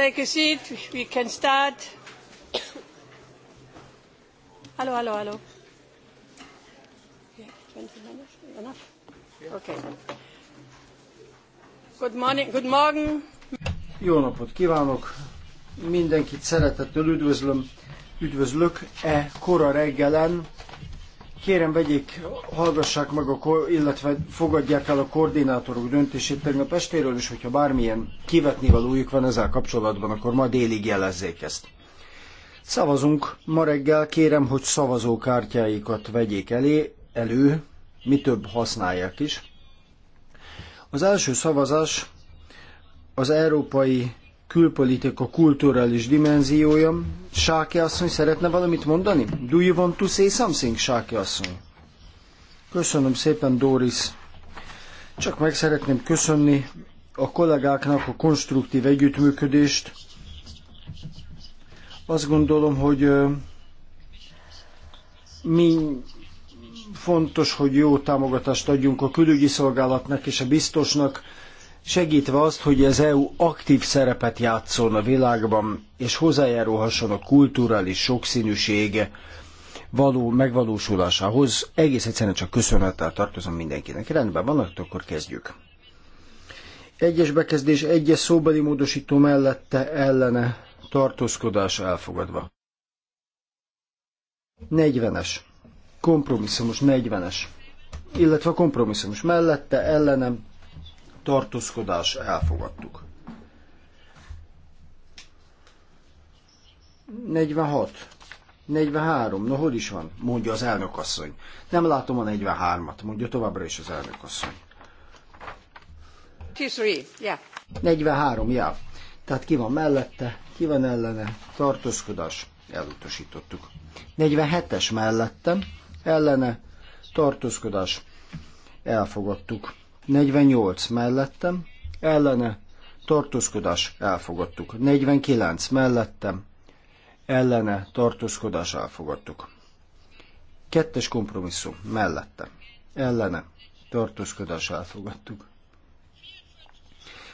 take a seat. We can start. Hello, hello, hello. Yeah, 20 minutes, enough? Okay. Good morning, good morning. Jó napot kívánok! Mindenkit szeretettel üdvözlöm. Üdvözlök e kora reggelen Kérem, vegyék, hallgassák meg, a, illetve fogadják el a koordinátorok döntését tegnap estéről, és hogyha bármilyen kivetnivalójuk van ezzel kapcsolatban, akkor ma délig jelezzék ezt. Szavazunk. Ma reggel kérem, hogy szavazókártyáikat vegyék elé, elő, mi több használják is. Az első szavazás az Európai külpolitika kulturális dimenziója. Sáki asszony szeretne valamit mondani? Do you want to say something, Sáki asszony? Köszönöm szépen, Doris. Csak meg szeretném köszönni a kollégáknak a konstruktív együttműködést. Azt gondolom, hogy mi fontos, hogy jó támogatást adjunk a külügyi szolgálatnak és a biztosnak, segítve azt, hogy az EU aktív szerepet játszon a világban, és hozzájárulhasson a kulturális sokszínűség való megvalósulásához. Egész egyszerűen csak köszönettel tartozom mindenkinek. Rendben van, hát akkor kezdjük. Egyes bekezdés, egyes szóbeli módosító mellette ellene tartózkodás elfogadva. 40-es. Kompromisszumos 40-es. Illetve kompromisszumos mellette ellenem tartózkodás elfogadtuk. 46. 43. Na hol is van? Mondja az elnökasszony. Nem látom a 43-at, mondja továbbra is az elnökasszony. 43, yeah. 43, yeah. Tehát ki van mellette, ki van ellene, tartózkodás, elutasítottuk. 47-es mellettem, ellene, tartózkodás, elfogadtuk. 48 mellettem, ellene, tartózkodás, elfogadtuk. 49 mellettem, ellene, tartózkodás, elfogadtuk. Kettes kompromisszum, mellettem, ellene, tartózkodás, elfogadtuk.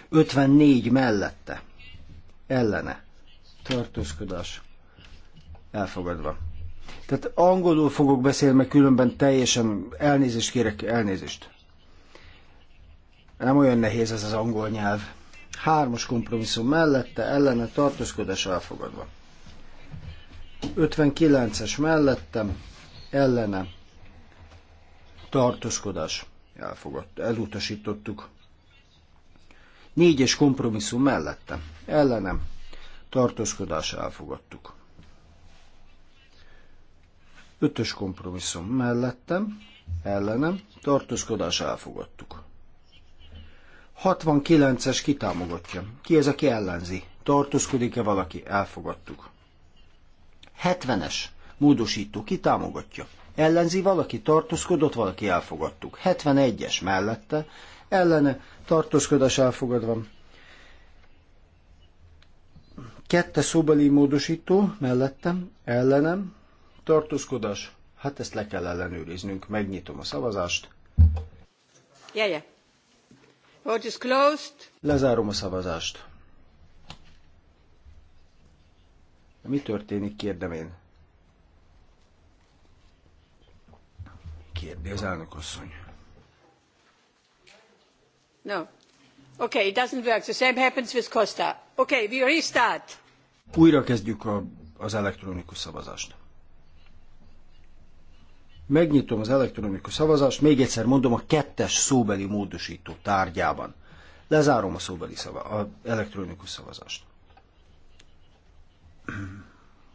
54 mellette, ellene, tartózkodás, elfogadva. Tehát angolul fogok beszélni, mert különben teljesen elnézést kérek, elnézést. Nem olyan nehéz ez az angol nyelv. Hármas kompromisszum mellette, ellene tartózkodás elfogadva. 59-es mellettem, ellene tartózkodás elfogadta, elutasítottuk. Négyes kompromisszum mellette, ellenem tartózkodás elfogadtuk. Ötös kompromisszum mellettem, ellenem tartózkodás elfogadtuk. 69-es kitámogatja. Ki ez, aki ellenzi? Tartózkodik-e valaki? Elfogadtuk. 70-es módosító kitámogatja. Ellenzi valaki? Tartózkodott valaki? Elfogadtuk. 71-es mellette. Ellene tartózkodás elfogadva. Kette szóbeli módosító mellettem, ellenem, tartózkodás. Hát ezt le kell ellenőriznünk. Megnyitom a szavazást. Jeje. Yeah, yeah. Vote is closed. Lezárom a szavazást. Mi történik, kérdem én? Kérdi az asszony. No. Okay, it doesn't work. The same happens with Costa. Okay, we restart. Újra kezdjük a, az elektronikus szavazást. Megnyitom az elektronikus szavazást, még egyszer mondom, a kettes szóbeli módosító tárgyában. Lezárom a szóbeli szava, a elektronikus szavazást.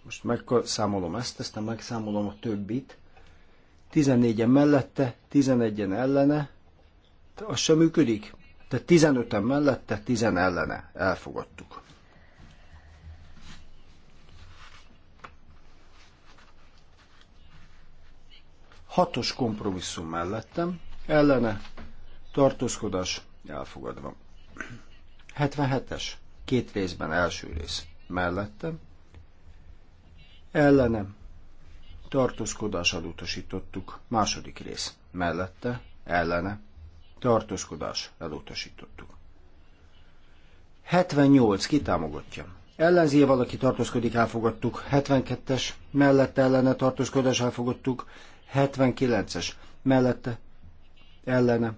Most megszámolom ezt, aztán megszámolom a többit. 14-en mellette, 11-en ellene, az sem működik. Tehát 15-en mellette, 10 ellene elfogadtuk. Hatos kompromisszum mellettem, ellene tartózkodás elfogadva. 77-es, két részben első rész mellettem, ellenem tartózkodás utasítottuk, második rész mellette, ellene tartózkodás elutasítottuk. 78 kitámogatja. Ellenzéje valaki tartózkodik, elfogadtuk. 72-es mellette ellene tartózkodás elfogadtuk. 79-es mellette ellene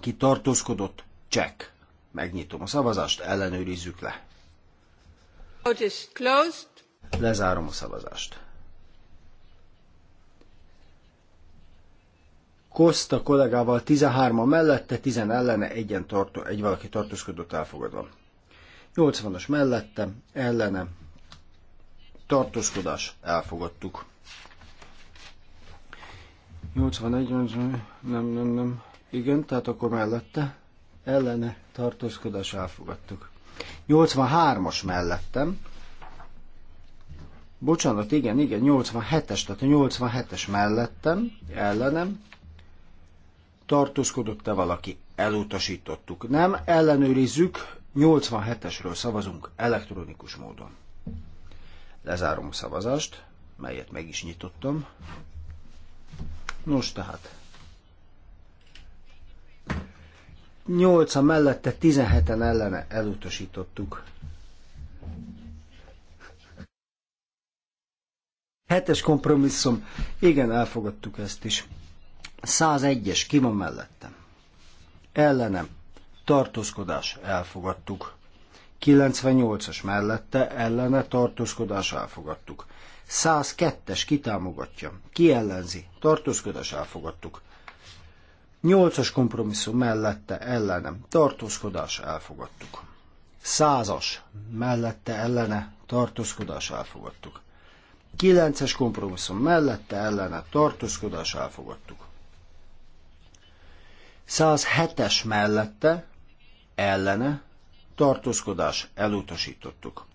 ki tartózkodott, csek. Megnyitom a szavazást, ellenőrizzük le. Lezárom a szavazást. Costa kollégával 13-a mellette, 10 ellene, egyen tartó, egy valaki tartózkodott elfogadva. 80-as mellette, ellene, tartózkodás, elfogadtuk. 81, nem, nem, nem. Igen, tehát akkor mellette ellene tartózkodás elfogadtuk. 83-as mellettem. Bocsánat, igen, igen, 87-es, tehát a 87-es mellettem, ellenem. Tartózkodott-e valaki? Elutasítottuk. Nem, ellenőrizzük, 87-esről szavazunk elektronikus módon. Lezárom a szavazást, melyet meg is nyitottam. Nos tehát. 8 a mellette, 17-en ellene elutasítottuk. Hetes kompromisszum. Igen, elfogadtuk ezt is. 101-es, ki van mellettem? Ellenem. Tartózkodás, elfogadtuk. 98-as mellette, ellene, tartózkodás, elfogadtuk. 102-es kitámogatja, ki ellenzi, tartózkodás elfogadtuk. 8-as kompromisszum mellette ellenem, tartózkodás elfogadtuk. 100-as mellette ellene, tartózkodás elfogadtuk. 9-es kompromisszum mellette ellene, tartózkodás elfogadtuk. 107-es mellette ellene, tartózkodás elutasítottuk.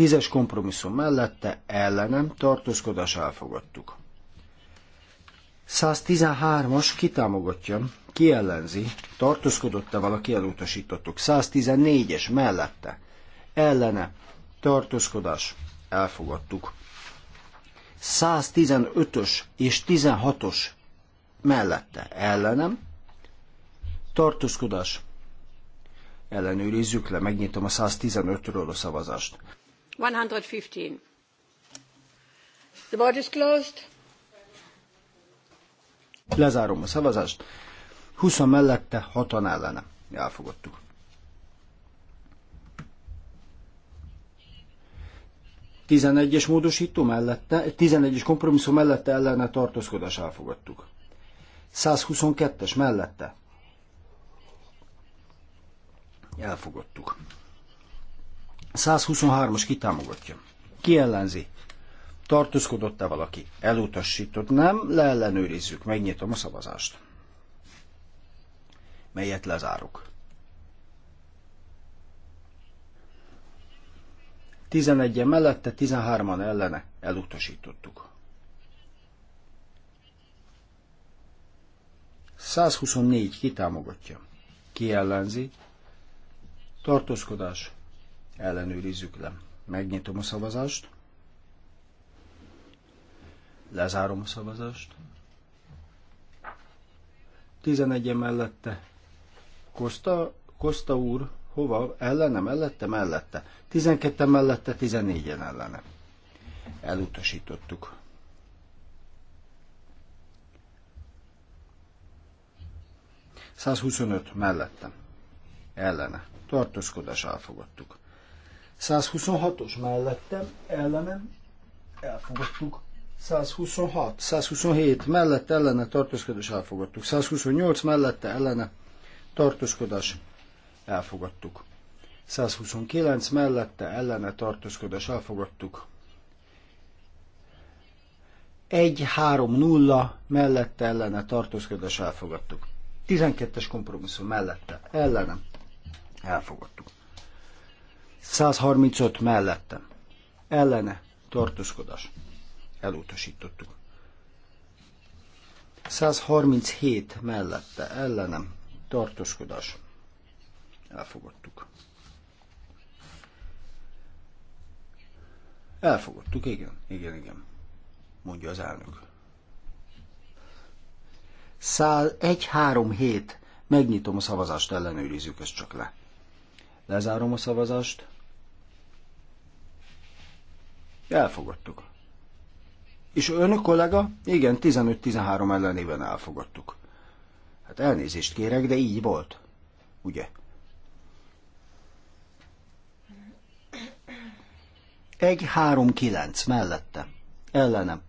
Tízes kompromisszum mellette ellenem tartózkodás elfogadtuk. 113-as kitámogatja, kiellenzi, tartózkodott-e valaki, elutasítottuk. 114-es mellette, ellene, tartózkodás, elfogadtuk. 115-ös és 16-os mellette, ellenem, tartózkodás, ellenőrizzük le, megnyitom a 115-ről a szavazást. 115. The vote is closed. Lezárom a szavazást. 20 mellette, 6 ellene. Elfogadtuk. 11-es módosító mellette, 11-es kompromisszum mellette ellene tartózkodás elfogadtuk. 122-es mellette elfogadtuk. 123-as kitámogatja. Ki ellenzi? Tartózkodott-e valaki? Elutasított? Nem? Leellenőrizzük. Megnyitom a szavazást. Melyet lezárok. 11 -e mellette, 13-an ellene elutasítottuk. 124 kitámogatja. Ki ellenzi? Tartózkodás ellenőrizzük le. Megnyitom a szavazást. Lezárom a szavazást. 11 mellette. Kosta, Kosta úr, hova? Ellenem! mellette, mellette. 12 mellette, 14-en ellene. Elutasítottuk. Százhuszonöt mellette. Ellene. Tartózkodás elfogadtuk. 126-os mellettem, ellenem, elfogadtuk. 126, 127 mellette ellene tartózkodás elfogadtuk. 128 mellette ellene tartózkodás elfogadtuk. 129 mellette ellene tartózkodás elfogadtuk. 1-3-0 mellette ellene tartózkodás elfogadtuk. 12-es kompromisszum mellette ellene elfogadtuk. 135 mellettem. Ellene tartózkodás. Elutasítottuk. 137 mellette ellenem tartózkodás. Elfogadtuk. Elfogadtuk, igen, igen, igen, mondja az elnök. 101-3-7, megnyitom a szavazást, ellenőrizzük ezt csak le. Lezárom a szavazást. Elfogadtuk. És ön, kollega? Igen, 15-13 ellenében elfogadtuk. Hát elnézést kérek, de így volt. Ugye? Egy három kilenc mellette. Ellenem.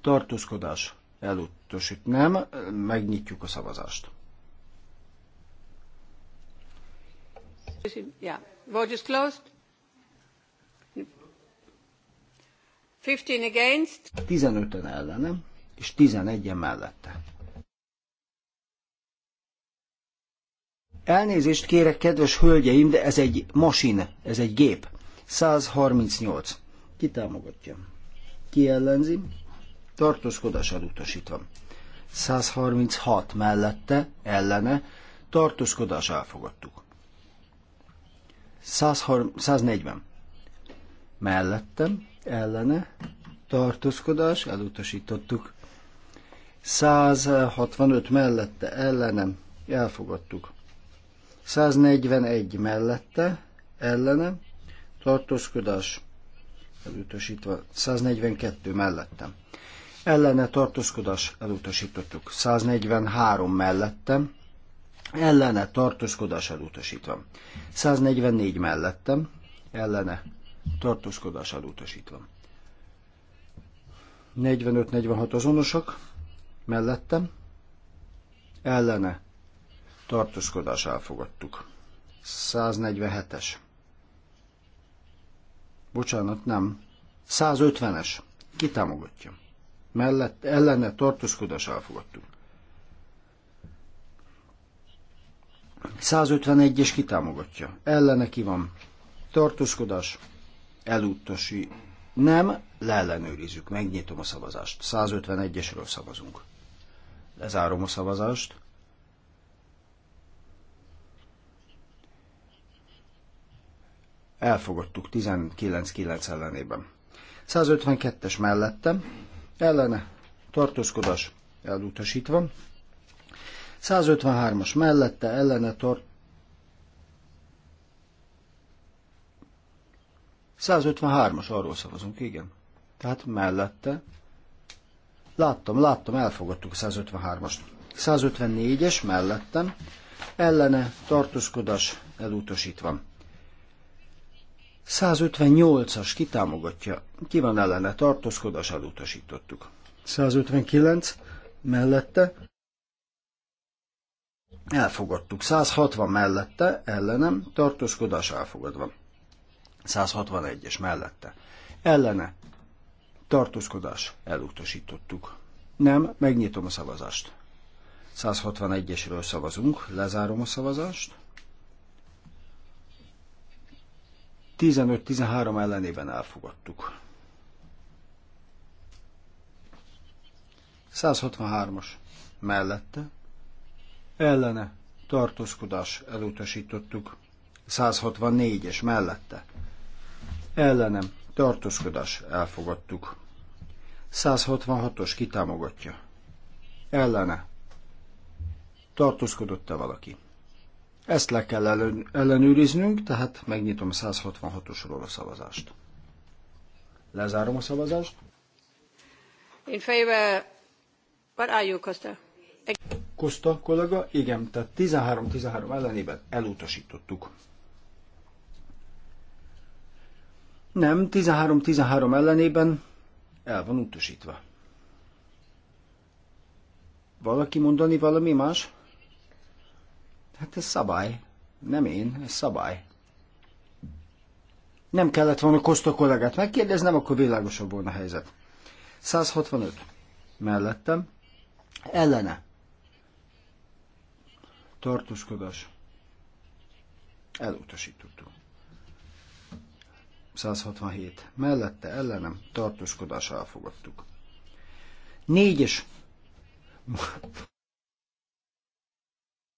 Tartózkodás. Elutasít. Nem, megnyitjuk a szavazást. Yeah. Vote is 15 against. 15-en ellenem, és 11 mellette. Elnézést kérek, kedves hölgyeim, de ez egy masin, ez egy gép. 138. Ki támogatja? Ki ellenzi? Tartózkodás elutasítva. 136 mellette, ellene, tartózkodás elfogadtuk. 140 mellettem, ellene, tartózkodás, elutasítottuk. 165 mellette, ellenem, elfogadtuk. 141 mellette, ellenem, tartózkodás, elutasítva. 142 mellettem. Ellene tartózkodás elutasítottuk. 143 mellettem, ellene tartózkodással utasítva. 144 mellettem, ellene tartózkodással utasítva. 45-46 azonosak, mellettem, ellene tartózkodás elfogadtuk. 147-es. Bocsánat, nem. 150-es. Kitámogatja. Mellett, ellene tartózkodás elfogadtuk. 151-es kitámogatja. Ellene ki van. Tartózkodás. Elúttasi? Nem, leellenőrizzük. Megnyitom a szavazást. 151-esről szavazunk. Lezárom a szavazást. Elfogadtuk 19-9 ellenében. 152-es mellettem. Ellene. Tartózkodás. Elutasítva. 153-as mellette ellene tart. 153-as, arról szavazunk, igen. Tehát mellette. Láttam, láttam, elfogadtuk a 153-ast. 154-es mellettem, ellene tartózkodás elutasítva. 158-as kitámogatja, ki van ellene tartózkodás elutasítottuk. 159 mellette Elfogadtuk. 160 mellette, ellenem, tartózkodás elfogadva. 161-es mellette. Ellene, tartózkodás elutasítottuk. Nem, megnyitom a szavazást. 161-esről szavazunk, lezárom a szavazást. 15-13 ellenében elfogadtuk. 163-as mellette, ellene tartózkodás elutasítottuk. 164-es mellette ellenem tartózkodás elfogadtuk. 166-os kitámogatja. Ellene tartózkodott-e valaki? Ezt le kell ellenőriznünk, tehát megnyitom a 166-osról a szavazást. Lezárom a szavazást. In favor, what are you, Costa? Kosta kollega, igen, tehát 13-13 ellenében elutasítottuk. Nem, 13-13 ellenében el van utasítva. Valaki mondani valami más? Hát ez szabály. Nem én, ez szabály. Nem kellett volna Kosta kollégát megkérdeznem, akkor világosabb volna a helyzet. 165. Mellettem. Ellene tartózkodás elutasítottuk. 167. Mellette ellenem tartózkodás elfogadtuk. Négyes.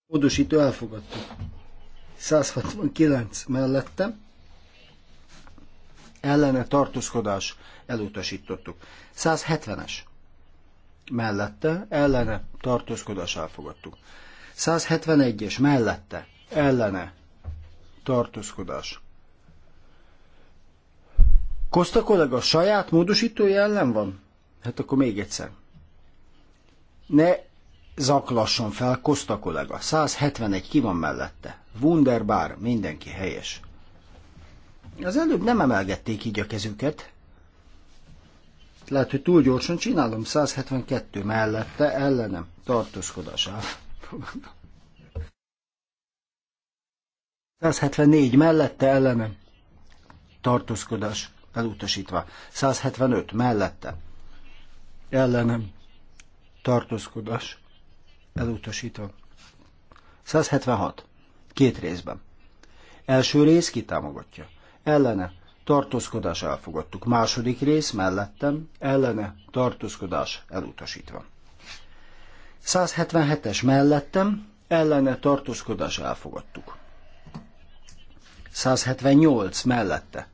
Módosító elfogadtuk. 169 mellette ellene tartózkodás elutasítottuk. 170-es mellette ellene tartózkodás elfogadtuk. 171-es mellette, ellene, tartózkodás. Koszta kollega saját módosítója ellen van? Hát akkor még egyszer. Ne zaklasson fel, Koszta kollega. 171 ki van mellette. Wunderbar, mindenki helyes. Az előbb nem emelgették így a kezüket. Lehet, hogy túl gyorsan csinálom. 172 mellette, ellenem, tartózkodás 174 mellette ellenem tartózkodás elutasítva. 175 mellette ellenem tartózkodás elutasítva. 176. Két részben. Első rész kitámogatja. Ellene tartózkodás elfogadtuk. Második rész mellettem ellene tartózkodás elutasítva. 177-es mellettem, ellene tartózkodás elfogadtuk. 178 mellette,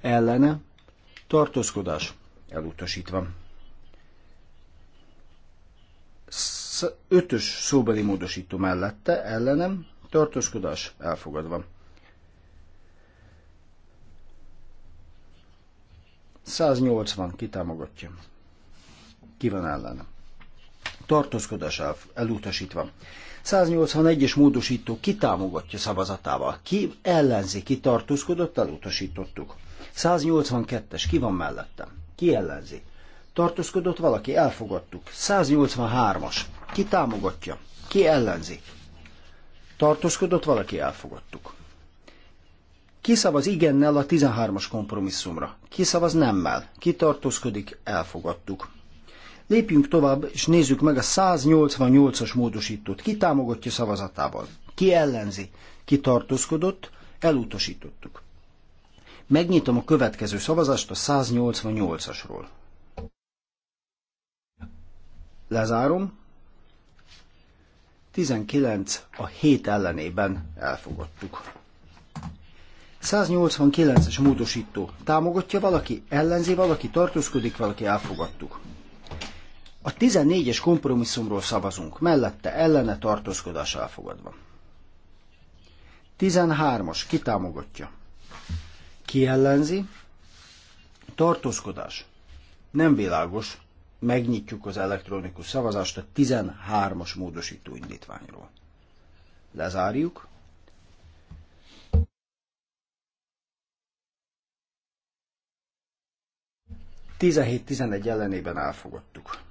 ellene tartózkodás elutasítva. 5-ös szóbeli módosító mellette, ellenem tartózkodás elfogadva. 180 kitámogatja. Ki van ellenem? tartózkodása elutasítva. 181-es módosító kitámogatja szavazatával. Ki ellenzi, ki tartózkodott, elutasítottuk. 182-es, ki van mellette? Ki ellenzi? Tartózkodott valaki, elfogadtuk. 183-as, ki támogatja? Ki ellenzi? Tartózkodott valaki, elfogadtuk. Ki szavaz igennel a 13-as kompromisszumra? Ki szavaz nemmel? Ki tartózkodik, elfogadtuk. Lépjünk tovább, és nézzük meg a 188-as módosítót. Ki támogatja szavazatával? Ki ellenzi? Ki tartózkodott? Elutasítottuk. Megnyitom a következő szavazást a 188-asról. Lezárom. 19 a 7 ellenében elfogadtuk. 189-es módosító. Támogatja valaki, ellenzi valaki, tartózkodik valaki, elfogadtuk. A 14-es kompromisszumról szavazunk, mellette ellene tartózkodás elfogadva. 13-as, kitámogatja, kiellenzi, Ki ellenzi? Tartózkodás. Nem világos, megnyitjuk az elektronikus szavazást a 13-as módosító indítványról. Lezárjuk. Tizenhét-tizenegy ellenében elfogadtuk.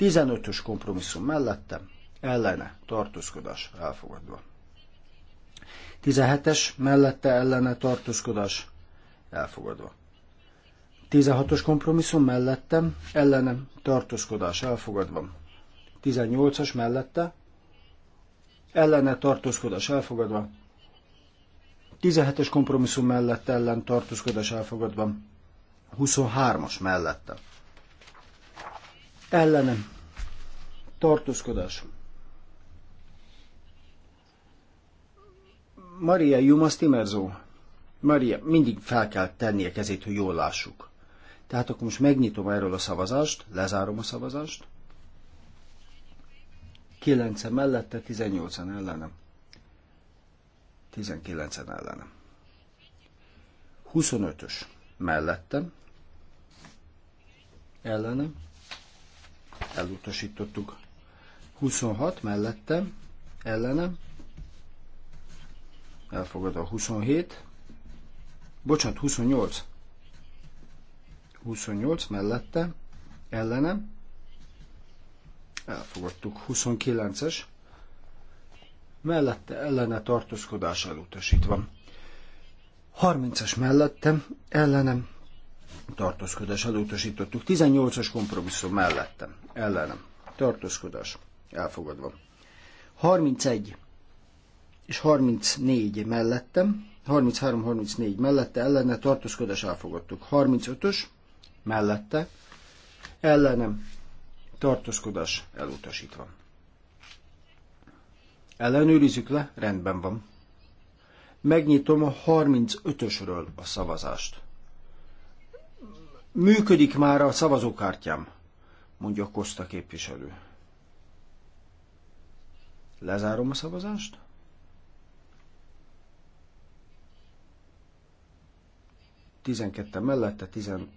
15-ös kompromisszum mellette, ellene tartózkodás elfogadva. 17-es mellette ellene tartózkodás elfogadva. 16-os kompromisszum mellette ellene tartózkodás elfogadva. 18-as mellette ellene tartózkodás elfogadva. 17-es kompromisszum mellette ellen tartózkodás elfogadva. 23-as mellette ellenem tartózkodás. Maria Jumas Timerzó. Maria, mindig fel kell tennie a kezét, hogy jól lássuk. Tehát akkor most megnyitom erről a szavazást, lezárom a szavazást. 9 mellette, 18 ellenem. 19 ellenem. 25-ös mellettem. Ellenem elutasítottuk. 26 mellette, ellenem, a 27, bocsánat, 28, 28 mellette, ellenem, elfogadtuk 29-es, mellette ellene tartózkodás elutasítva. 30-es mellettem, ellenem tartózkodás elutasítottuk. 18-as kompromisszum mellettem, ellenem, tartózkodás elfogadva. 31 és 34 mellettem, 33-34 mellette ellene tartózkodás elfogadtuk. 35-ös mellette ellenem tartózkodás elutasítva. Ellenőrizzük le, rendben van. Megnyitom a 35-ösről a szavazást. Működik már a szavazókártyám, mondja Koszta képviselő. Lezárom a szavazást. Tizenketten mellette, tizen,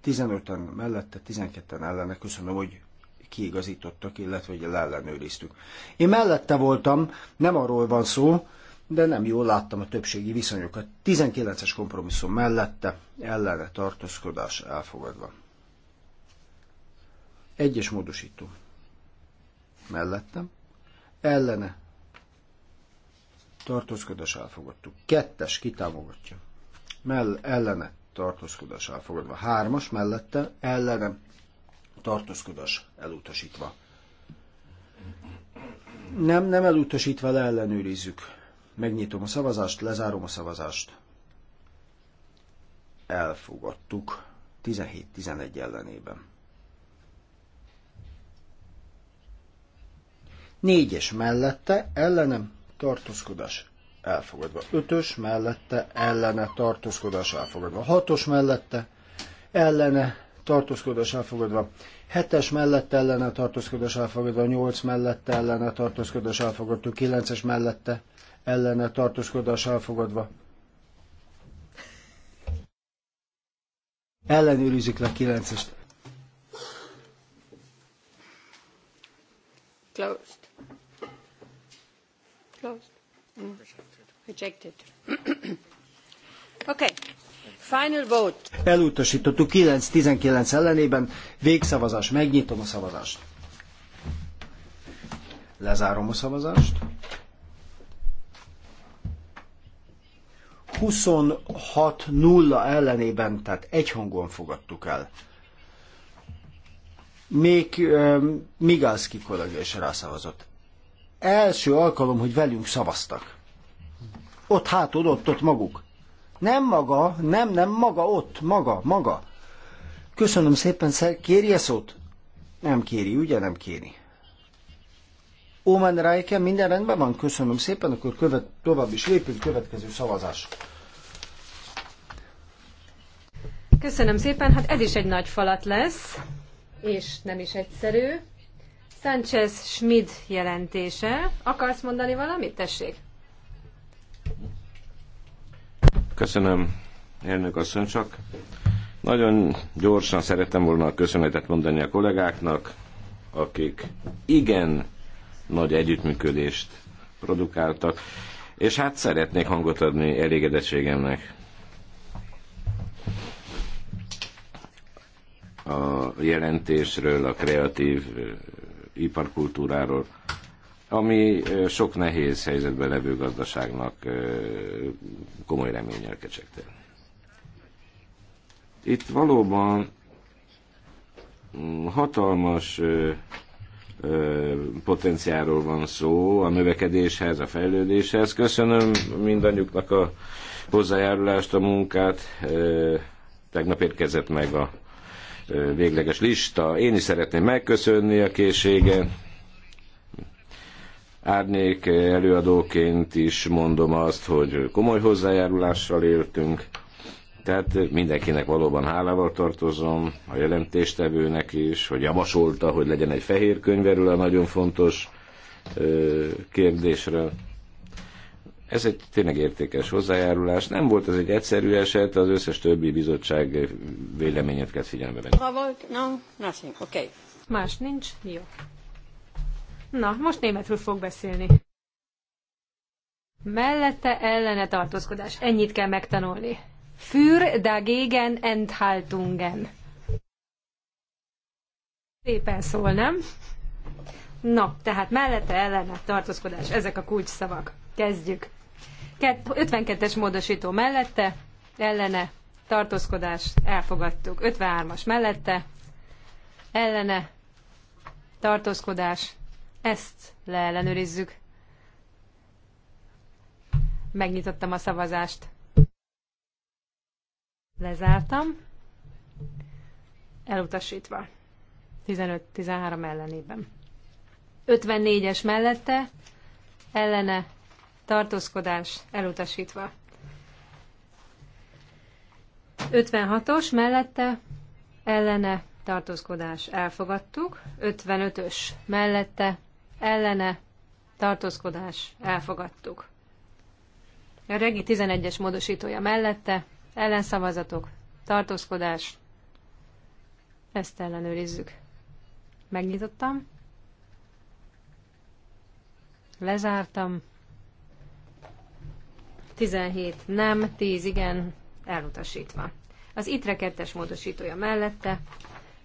tizenöten mellette, tizenketten ellene. Köszönöm, hogy kiigazítottak, illetve hogy leellenőriztük. Én mellette voltam, nem arról van szó, de nem jól láttam a többségi viszonyokat. 19-es kompromisszum mellette, ellene tartózkodás elfogadva. Egyes módosító. Mellettem, ellene tartózkodás elfogadtuk. Kettes kitámogatja. Mell ellene tartózkodás elfogadva. Hármas mellette, ellene tartózkodás elutasítva. Nem, nem elutasítva, leellenőrizzük Megnyitom a szavazást, lezárom a szavazást. Elfogadtuk 17-11 ellenében. Négyes mellette ellenem tartózkodás elfogadva. Ötös mellette ellene tartózkodás elfogadva. Hatos mellette ellene tartózkodás elfogadva. Hetes mellette ellene tartózkodás elfogadva. Nyolc mellette ellene tartózkodás elfogadva. Kilences mellette ellene tartózkodás elfogadva. Ellenőrizzük le 9-est. Closed. Closed. Mm. Rejected. okay. Final vote. Elutasítottuk 9-19 ellenében. Végszavazás. Megnyitom a szavazást. Lezárom a szavazást. 26-0 ellenében, tehát egyhangon fogadtuk el. Még euh, Migalski kollégia is rászavazott. Első alkalom, hogy velünk szavaztak. Ott hátul, ott, ott maguk. Nem maga, nem, nem, maga ott, maga, maga. Köszönöm szépen, kéri a szót? Nem kéri, ugye nem kéri. Omen Reike, minden rendben van? Köszönöm szépen, akkor követ, tovább is lépünk, következő szavazás. Köszönöm szépen, hát ez is egy nagy falat lesz, és nem is egyszerű. Sánchez Schmid jelentése. Akarsz mondani valamit? Tessék! Köszönöm, elnök asszony, csak nagyon gyorsan szerettem volna köszönetet mondani a kollégáknak, akik igen nagy együttműködést produkáltak, és hát szeretnék hangot adni elégedettségemnek. A jelentésről, a kreatív iparkultúráról, ami sok nehéz helyzetben levő gazdaságnak komoly reményel kecsegte. Itt valóban mm, hatalmas potenciáról van szó, a növekedéshez, a fejlődéshez. Köszönöm mindannyiuknak a hozzájárulást, a munkát. Tegnap érkezett meg a végleges lista. Én is szeretném megköszönni a készsége. Árnék előadóként is mondom azt, hogy komoly hozzájárulással éltünk tehát mindenkinek valóban hálával tartozom, a jelentéstevőnek is, hogy javasolta, hogy legyen egy fehér könyv erről a nagyon fontos kérdésről. Ez egy tényleg értékes hozzájárulás. Nem volt ez egy egyszerű eset, az összes többi bizottság véleményét kell figyelembe venni. No, nothing. Okay. Más nincs? Jó. Na, most németül fog beszélni. Mellette ellene tartózkodás. Ennyit kell megtanulni für, dagegen, enthaltungen. Szépen szól, nem? Na, tehát mellette ellene tartózkodás, ezek a kulcsszavak. Kezdjük. 52-es módosító mellette, ellene, tartózkodás, elfogadtuk. 53-as mellette, ellene, tartózkodás, ezt leellenőrizzük. Megnyitottam a szavazást. Lezártam. Elutasítva. 15-13 ellenében. 54-es mellette ellene tartózkodás elutasítva. 56-os mellette ellene tartózkodás elfogadtuk, 55-ös mellette ellene tartózkodás elfogadtuk. A regi 11-es módosítója mellette ellenszavazatok, tartózkodás, ezt ellenőrizzük. Megnyitottam, lezártam, 17 nem, 10 igen, elutasítva. Az ITRE 2 módosítója mellette,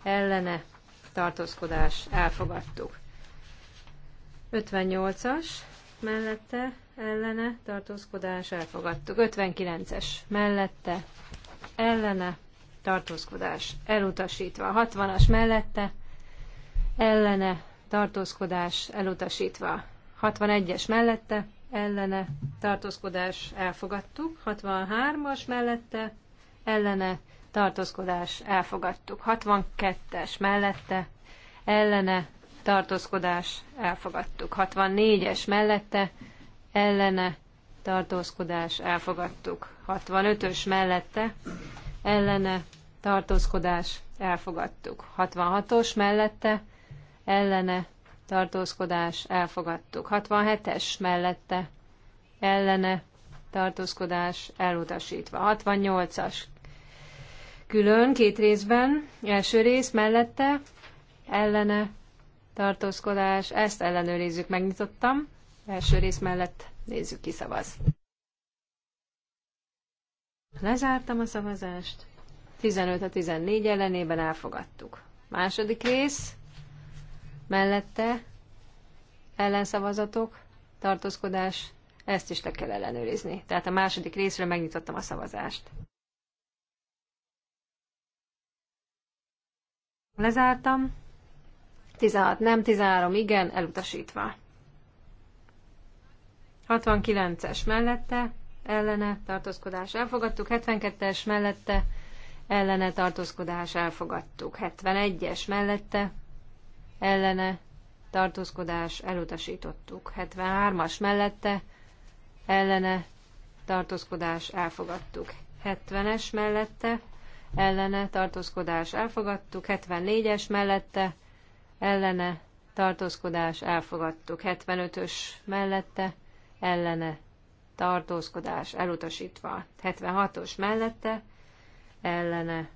ellene, tartózkodás, elfogadtuk. 58-as mellette, ellene tartózkodás elfogadtuk. 59-es mellette ellene tartózkodás elutasítva. 60-as mellette ellene tartózkodás elutasítva. 61-es mellette ellene tartózkodás elfogadtuk. 63-as mellette ellene tartózkodás elfogadtuk. 62-es mellette ellene tartózkodás elfogadtuk. 64-es mellette ellene tartózkodás elfogadtuk. 65-ös mellette ellene tartózkodás elfogadtuk. 66-os mellette ellene tartózkodás elfogadtuk. 67-es mellette ellene tartózkodás elutasítva. 68-as külön két részben, első rész mellette ellene tartózkodás, ezt ellenőrizzük, megnyitottam. Első rész mellett nézzük ki szavaz. Lezártam a szavazást. 15 a 14 ellenében elfogadtuk. Második rész, mellette ellenszavazatok, tartózkodás, ezt is le kell ellenőrizni. Tehát a második részről megnyitottam a szavazást. Lezártam. 16 nem, 13 igen, elutasítva. 69-es mellette, ellene tartózkodás elfogadtuk, 72-es mellette, ellene tartózkodás elfogadtuk, 71-es mellette, ellene tartózkodás elutasítottuk, 73-as mellette, ellene tartózkodás elfogadtuk, 70-es mellette, ellene tartózkodás elfogadtuk, 74-es mellette, ellene tartózkodás elfogadtuk, 75-ös mellette, ellene tartózkodás elutasítva. 76-os mellette ellene.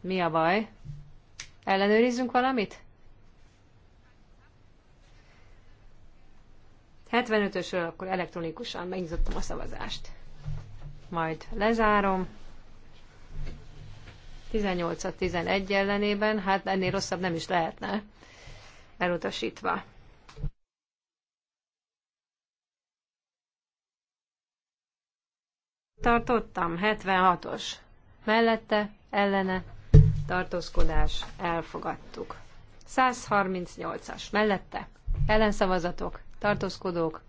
Mi a baj? Ellenőrizzünk valamit? 75-ösről akkor elektronikusan megnyitottam a szavazást. Majd lezárom. 18-11 ellenében, hát ennél rosszabb nem is lehetne elutasítva. tartottam, 76-os. Mellette, ellene, tartózkodás, elfogadtuk. 138-as. Mellette, ellenszavazatok, tartózkodók.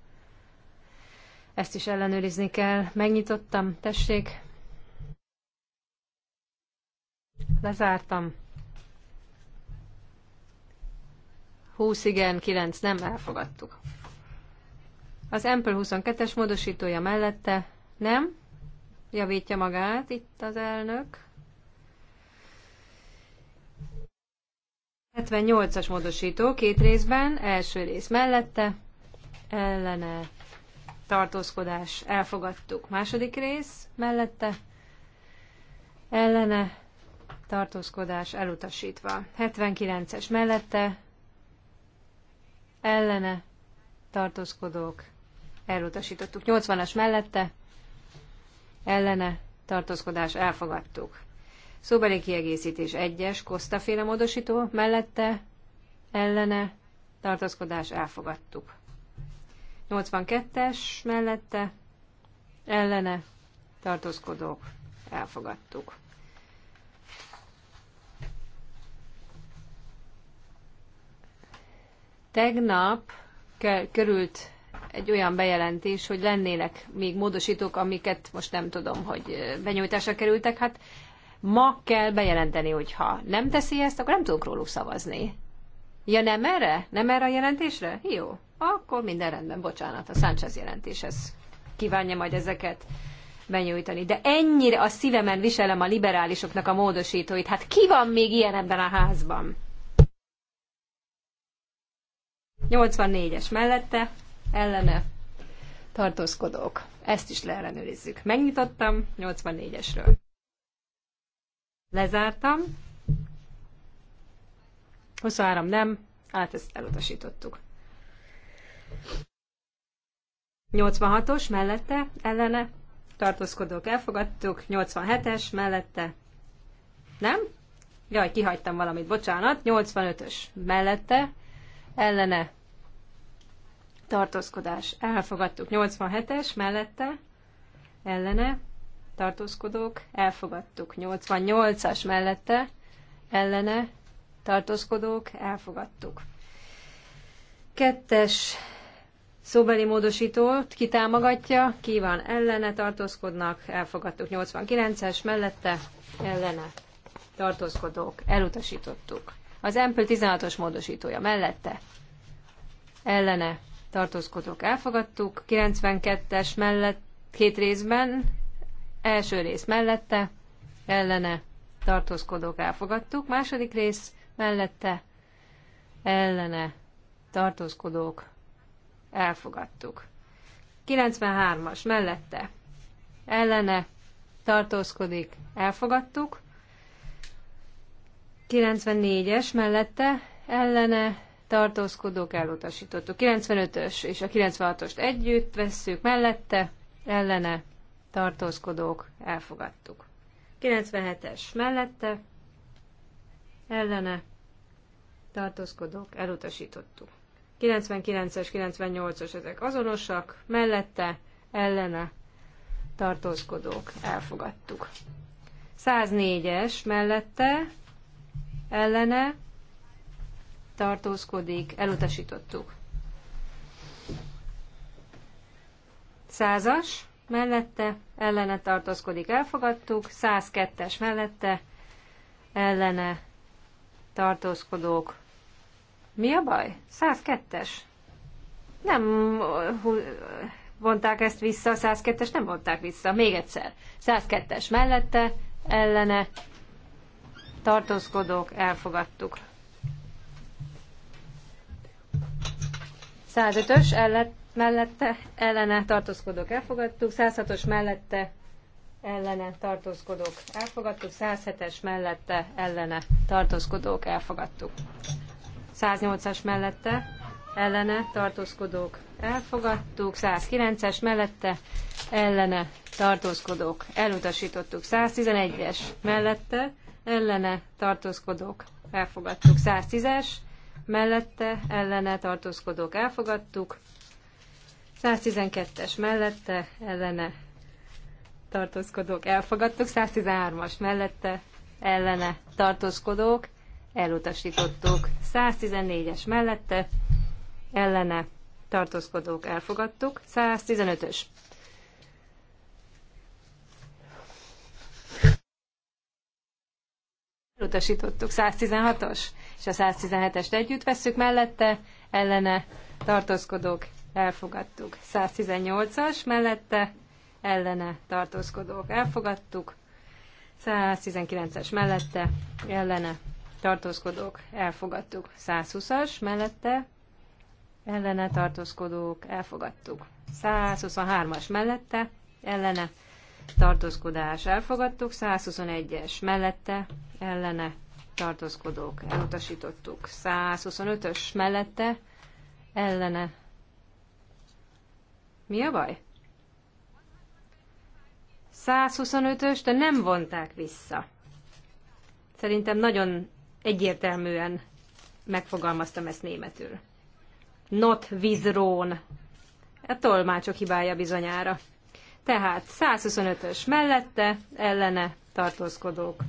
Ezt is ellenőrizni kell. Megnyitottam, tessék. Lezártam. 20 igen, 9 nem, elfogadtuk. Az Ample 22-es módosítója mellette nem, Javítja magát itt az elnök. 78-as módosító két részben, első rész mellette, ellene tartózkodás elfogadtuk. Második rész mellette, ellene tartózkodás elutasítva. 79-es mellette, ellene tartózkodók elutasítottuk. 80-as mellette, ellene tartózkodás elfogadtuk. Szóbeli kiegészítés 1-es, féle módosító, mellette ellene tartózkodás elfogadtuk. 82-es mellette ellene tartózkodók elfogadtuk. Tegnap került egy olyan bejelentés, hogy lennének még módosítók, amiket most nem tudom, hogy benyújtásra kerültek. Hát ma kell bejelenteni, hogyha nem teszi ezt, akkor nem tudok róluk szavazni. Ja nem erre? Nem erre a jelentésre? Jó. Akkor minden rendben, bocsánat, a Sánchez ez kívánja majd ezeket benyújtani. De ennyire a szívemen viselem a liberálisoknak a módosítóit. Hát ki van még ilyen ebben a házban? 84-es mellette, ellene tartózkodók. Ezt is leellenőrizzük. Megnyitottam 84-esről. Lezártam. 23 nem, hát ezt elutasítottuk. 86-os mellette, ellene, tartózkodók elfogadtuk, 87-es mellette, nem? Jaj, kihagytam valamit, bocsánat, 85-ös mellette, ellene, tartózkodás. Elfogadtuk 87-es mellette, ellene, tartózkodók, elfogadtuk 88-as mellette, ellene, tartózkodók, elfogadtuk. Kettes szóbeli módosítót kitámogatja, ki van ellene, tartózkodnak, elfogadtuk 89-es mellette, ellene, tartózkodók, elutasítottuk. Az Ample 16-os módosítója mellette, ellene, tartózkodók elfogadtuk, 92-es mellett két részben, első rész mellette, ellene tartózkodók elfogadtuk, második rész mellette, ellene tartózkodók elfogadtuk. 93-as mellette, ellene tartózkodik, elfogadtuk. 94-es mellette, ellene tartózkodók elutasítottuk. 95-ös és a 96-ost együtt vesszük mellette, ellene tartózkodók elfogadtuk. 97-es mellette, ellene tartózkodók elutasítottuk. 99-es, 98-os ezek azonosak, mellette, ellene tartózkodók elfogadtuk. 104-es mellette, ellene tartózkodik, elutasítottuk. Százas mellette, ellene tartózkodik, elfogadtuk. 102-es mellette, ellene tartózkodók. Mi a baj? 102-es? Nem vonták ezt vissza, 102-es nem vonták vissza. Még egyszer. 102-es mellette, ellene tartózkodók, elfogadtuk. 105-ös ellet, mellette ellene tartózkodók elfogadtuk, 106-os mellette ellene tartózkodók elfogadtuk, 107-es mellette ellene tartózkodók elfogadtuk. 108-as mellette ellene tartózkodók elfogadtuk, 109-es mellette ellene tartózkodók elutasítottuk, 111-es mellette ellene tartózkodók elfogadtuk, 110-es mellette ellene tartózkodók elfogadtuk, 112-es mellette ellene tartózkodók elfogadtuk, 113-as mellette ellene tartózkodók elutasítottuk, 114-es mellette ellene tartózkodók elfogadtuk, 115-ös Utasítottuk 116-os és a 117-est együtt vesszük mellette, ellene tartózkodók elfogadtuk. 118-as mellette, ellene tartózkodók elfogadtuk. 119-es mellette, ellene tartózkodók elfogadtuk. 120-as mellette, ellene tartózkodók elfogadtuk. 123-as mellette, ellene tartózkodás elfogadtuk, 121-es mellette ellene tartózkodók elutasítottuk, 125-ös mellette ellene. Mi a baj? 125-ös, de nem vonták vissza. Szerintem nagyon egyértelműen megfogalmaztam ezt németül. Not vizrón. A tolmácsok hibája bizonyára. Tehát 125-ös mellette, ellene tartózkodók.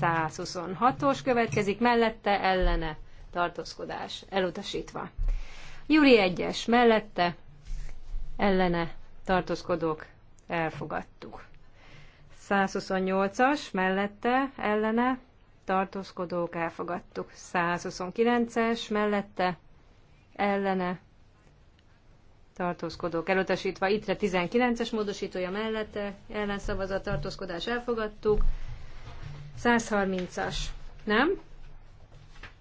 126-os következik, mellette, ellene tartózkodás elutasítva. Júri 1-es mellette, ellene tartózkodók elfogadtuk. 128-as mellette, ellene tartózkodók elfogadtuk. 129-es mellette, ellene tartózkodók elutasítva. Ittre 19-es módosítója mellette ellenszavazat tartózkodás elfogadtuk. 130-as. Nem?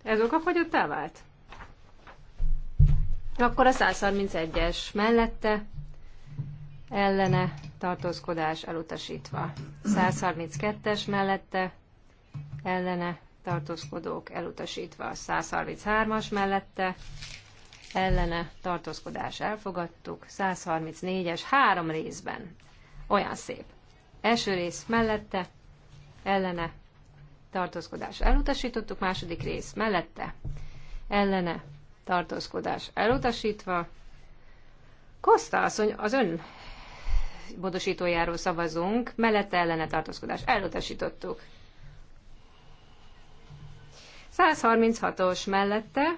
Ez fogyott vált? Akkor a 131-es mellette ellene tartózkodás elutasítva. 132-es mellette ellene tartózkodók elutasítva. 133-as mellette ellene tartózkodás elfogadtuk, 134-es három részben. Olyan szép. Első rész mellette, ellene tartózkodás elutasítottuk, második rész mellette, ellene tartózkodás elutasítva. kosta asszony, az ön bodosítójáról szavazunk, mellette ellene tartózkodás elutasítottuk. 136-os mellette,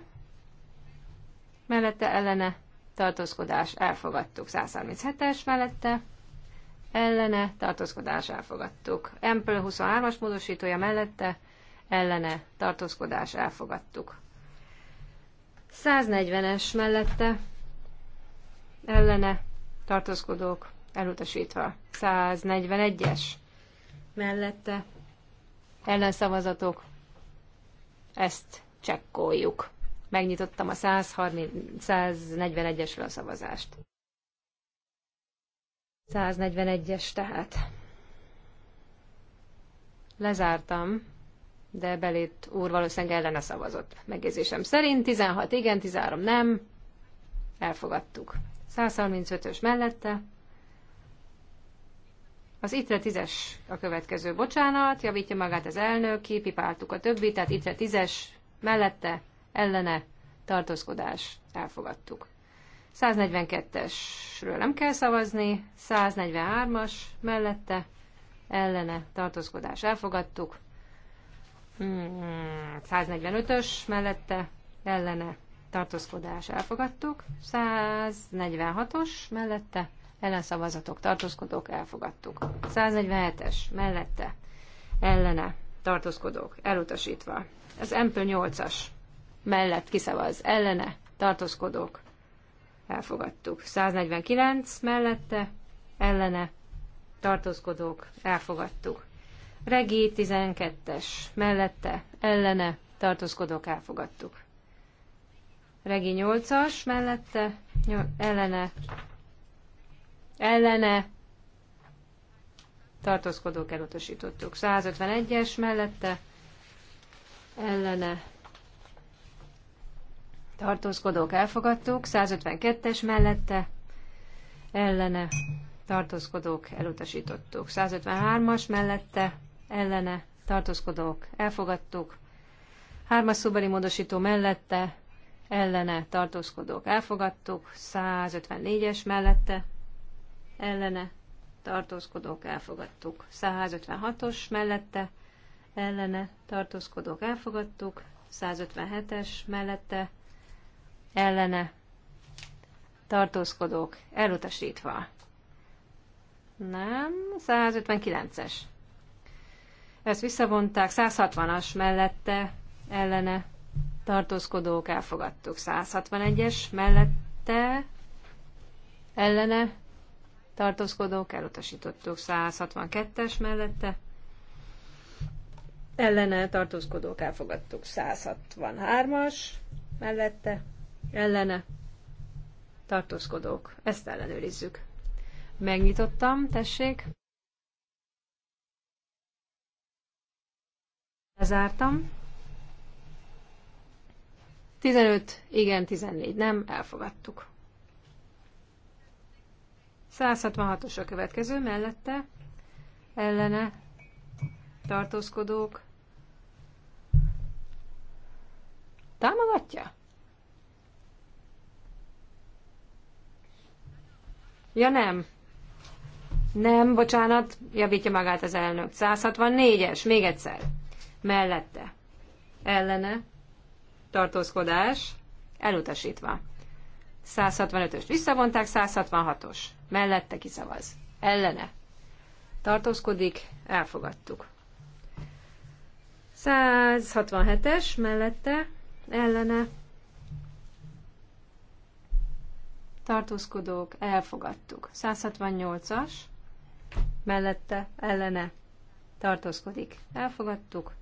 mellette ellene tartózkodás elfogadtuk. 137-es mellette ellene tartózkodás elfogadtuk. Ample 23-as módosítója mellette ellene tartózkodás elfogadtuk. 140-es mellette ellene tartózkodók elutasítva. 141-es mellette ellenszavazatok. Ezt csekkoljuk megnyitottam a 141-esről a szavazást. 141-es tehát. Lezártam, de belét úr valószínűleg ellene szavazott. Megjegyzésem szerint 16 igen, 13 nem. Elfogadtuk. 135-ös mellette. Az ITRE 10-es a következő, bocsánat, javítja magát az elnök, kipipáltuk a többi, tehát ITRE 10-es mellette ellene tartózkodás elfogadtuk. 142-esről nem kell szavazni, 143-as mellette ellene tartózkodás elfogadtuk, 145-ös hmm, mellette ellene tartózkodás elfogadtuk, 146-os mellette ellenszavazatok, tartózkodók elfogadtuk, 147-es mellette ellene tartózkodók elutasítva. Ez MP 8-as mellett kiszavaz, ellene, tartózkodók, elfogadtuk. 149 mellette, ellene, tartózkodók, elfogadtuk. Regi 12-es, mellette, ellene, tartózkodók, elfogadtuk. Regi 8-as, mellette, ellene, ellene, tartózkodók elutasítottuk. 151-es mellette, ellene, tartózkodók elfogadtuk, 152-es mellette ellene tartózkodók elutasítottuk, 153-as mellette ellene tartózkodók elfogadtuk, 3-as szóbeli módosító mellette ellene tartózkodók elfogadtuk, 154-es mellette ellene tartózkodók elfogadtuk, 156-os mellette ellene tartózkodók elfogadtuk, 157-es mellette ellene tartózkodók elutasítva. Nem, 159-es. Ezt visszavonták, 160-as mellette ellene tartózkodók elfogadtuk. 161-es mellette ellene tartózkodók elutasítottuk. 162-es mellette ellene tartózkodók elfogadtuk. 163-as mellette ellene tartózkodók. Ezt ellenőrizzük. Megnyitottam, tessék. Lezártam. 15, igen, 14, nem, elfogadtuk. 166-os a következő, mellette, ellene, tartózkodók. Támogatja? Ja nem. Nem, bocsánat, javítja magát az elnök. 164-es, még egyszer. Mellette. Ellene. Tartózkodás. Elutasítva. 165-öst visszavonták, 166-os. Mellette kiszavaz. Ellene. Tartózkodik, elfogadtuk. 167-es mellette, ellene tartózkodók, elfogadtuk. 168-as, mellette, ellene, tartózkodik, elfogadtuk.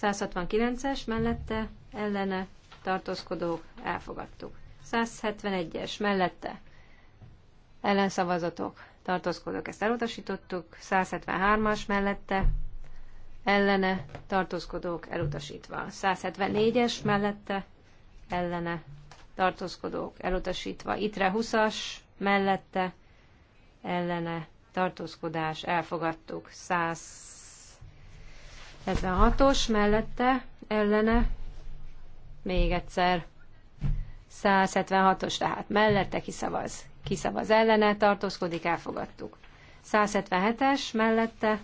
169-es, mellette, ellene, tartózkodók, elfogadtuk. 171-es, mellette, ellenszavazatok, tartózkodók, ezt elutasítottuk. 173-as, mellette, ellene, tartózkodók, elutasítva. 174-es, mellette, ellene, tartózkodók elutasítva, itre 20-as, mellette, ellene, tartózkodás, elfogadtuk, 176-os, mellette, ellene, még egyszer, 176-os, tehát mellette kiszavaz, kiszavaz ellene, tartózkodik, elfogadtuk. 177-es, mellette,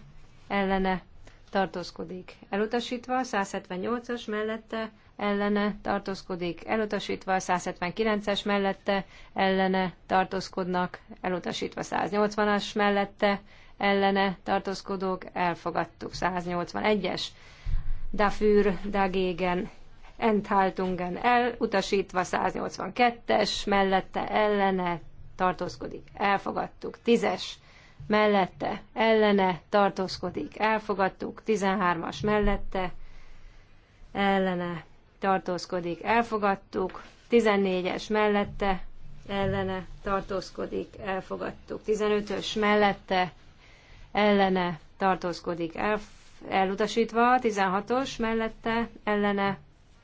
ellene, tartózkodik, elutasítva, 178-as, mellette, ellene tartózkodik, elutasítva 179-es mellette ellene tartózkodnak, elutasítva 180-as mellette ellene tartózkodók, elfogadtuk 181-es, dafür, dagegen, enthaltungen elutasítva 182-es, mellette ellene tartózkodik, elfogadtuk 10-es, mellette ellene tartózkodik, elfogadtuk 13-as mellette ellene tartózkodik, elfogadtuk. 14-es mellette, ellene tartózkodik, elfogadtuk. 15-ös mellette, ellene tartózkodik, el, elutasítva. 16-os mellette, ellene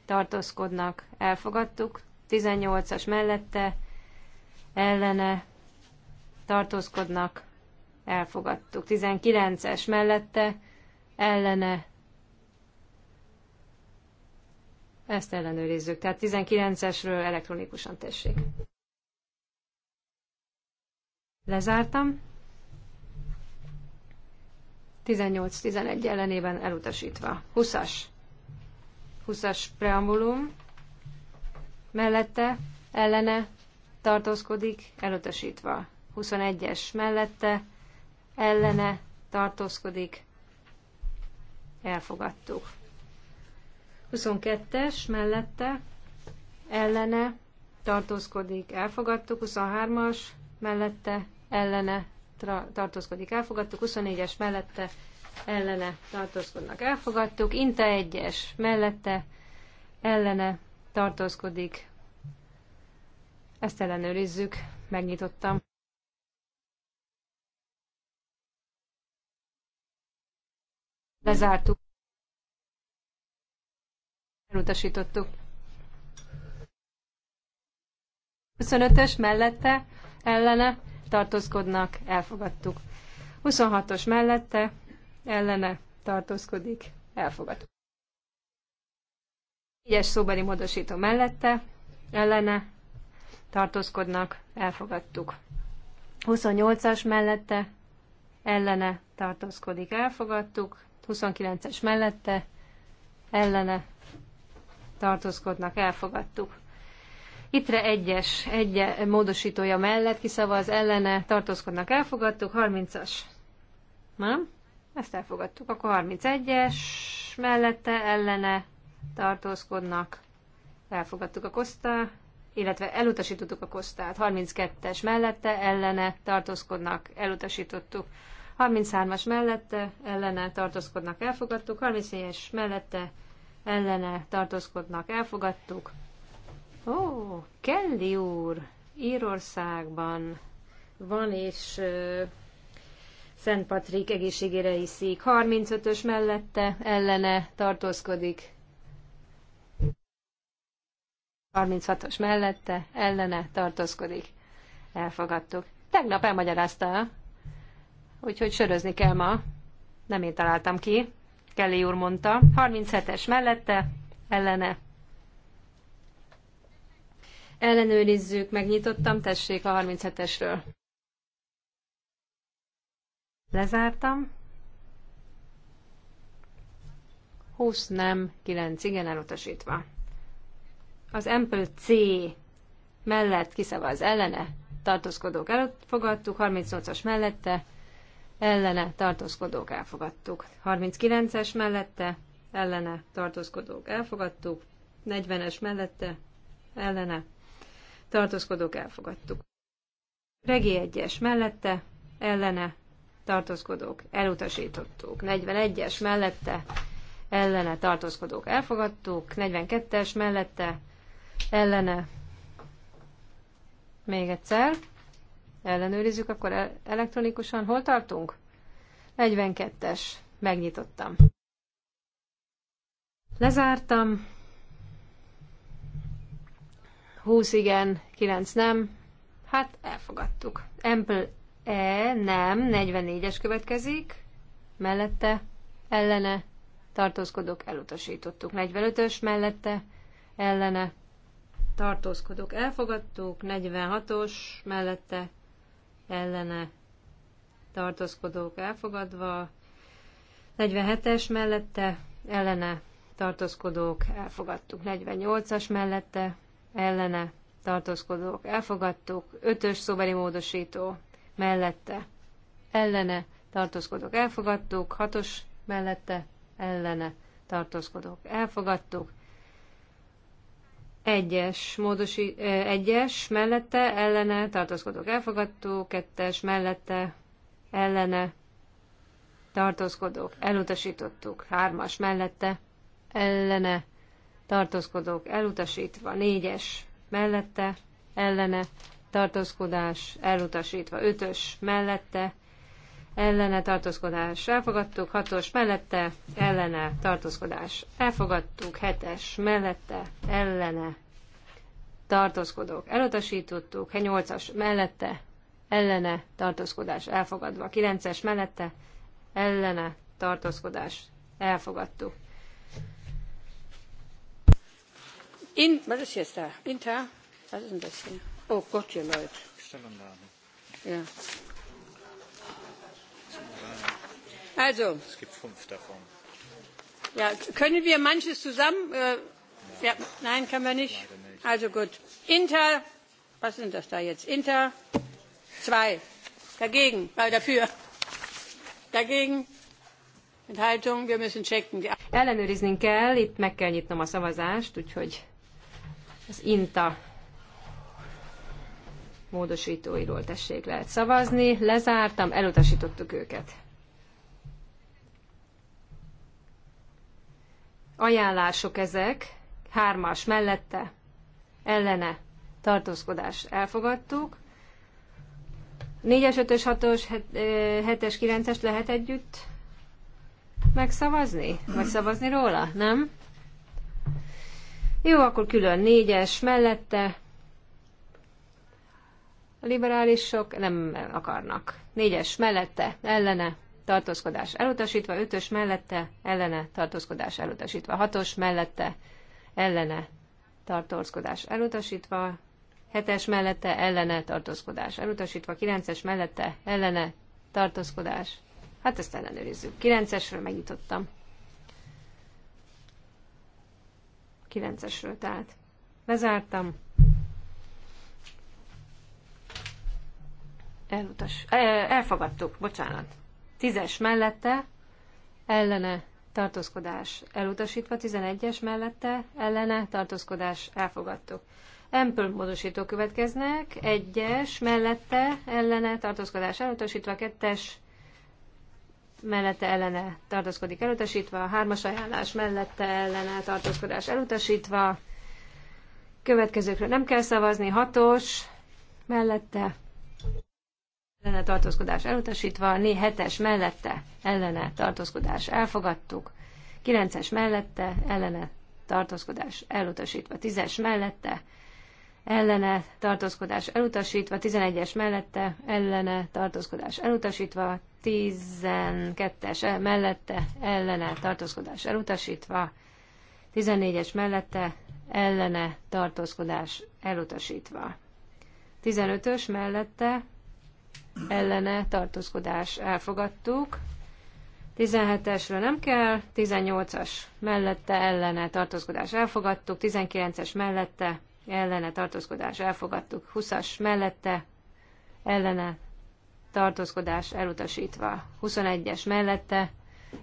tartózkodnak, elfogadtuk. 18-as mellette, ellene tartózkodnak, elfogadtuk. 19-es mellette, ellene Ezt ellenőrizzük. Tehát 19-esről elektronikusan tessék. Lezártam. 18-11 ellenében elutasítva. 20-as. 20-as preambulum. Mellette, ellene, tartózkodik, elutasítva. 21-es mellette, ellene, tartózkodik, elfogadtuk. 22-es mellette ellene tartózkodik, elfogadtuk. 23-as mellette ellene tartózkodik, elfogadtuk. 24-es mellette ellene tartózkodnak, elfogadtuk. Inte 1-es mellette ellene tartózkodik. Ezt ellenőrizzük, megnyitottam. Lezártuk. Elutasítottuk. 25-ös mellette, ellene, tartózkodnak, elfogadtuk. 26-os mellette, ellene, tartózkodik, elfogadtuk. 4-es szóbeli módosító mellette, ellene, tartózkodnak, elfogadtuk. 28-as mellette, ellene, tartózkodik, elfogadtuk. 29-es mellette, ellene, tartózkodnak, elfogadtuk. Itre egyes, egy módosítója mellett kiszavaz ellene, tartózkodnak, elfogadtuk, 30-as. Nem? Ezt elfogadtuk. Akkor 31-es mellette ellene tartózkodnak, elfogadtuk a kosztá, illetve elutasítottuk a kosztát. 32-es mellette ellene tartózkodnak, elutasítottuk. 33-as mellette ellene tartózkodnak, elfogadtuk. 34-es mellette ellene tartózkodnak, elfogadtuk. Ó, Kelly úr, Írországban van és uh, Szent Patrik egészségére iszik. 35-ös mellette ellene tartózkodik. 36-os mellette ellene tartózkodik. Elfogadtuk. Tegnap elmagyarázta, úgyhogy sörözni kell ma. Nem én találtam ki. Kelly úr mondta. 37-es mellette, ellene. Ellenőrizzük, megnyitottam, tessék a 37-esről. Lezártam. 20 nem, 9 igen, elutasítva. Az Ample C mellett kiszavaz ellene, tartózkodók elfogadtuk, 38-as mellette, ellene tartózkodók elfogadtuk. 39-es mellette ellene tartózkodók elfogadtuk. 40-es mellette ellene tartózkodók elfogadtuk. Regi 1-es mellette ellene tartózkodók elutasítottuk. 41-es mellette ellene tartózkodók elfogadtuk. 42-es mellette ellene még egyszer ellenőrizzük, akkor elektronikusan hol tartunk? 42-es. Megnyitottam. Lezártam. 20 igen, 9 nem. Hát elfogadtuk. Ample E nem, 44-es következik. Mellette, ellene, tartózkodok, elutasítottuk. 45-ös mellette, ellene, tartózkodok, elfogadtuk. 46-os mellette, ellene tartózkodók elfogadva, 47-es mellette ellene tartózkodók elfogadtuk, 48-as mellette ellene tartózkodók elfogadtuk, 5-ös szóbeli módosító mellette ellene tartózkodók elfogadtuk, 6-os mellette ellene tartózkodók elfogadtuk, egyes, módosi, egyes mellette, ellene, tartózkodok, elfogadtuk, kettes mellette, ellene, tartózkodók elutasítottuk, hármas mellette, ellene, tartózkodók elutasítva, négyes mellette, ellene, tartózkodás elutasítva, ötös mellette, ellene tartózkodás elfogadtuk, hatos mellette ellene tartózkodás elfogadtuk, hetes mellette ellene tartózkodók elutasítottuk, nyolcas mellette ellene tartózkodás elfogadva, kilences mellette ellene tartózkodás elfogadtuk. In, was ist jetzt da? Inter? Was ist denn das hier? Oh Gott, ihr Leute. Ja. Also. Es gibt fünf davon. Ja, können wir manches zusammen? Äh, ja, nein, können wir nicht. nicht. Also gut. Inter, was sind das da jetzt? Inter zwei. Dagegen, äh, dafür. Dagegen. Enthaltung, wir müssen checken. Die Ellenőriznünk kell, itt meg kell nyitnom a szavazást, úgyhogy az INTA módosítóiról tessék lehet szavazni. Lezártam, elutasítottuk őket. ajánlások ezek, hármas mellette, ellene, tartózkodás elfogadtuk. 4-es, 5-ös, 6-os, 7-es, 9-es lehet együtt megszavazni? Vagy szavazni róla? Nem? Jó, akkor külön 4-es mellette. A liberálisok nem akarnak. 4-es mellette, ellene, tartózkodás elutasítva, ötös mellette, ellene, tartózkodás elutasítva, hatos mellette, ellene, tartózkodás elutasítva, hetes mellette, ellene, tartózkodás elutasítva, kilences mellette, ellene, tartózkodás. Hát ezt ellenőrizzük. Kilencesről megnyitottam. Kilencesről tehát. Lezártam. Elutas. E- elfogadtuk, bocsánat. Tízes mellette ellene tartózkodás elutasítva, 11-es mellette ellene tartózkodás elfogadtuk. Ample módosító következnek, 1-es mellette ellene tartózkodás elutasítva, 2-es mellette ellene tartózkodik elutasítva, 3-as ajánlás mellette ellene tartózkodás elutasítva, következőkről nem kell szavazni, 6-os mellette ellene tartózkodás elutasítva, 4-7-es mellette ellene tartózkodás elfogadtuk, 9-es mellette ellene tartózkodás elutasítva, 10-es mellette ellene tartózkodás elutasítva, 11-es mellette ellene tartózkodás elutasítva, 12-es mellette ellene tartózkodás elutasítva, 14-es mellette ellene tartózkodás elutasítva. 15-ös mellette ellene tartózkodás elfogadtuk. 17 esre nem kell, 18-as mellette ellene tartózkodás elfogadtuk, 19-es mellette ellene tartózkodás elfogadtuk, 20-as mellette ellene tartózkodás elutasítva, 21-es mellette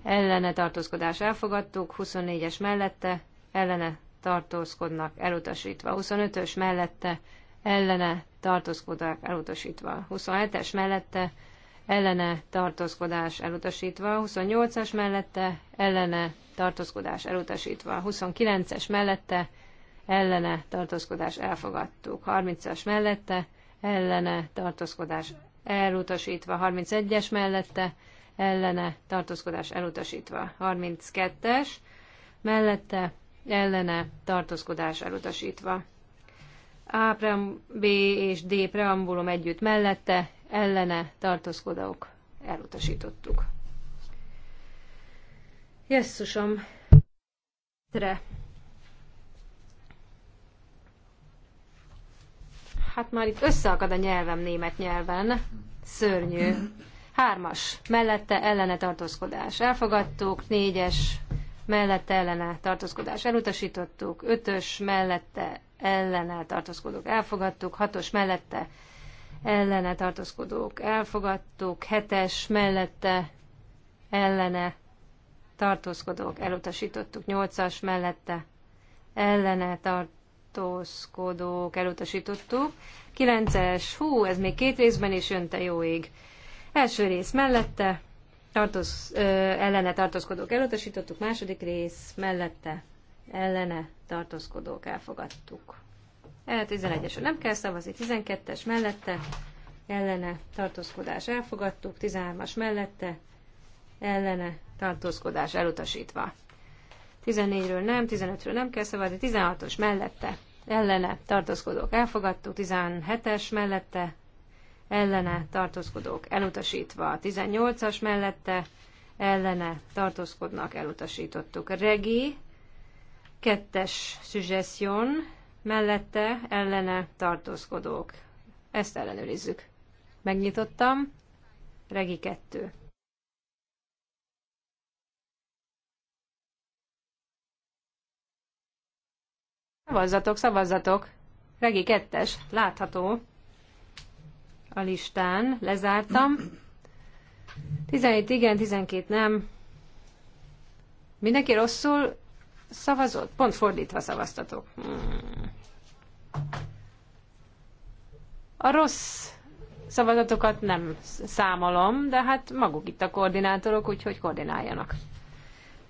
ellene tartózkodás elfogadtuk, 24-es mellette ellene tartózkodnak elutasítva, 25-ös mellette ellene tartózkodás elutasítva. 27-es mellette ellene tartózkodás elutasítva, 28-as mellette ellene tartózkodás elutasítva, 29-es mellette ellene tartózkodás elfogadtuk, 30-as mellette ellene tartózkodás elutasítva, 31-es mellette ellene tartózkodás elutasítva, 32-es mellette ellene tartózkodás elutasítva. A prem B és D preambulum együtt mellette, ellene tartózkodók elutasítottuk. Jesszusom, tre. Hát már itt összeakad a nyelvem német nyelven. Szörnyű. Hármas. Mellette ellene tartózkodás. Elfogadtuk. Négyes. Mellette ellene tartózkodás. Elutasítottuk. Ötös. Mellette ellene tartózkodók elfogadtuk, hatos mellette ellene tartózkodók elfogadtuk, hetes mellette ellene tartózkodók elutasítottuk, nyolcas mellette ellene tartózkodók elutasítottuk, kilences, hú, ez még két részben is jön te jó ég. Első rész mellette, tartoz, ö, ellene tartózkodók elutasítottuk, második rész mellette ellene tartózkodók elfogadtuk. El 11 es nem kell szavazni, 12-es mellette ellene tartózkodás elfogadtuk, 13-as mellette ellene tartózkodás elutasítva. 14-ről nem, 15-ről nem kell szavazni, 16-os mellette ellene tartózkodók elfogadtuk, 17-es mellette ellene tartózkodók elutasítva, 18-as mellette ellene tartózkodnak elutasítottuk. Regi Kettes suggestion, mellette ellene tartózkodók. Ezt ellenőrizzük. Megnyitottam. Regi 2. Szavazzatok, szavazzatok! Regi 2 látható a listán, lezártam. 17 igen, 12 nem. Mindenki rosszul szavazott? Pont fordítva szavaztatok. A rossz szavazatokat nem számolom, de hát maguk itt a koordinátorok, úgyhogy koordináljanak.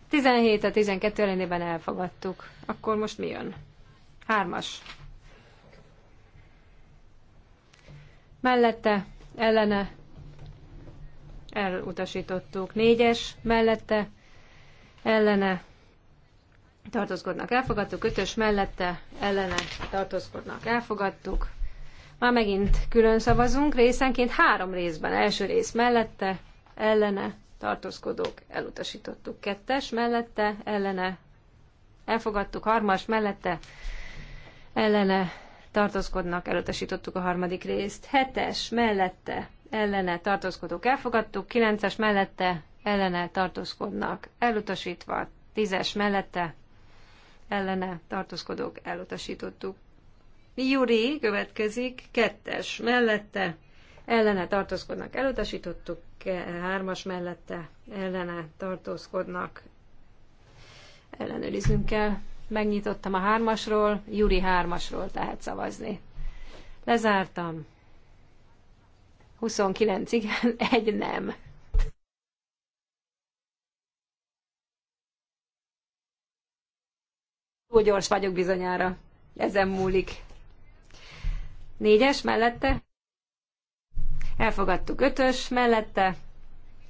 17 a 12 ellenében elfogadtuk. Akkor most mi jön? Hármas. Mellette, ellene, elutasítottuk. Négyes, mellette, ellene, tartózkodnak, elfogadtuk, ötös mellette ellene tartózkodnak, elfogadtuk. Már megint külön szavazunk, részenként három részben, első rész mellette, ellene, tartózkodók, elutasítottuk. Kettes mellette, ellene, elfogadtuk, harmas mellette, ellene, tartózkodnak, elutasítottuk a harmadik részt. Hetes mellette, ellene, tartózkodók, elfogadtuk, kilences mellette, ellene, tartózkodnak, elutasítva, tízes mellette, ellene tartózkodók elutasítottuk. Juri következik, kettes mellette, ellene tartózkodnak elutasítottuk, hármas mellette, ellene tartózkodnak, ellenőriznünk kell. Megnyitottam a hármasról, Juri hármasról tehát szavazni. Lezártam. 29 igen, egy nem. Túl gyors vagyok bizonyára. Ezen múlik. Négyes mellette. Elfogadtuk ötös mellette.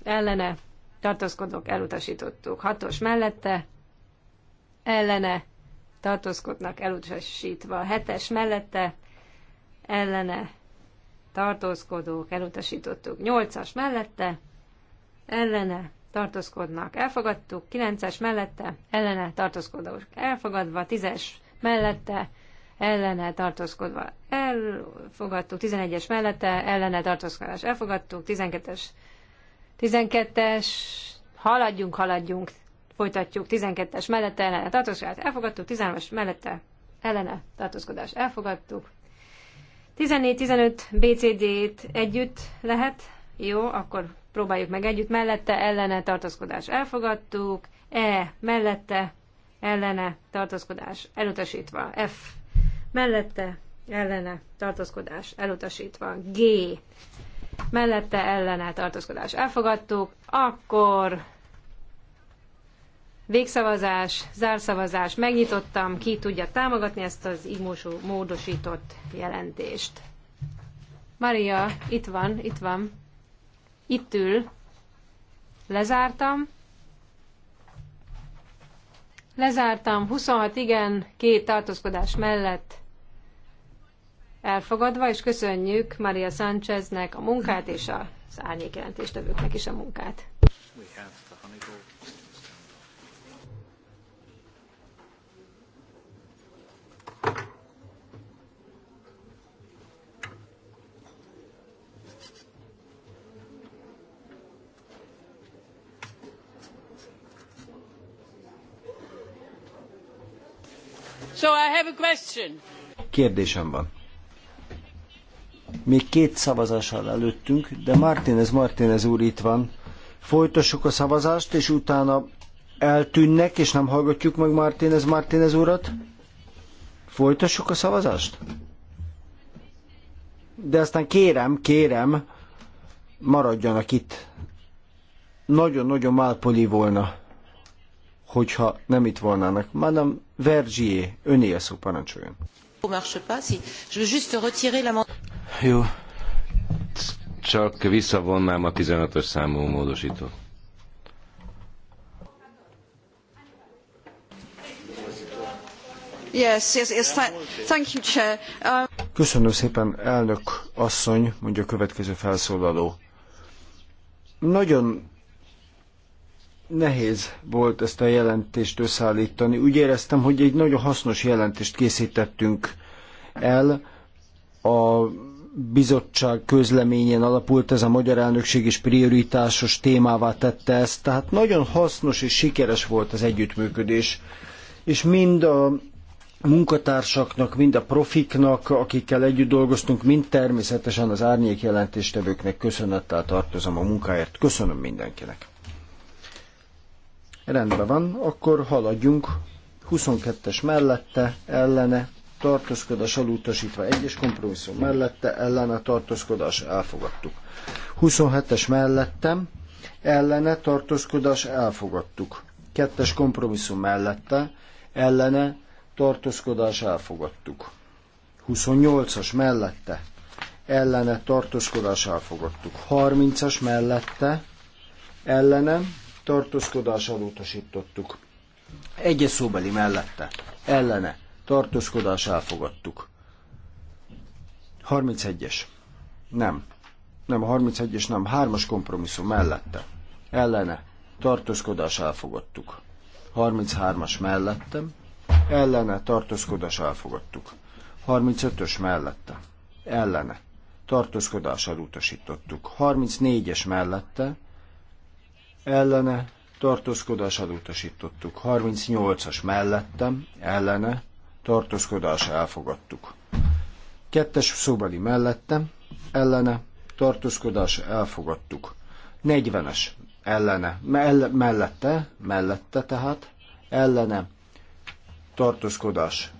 Ellene. Tartózkodok, elutasítottuk. Hatos mellette. Ellene. Tartózkodnak, elutasítva. Hetes mellette. Ellene. Tartózkodók, elutasítottuk. Nyolcas mellette. Ellene tartózkodnak, elfogadtuk, 9-es mellette, ellene tartózkodók, elfogadva, 10-es mellette, ellene tartózkodva, elfogadtuk, 11-es mellette, ellene tartózkodás, elfogadtuk, 12-es, 12-es, haladjunk, haladjunk, folytatjuk, 12-es mellette, ellene tartózkodás, elfogadtuk, 13-es mellette, ellene tartózkodás, elfogadtuk, 14-15 BCD-t együtt lehet jó, akkor próbáljuk meg együtt. Mellette, ellene, tartózkodás elfogadtuk. E, mellette, ellene, tartózkodás elutasítva. F, mellette, ellene, tartózkodás elutasítva. G, mellette, ellene, tartózkodás elfogadtuk. Akkor végszavazás, zárszavazás, megnyitottam, ki tudja támogatni ezt az imósú módosított jelentést. Maria, itt van, itt van. Itt ül. Lezártam. Lezártam. 26 igen, két tartózkodás mellett elfogadva, és köszönjük Maria Sáncheznek a munkát és az árnyékjelentéstevőknek is a munkát. So I have a question. Kérdésem van. Még két szavazással előttünk, de Martínez Martínez úr itt van. Folytassuk a szavazást, és utána eltűnnek, és nem hallgatjuk meg Martínez Martínez urat. Folytassuk a szavazást? De aztán kérem, kérem, maradjanak itt. Nagyon-nagyon málpoli volna, hogyha nem itt volnának. Madame Vergier, öné a szó, parancsoljon. Jó, csak visszavonnám a 15-ös számú módosítót. Yes, yes, yes. Thank you, Chair. Um... Köszönöm szépen, elnök asszony, mondja a következő felszólaló. Nagyon nehéz volt ezt a jelentést összeállítani. Úgy éreztem, hogy egy nagyon hasznos jelentést készítettünk el. A bizottság közleményén alapult ez a magyar elnökség is prioritásos témává tette ezt, tehát nagyon hasznos és sikeres volt az együttműködés, és mind a munkatársaknak, mind a profiknak, akikkel együtt dolgoztunk, mind természetesen az árnyék jelentéstevőknek köszönettel tartozom a munkáért. Köszönöm mindenkinek! Rendben van, akkor haladjunk. 22-es mellette, ellene, tartózkodás alutasítva, egyes kompromisszum mellette, ellene tartózkodás elfogadtuk. 27-es mellettem, ellene tartózkodás elfogadtuk. Kettes kompromisszum mellette, ellene tartózkodás elfogadtuk. 28-as mellette, ellene tartózkodás elfogadtuk. 30-as mellette, ellene tartózkodással utasítottuk. Egyes szóbeli mellette, ellene, tartózkodás elfogadtuk. 31-es. Nem. Nem, a 31-es nem. Hármas kompromisszum mellette. Ellene. Tartózkodás elfogadtuk. 33-as mellettem. Ellene. Tartózkodás elfogadtuk. 35-ös mellette. Ellene. Tartózkodással utasítottuk. 34-es mellette ellene tartózkodás elutasítottuk. 38-as mellettem ellene tartózkodás elfogadtuk. Kettes szóbeli mellettem ellene tartózkodás elfogadtuk. 40-es ellene, mell- mellette, mellette tehát, ellene tartózkodás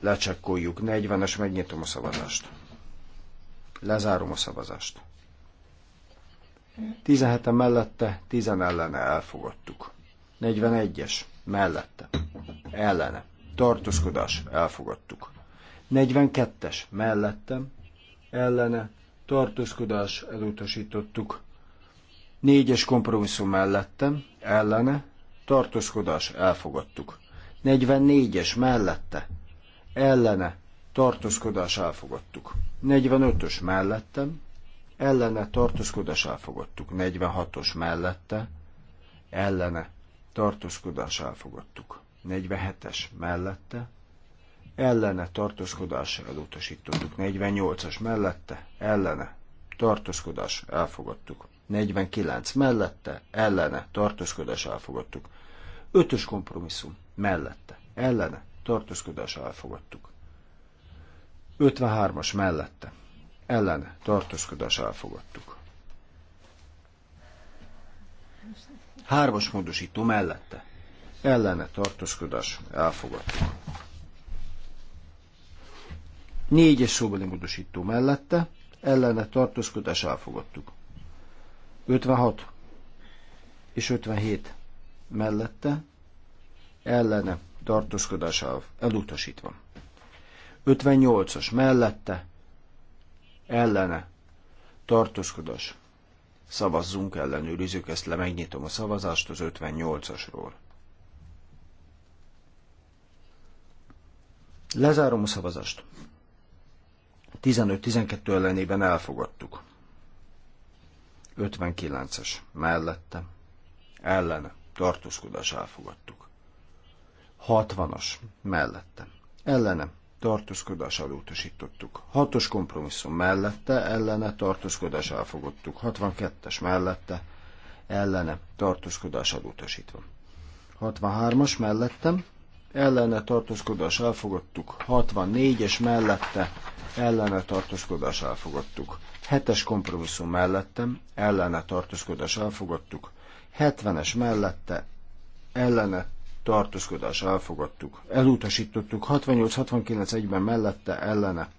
lecsekkoljuk. 40-es, megnyitom a szavazást. Lezárom a szavazást. 17 mellette, 10 ellene elfogadtuk. 41-es mellette, ellene, tartózkodás, elfogadtuk. 42-es mellettem, ellene, tartózkodás, elutasítottuk. 4-es kompromisszum mellettem, ellene, tartózkodás, elfogadtuk. 44-es mellette, ellene, tartózkodás, elfogadtuk. 45-ös mellettem, ellene tartózkodással fogadtuk, 46-os mellette ellene tartózkodással fogadtuk, 47-es mellette ellene tartózkodással elutasítottuk. 48-as mellette ellene tartózkodás elfogadtuk. 49 mellette ellene tartózkodás elfogadtuk. 5-ös kompromisszum mellette ellene tartózkodás elfogadtuk. 53-as mellette ellen tartózkodás elfogadtuk. Hármas módosító mellette ellene tartózkodás elfogadtuk. Négyes szóbeli módosító mellette ellene tartózkodás elfogadtuk. 56 és 57 mellette ellene tartózkodás elutasítva. 58-as mellette ellene, tartózkodás, szavazzunk, ellenőrizzük, ezt le megnyitom a szavazást az 58-asról. Lezárom a szavazást. 15-12 ellenében elfogadtuk. 59-es, mellette, ellene, tartózkodás elfogadtuk. 60-as, mellette, ellene, tartózkodással utasítottuk. Hatos kompromisszum mellette, ellene tartózkodás elfogadtuk. 62-es mellette, ellene tartózkodással utasítva. 63-as mellettem, ellene tartózkodás elfogadtuk. 64-es mellette, ellene tartózkodás elfogadtuk. 7-es kompromisszum mellettem, ellene tartózkodás elfogadtuk. 70-es mellette, ellene tartózkodás elfogadtuk. Elutasítottuk 68-69 egyben mellette, ellene,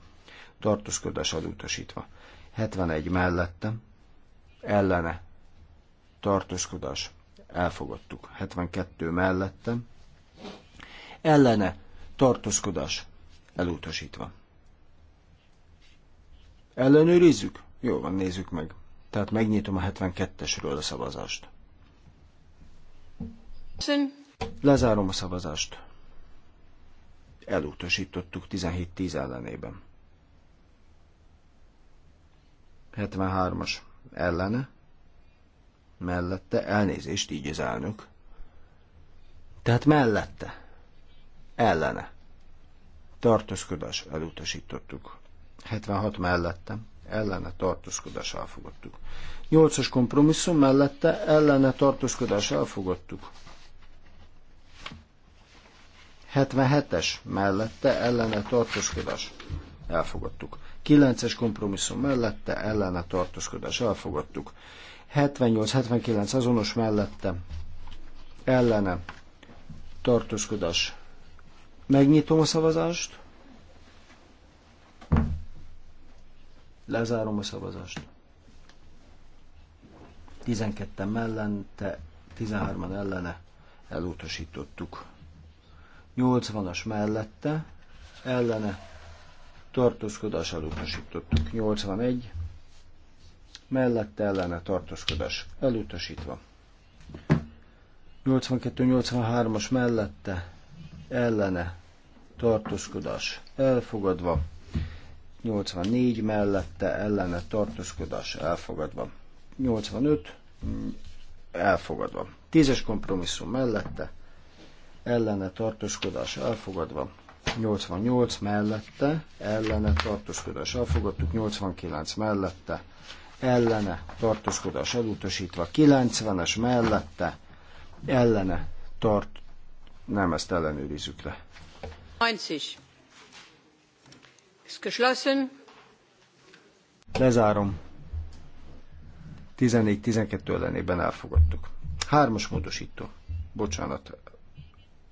tartózkodás elutasítva. 71 mellette, ellene, tartózkodás elfogadtuk. 72 mellette, ellene, tartózkodás elutasítva. Ellenőrizzük? Jó van, nézzük meg. Tehát megnyitom a 72-esről a szavazást. Köszönöm. Lezárom a szavazást. Elutasítottuk 17-10 ellenében. 73-as ellene, mellette, elnézést, így az elnök. Tehát mellette, ellene. Tartózkodás elutasítottuk. 76 mellette, ellene tartózkodás elfogadtuk. 8-as kompromisszum mellette, ellene tartózkodás elfogadtuk. 77-es mellette ellene tartózkodás elfogadtuk. 9-es kompromisszum mellette ellene tartózkodás elfogadtuk. 78-79 azonos mellette ellene tartózkodás. Megnyitom a szavazást. Lezárom a szavazást. 12 mellente, 13 ellene elutasítottuk. 80-as mellette, ellene tartózkodás elutasítottuk. 81 mellette ellene tartózkodás elutasítva. 82-83-as mellette ellene tartózkodás elfogadva. 84 mellette ellene tartózkodás elfogadva. 85 elfogadva. 10-es kompromisszum mellette ellene tartózkodás elfogadva. 88 mellette, ellene tartózkodás elfogadtuk, 89 mellette, ellene tartózkodás elutasítva, 90-es mellette, ellene tart, nem ezt ellenőrizzük le. 90. Ist geschlossen. Lezárom. 14-12 ellenében elfogadtuk. Hármas módosító. Bocsánat,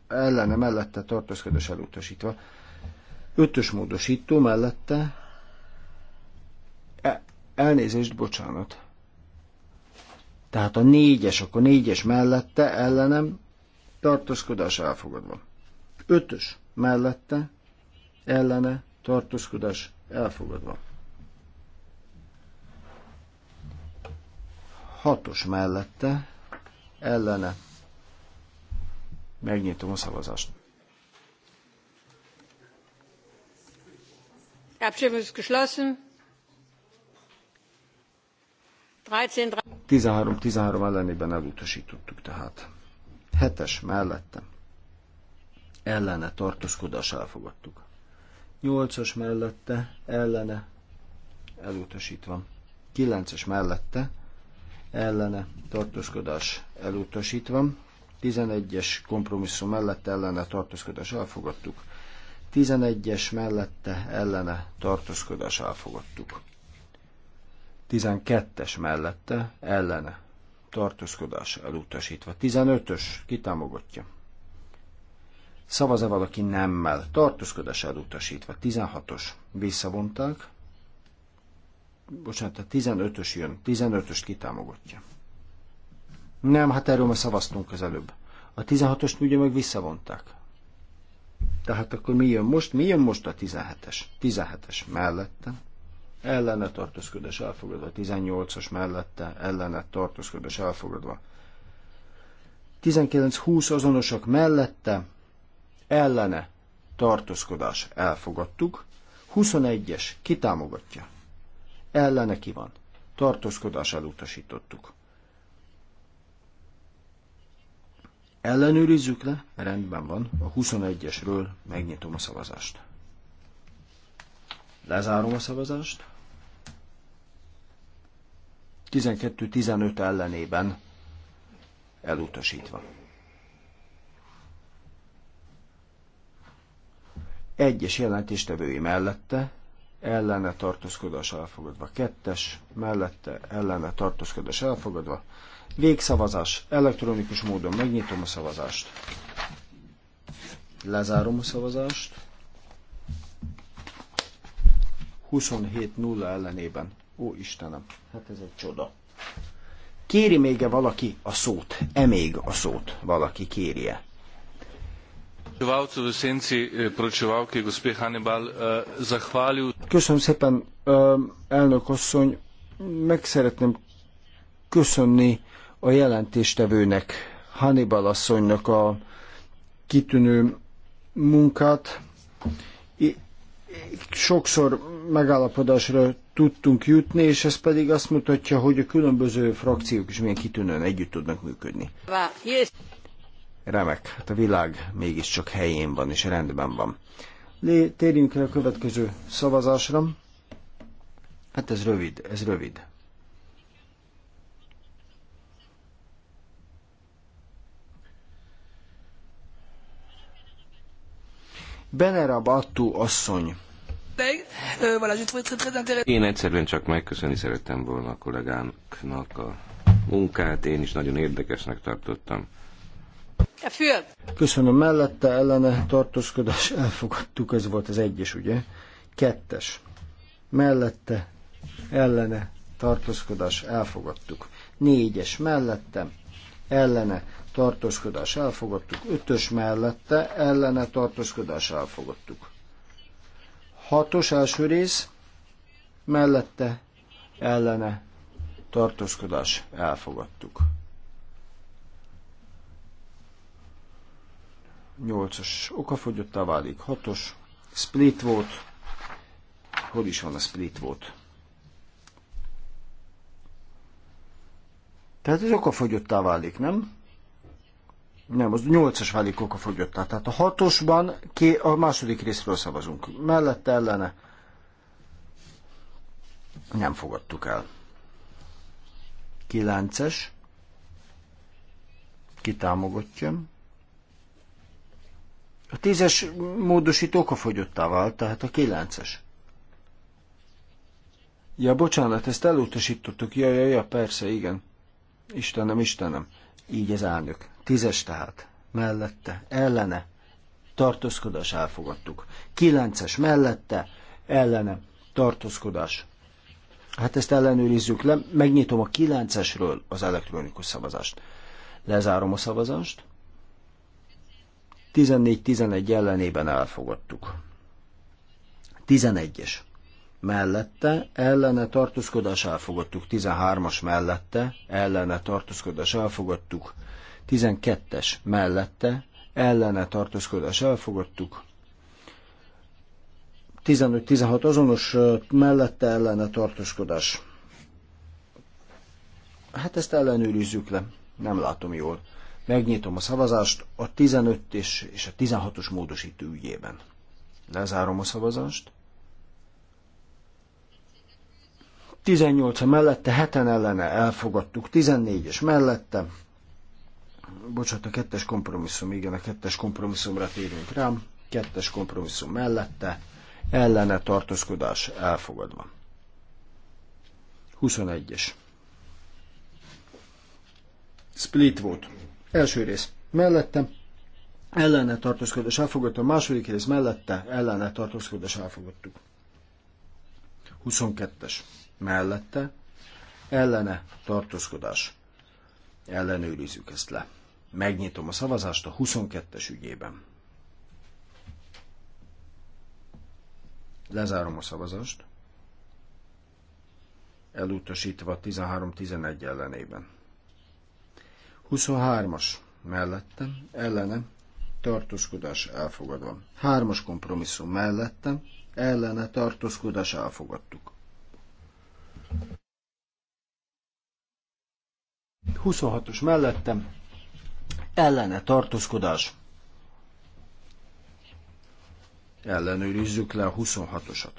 ellene mellette tartózkodás elutasítva. Ötös módosító mellette e, elnézést, bocsánat. Tehát a négyes, akkor négyes mellette ellenem tartózkodás elfogadva. Ötös mellette ellene tartózkodás elfogadva. Hatos mellette ellene Megnyitom a szavazást. Abstimmung ist geschlossen. 13-13 ellenében elutasítottuk tehát. Hetes mellette. Ellene tartózkodás elfogadtuk. Nyolcas mellette, ellene, elutasítva. Kilences mellette, ellene, tartózkodás elutasítva. 11-es kompromisszum mellette ellene tartózkodás elfogadtuk. 11-es mellette ellene tartózkodás elfogadtuk. 12-es mellette ellene tartózkodás elutasítva. 15-ös kitámogatja. Szavaz-e valaki nemmel? Tartózkodás elutasítva. 16-os visszavonták. Bocsánat, a 15-ös jön. 15-ös kitámogatja. Nem, hát erről már szavaztunk az előbb. A 16-ost ugye meg visszavonták. Tehát akkor mi jön most? Mi jön most a 17-es? 17-es mellette. Ellene tartózkodás elfogadva. 18-as mellette. Ellene tartózkodás elfogadva. 19-20 azonosak mellette. Ellene tartózkodás elfogadtuk. 21-es kitámogatja. Ellene ki van. Tartózkodás elutasítottuk. Ellenőrizzük le? Rendben van. A 21-esről megnyitom a szavazást. Lezárom a szavazást. 12-15 ellenében elutasítva. Egyes jelentéstevői mellette, ellene tartózkodás elfogadva. Kettes mellette, ellene tartózkodás elfogadva Végszavazás. Elektronikus módon megnyitom a szavazást. Lezárom a szavazást. 27-0 ellenében. Ó Istenem, hát ez egy csoda. Kéri még -e valaki a szót? E még a szót valaki kérje? Eh, eh, Köszönöm szépen, eh, elnök asszony. Meg szeretném köszönni a jelentéstevőnek, Hannibal asszonynak a kitűnő munkát. Sokszor megállapodásra tudtunk jutni, és ez pedig azt mutatja, hogy a különböző frakciók is milyen kitűnően együtt tudnak működni. Remek, hát a világ mégiscsak helyén van és rendben van. Lé, térjünk el a következő szavazásra. Hát ez rövid, ez rövid. Benerab asszony. Én egyszerűen csak megköszönni szerettem volna a kollégánknak a munkát, én is nagyon érdekesnek tartottam. E, Köszönöm mellette, ellene tartózkodás elfogadtuk, ez volt az egyes, ugye? Kettes. Mellette, ellene tartózkodás elfogadtuk. Négyes mellette, ellene tartózkodás elfogadtuk, ötös mellette ellene tartózkodás elfogadtuk. Hatos első rész mellette ellene tartózkodás elfogadtuk. Nyolcas okafogyottá válik, hatos split volt. Hol is van a split volt? Tehát ez okafogyottá válik, nem? Nem, az 8-as válik okafogyottá. Tehát a 6-osban a második részről szavazunk. Mellette ellene nem fogadtuk el. 9-es. Kitámogatja. A 10-es módosító okafogyottá vált, tehát a 9-es. Ja, bocsánat, ezt elutasítottuk. Ja, ja, ja, persze, igen. Istenem, Istenem. Így az elnök. Tízes tehát mellette, ellene, tartózkodás elfogadtuk. Kilences mellette, ellene, tartózkodás. Hát ezt ellenőrizzük le, megnyitom a kilencesről az elektronikus szavazást. Lezárom a szavazást. 14-11 ellenében elfogadtuk. 11-es. Mellette, ellene tartózkodás elfogadtuk. 13-as mellette, ellene tartózkodás elfogadtuk. 12-es mellette ellene tartózkodás elfogadtuk. 15-16 azonos mellette ellene tartózkodás. Hát ezt ellenőrizzük le, nem látom jól. Megnyitom a szavazást a 15 és, és a 16-os módosító ügyében. Lezárom a szavazást. 18 mellette, heten ellene elfogadtuk, 14-es mellette, bocsánat, a kettes kompromisszum, igen, a kettes kompromisszumra térünk rám, kettes kompromisszum mellette, ellene tartózkodás elfogadva. 21-es. Split volt. Első rész mellette, ellene tartózkodás elfogadta, második rész mellette, ellene tartózkodás elfogadtuk. 22-es. Mellette, ellene tartózkodás Ellenőrizzük ezt le. Megnyitom a szavazást a 22-es ügyében. Lezárom a szavazást. Elutasítva 13-11 ellenében. 23-as mellettem, ellenem, tartózkodás elfogadva. 3-as kompromisszum mellettem, ellene tartózkodás elfogadtuk. 26-os mellettem ellene tartózkodás. Ellenőrizzük le a 26-osat.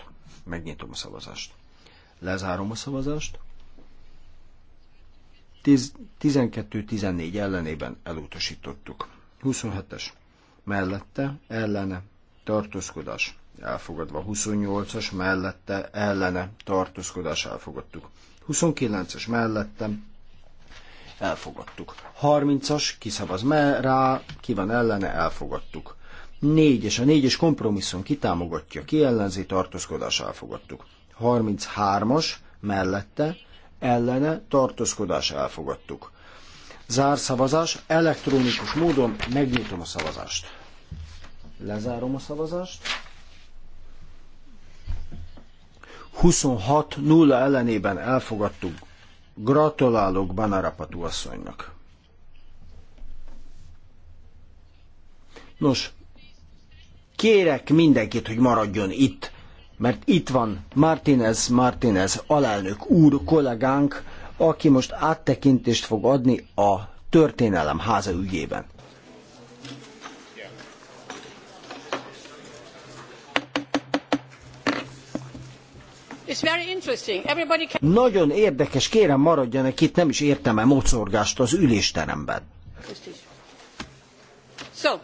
Megnyitom a szavazást. Lezárom a szavazást. 12-14 ellenében elutasítottuk. 27-es. Mellette, ellene, tartózkodás. Elfogadva. 28-as, mellette, ellene, tartózkodás. Elfogadtuk. 29-es, mellette, elfogadtuk. 30-as, kiszavaz mell- rá, ki van ellene, elfogadtuk. 4 és a 4-es kompromisszum kitámogatja, ki ellenzi, tartózkodás elfogadtuk. 33-as, mellette, ellene, tartózkodás elfogadtuk. Zárszavazás, elektronikus módon megnyitom a szavazást. Lezárom a szavazást. 26-0 ellenében elfogadtuk. Gratulálok Banarapatú asszonynak. Nos, kérek mindenkit, hogy maradjon itt, mert itt van Martinez Martinez alelnök úr kollégánk, aki most áttekintést fog adni a történelem háza ügyében. Nagyon érdekes, kérem maradjanak itt, nem is értem e mocorgást az ülésteremben. So,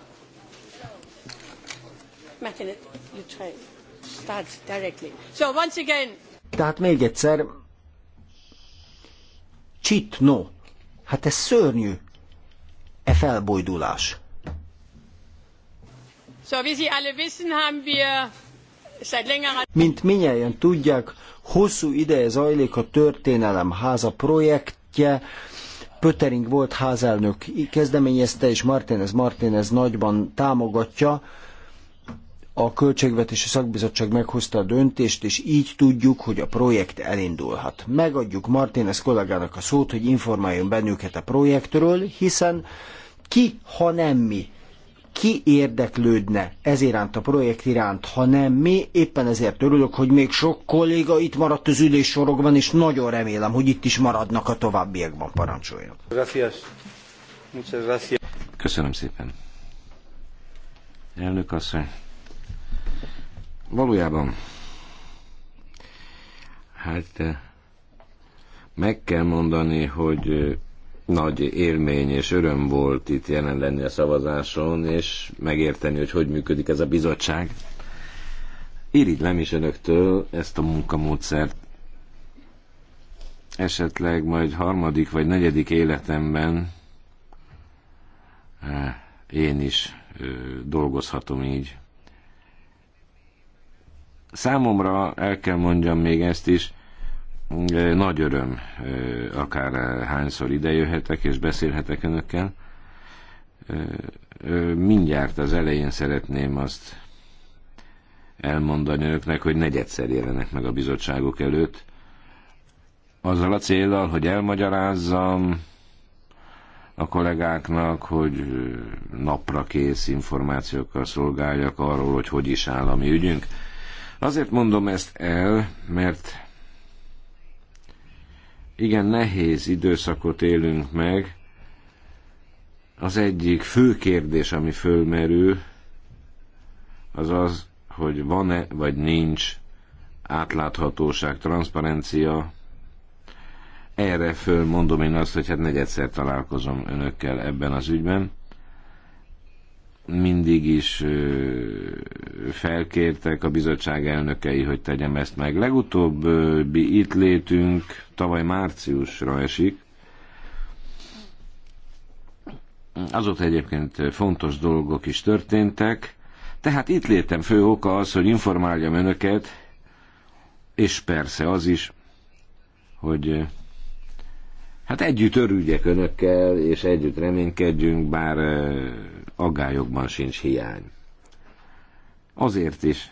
So once again. Tehát még egyszer, csitno, hát ez szörnyű, e felbojdulás. So, wie Sie alle wissen, haben wir mint minnyáján tudják, hosszú ideje zajlik a Történelem háza projektje, Pöttering volt házelnök kezdeményezte, és Martinez Martinez nagyban támogatja. A Költségvetési Szakbizottság meghozta a döntést, és így tudjuk, hogy a projekt elindulhat. Megadjuk Martinez kollégának a szót, hogy informáljon bennünket a projektről, hiszen ki, ha nem mi, ki érdeklődne ez iránt, a projekt iránt, hanem mi éppen ezért örülök, hogy még sok kolléga itt maradt az ülés sorokban, és nagyon remélem, hogy itt is maradnak a továbbiakban, parancsoljon. Köszönöm szépen. Elnök asszony, valójában, hát eh, meg kell mondani, hogy eh, nagy élmény és öröm volt itt jelen lenni a szavazáson, és megérteni, hogy hogy működik ez a bizottság. Irigylem is önöktől ezt a munkamódszert. Esetleg majd harmadik vagy negyedik életemben eh, én is eh, dolgozhatom így. Számomra el kell mondjam még ezt is, nagy öröm, akár hányszor idejöhetek és beszélhetek önökkel. Mindjárt az elején szeretném azt elmondani önöknek, hogy negyedszer jelenek meg a bizottságok előtt, azzal a célral, hogy elmagyarázzam a kollégáknak, hogy napra kész információkkal szolgáljak arról, hogy hogy is áll a mi ügyünk. Azért mondom ezt el, mert igen nehéz időszakot élünk meg. Az egyik fő kérdés, ami fölmerül, az az, hogy van-e vagy nincs átláthatóság, transzparencia. Erre fölmondom én azt, hogy hát negyedszer találkozom önökkel ebben az ügyben mindig is felkértek a bizottság elnökei, hogy tegyem ezt meg. legutóbb, itt létünk tavaly márciusra esik. Azóta egyébként fontos dolgok is történtek. Tehát itt létem fő oka az, hogy informáljam önöket, és persze az is, hogy hát együtt örüljek önökkel, és együtt reménykedjünk, bár aggályokban sincs hiány. Azért is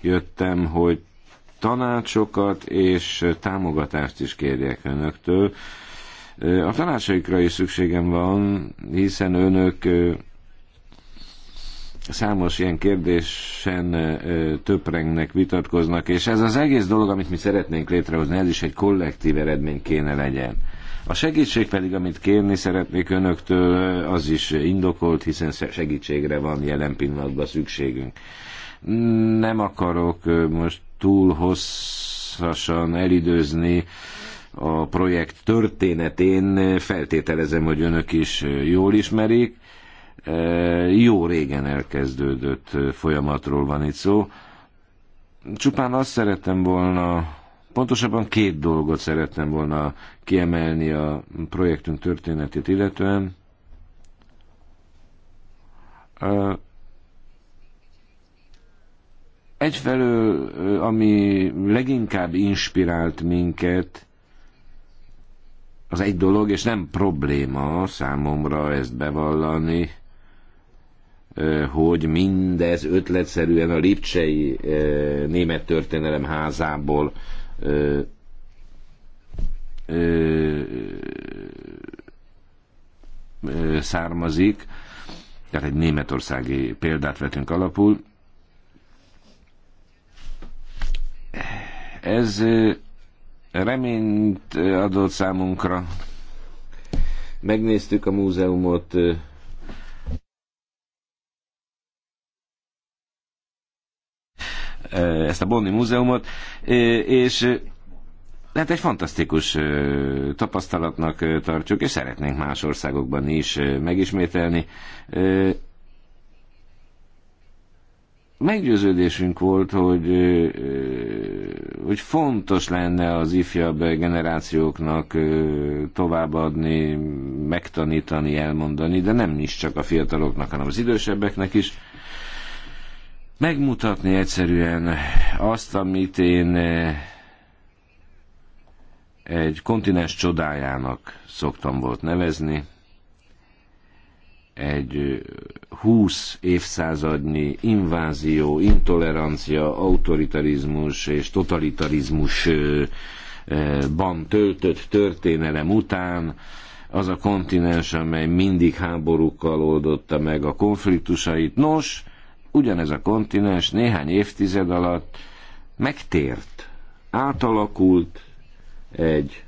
jöttem, hogy tanácsokat és támogatást is kérjek önöktől. A tanácsaikra is szükségem van, hiszen önök számos ilyen kérdésen töprengnek, vitatkoznak, és ez az egész dolog, amit mi szeretnénk létrehozni, ez is egy kollektív eredmény kéne legyen. A segítség pedig, amit kérni szeretnék önöktől, az is indokolt, hiszen segítségre van jelen pillanatban szükségünk. Nem akarok most túl hosszasan elidőzni a projekt történetén, feltételezem, hogy önök is jól ismerik. Jó régen elkezdődött folyamatról van itt szó. Csupán azt szerettem volna Pontosabban két dolgot szerettem volna kiemelni a projektünk történetét illetően. Egyfelől, ami leginkább inspirált minket, az egy dolog, és nem probléma számomra ezt bevallani, hogy mindez ötletszerűen a Lipcsei Német Történelem házából származik, tehát egy németországi példát vetünk alapul. Ez reményt adott számunkra. Megnéztük a múzeumot, ezt a Bonni Múzeumot, és Hát egy fantasztikus tapasztalatnak tartjuk, és szeretnénk más országokban is megismételni. Meggyőződésünk volt, hogy, hogy fontos lenne az ifjabb generációknak továbbadni, megtanítani, elmondani, de nem is csak a fiataloknak, hanem az idősebbeknek is megmutatni egyszerűen azt, amit én eh, egy kontinens csodájának szoktam volt nevezni, egy eh, húsz évszázadnyi invázió, intolerancia, autoritarizmus és totalitarizmusban eh, töltött történelem után az a kontinens, amely mindig háborúkkal oldotta meg a konfliktusait. Nos, ugyanez a kontinens néhány évtized alatt megtért, átalakult egy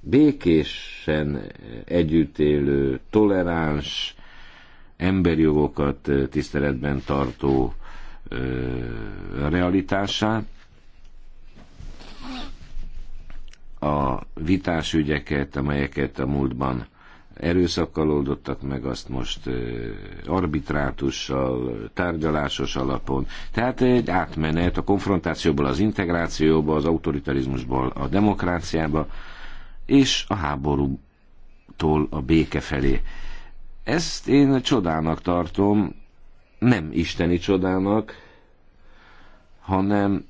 békésen együttélő, toleráns, emberjogokat tiszteletben tartó ö, realitását, a vitás ügyeket, amelyeket a múltban erőszakkal oldottak meg, azt most arbitrátussal, tárgyalásos alapon. Tehát egy átmenet a konfrontációból az integrációba, az autoritarizmusból a demokráciába, és a háborútól a béke felé. Ezt én csodának tartom, nem isteni csodának, hanem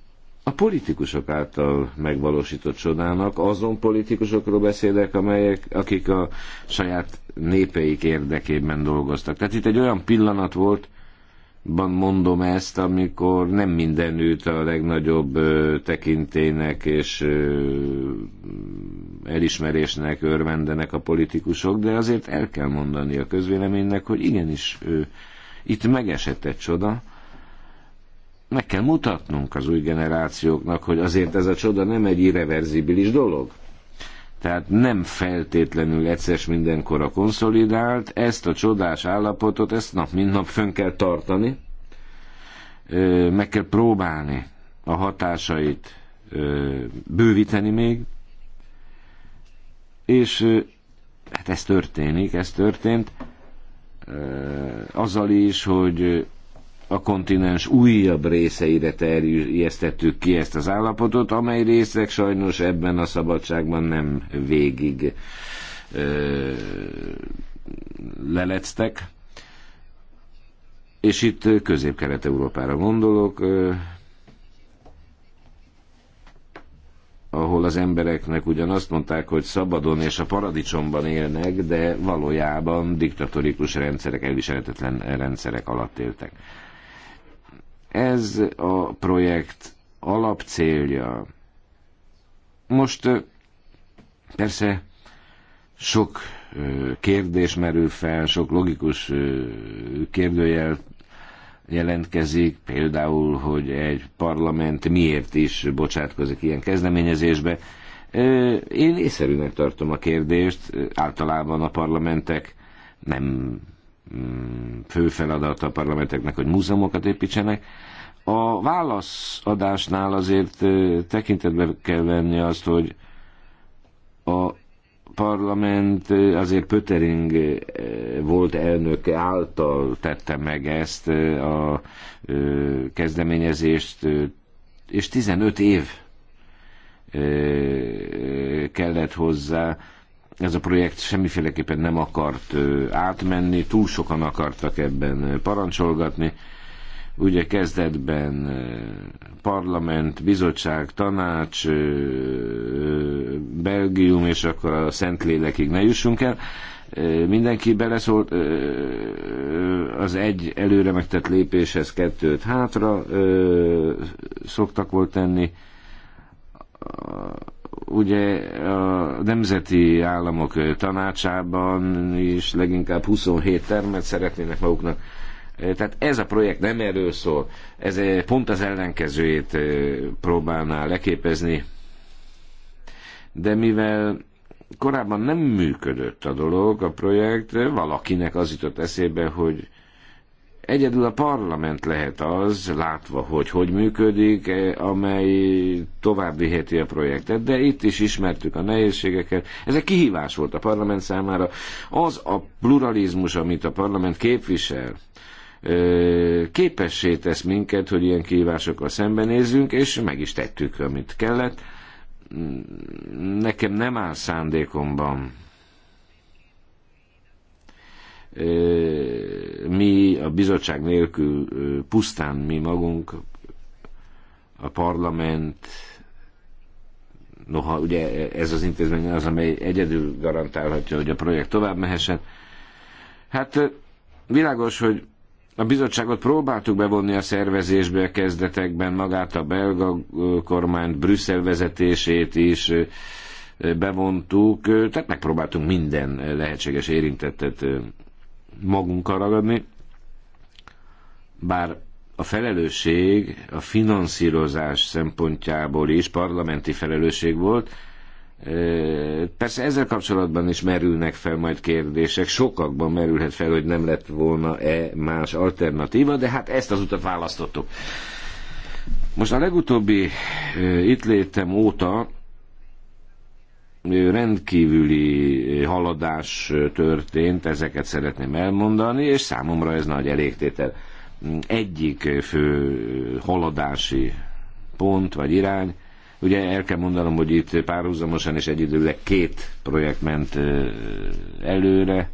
a politikusok által megvalósított csodának, azon politikusokról beszélek, amelyek, akik a saját népeik érdekében dolgoztak. Tehát itt egy olyan pillanat volt, ban mondom ezt, amikor nem mindenütt a legnagyobb ö, tekintének és ö, elismerésnek örvendenek a politikusok, de azért el kell mondani a közvéleménynek, hogy igenis ö, itt megesett egy csoda, meg kell mutatnunk az új generációknak, hogy azért ez a csoda nem egy irreverzibilis dolog. Tehát nem feltétlenül egyszer mindenkor a konszolidált, ezt a csodás állapotot, ezt nap mint nap fönn kell tartani, meg kell próbálni a hatásait bővíteni még, és hát ez történik, ez történt, azzal is, hogy a kontinens újabb részeire terjesztettük ki ezt az állapotot, amely részek sajnos ebben a szabadságban nem végig ö, leleztek. És itt közép-kelet-európára gondolok, ö, ahol az embereknek ugyan azt mondták, hogy szabadon és a paradicsomban élnek, de valójában diktatórikus rendszerek, elviselhetetlen rendszerek alatt éltek. Ez a projekt alapcélja. Most persze sok kérdés merül fel, sok logikus kérdőjel jelentkezik, például, hogy egy parlament miért is bocsátkozik ilyen kezdeményezésbe. Én észszerűnek tartom a kérdést, általában a parlamentek nem Mm, fő feladata a parlamenteknek, hogy múzeumokat építsenek. A válaszadásnál azért tekintetbe kell venni azt, hogy a parlament azért Pöttering volt elnöke által tette meg ezt a kezdeményezést, és 15 év kellett hozzá, ez a projekt semmiféleképpen nem akart átmenni, túl sokan akartak ebben parancsolgatni. Ugye kezdetben parlament, bizottság, tanács, Belgium, és akkor a Szentlélekig ne jussunk el. Mindenki beleszólt, az egy előre megtett lépéshez kettőt hátra szoktak volt tenni ugye a nemzeti államok tanácsában is leginkább 27 termet szeretnének maguknak. Tehát ez a projekt nem erről szól, ez pont az ellenkezőjét próbálná leképezni. De mivel korábban nem működött a dolog, a projekt, valakinek az jutott eszébe, hogy Egyedül a parlament lehet az, látva, hogy hogy működik, eh, amely tovább viheti a projektet, de itt is ismertük a nehézségeket. Ez egy kihívás volt a parlament számára. Az a pluralizmus, amit a parlament képvisel, eh, képessé tesz minket, hogy ilyen kihívásokkal szembenézzünk, és meg is tettük, amit kellett. Nekem nem áll szándékomban mi a bizottság nélkül pusztán mi magunk, a parlament, noha ugye ez az intézmény az, amely egyedül garantálhatja, hogy a projekt tovább mehessen. Hát világos, hogy a bizottságot próbáltuk bevonni a szervezésbe a kezdetekben, magát a belga kormányt, Brüsszel vezetését is bevontuk, tehát megpróbáltunk minden lehetséges érintettet magunkkal ragadni, bár a felelősség a finanszírozás szempontjából is parlamenti felelősség volt. Persze ezzel kapcsolatban is merülnek fel majd kérdések, sokakban merülhet fel, hogy nem lett volna-e más alternatíva, de hát ezt az utat választottuk. Most a legutóbbi itt létem óta rendkívüli haladás történt, ezeket szeretném elmondani, és számomra ez nagy elégtétel. Egyik fő haladási pont vagy irány, ugye el kell mondanom, hogy itt párhuzamosan és egyidőleg két projekt ment előre,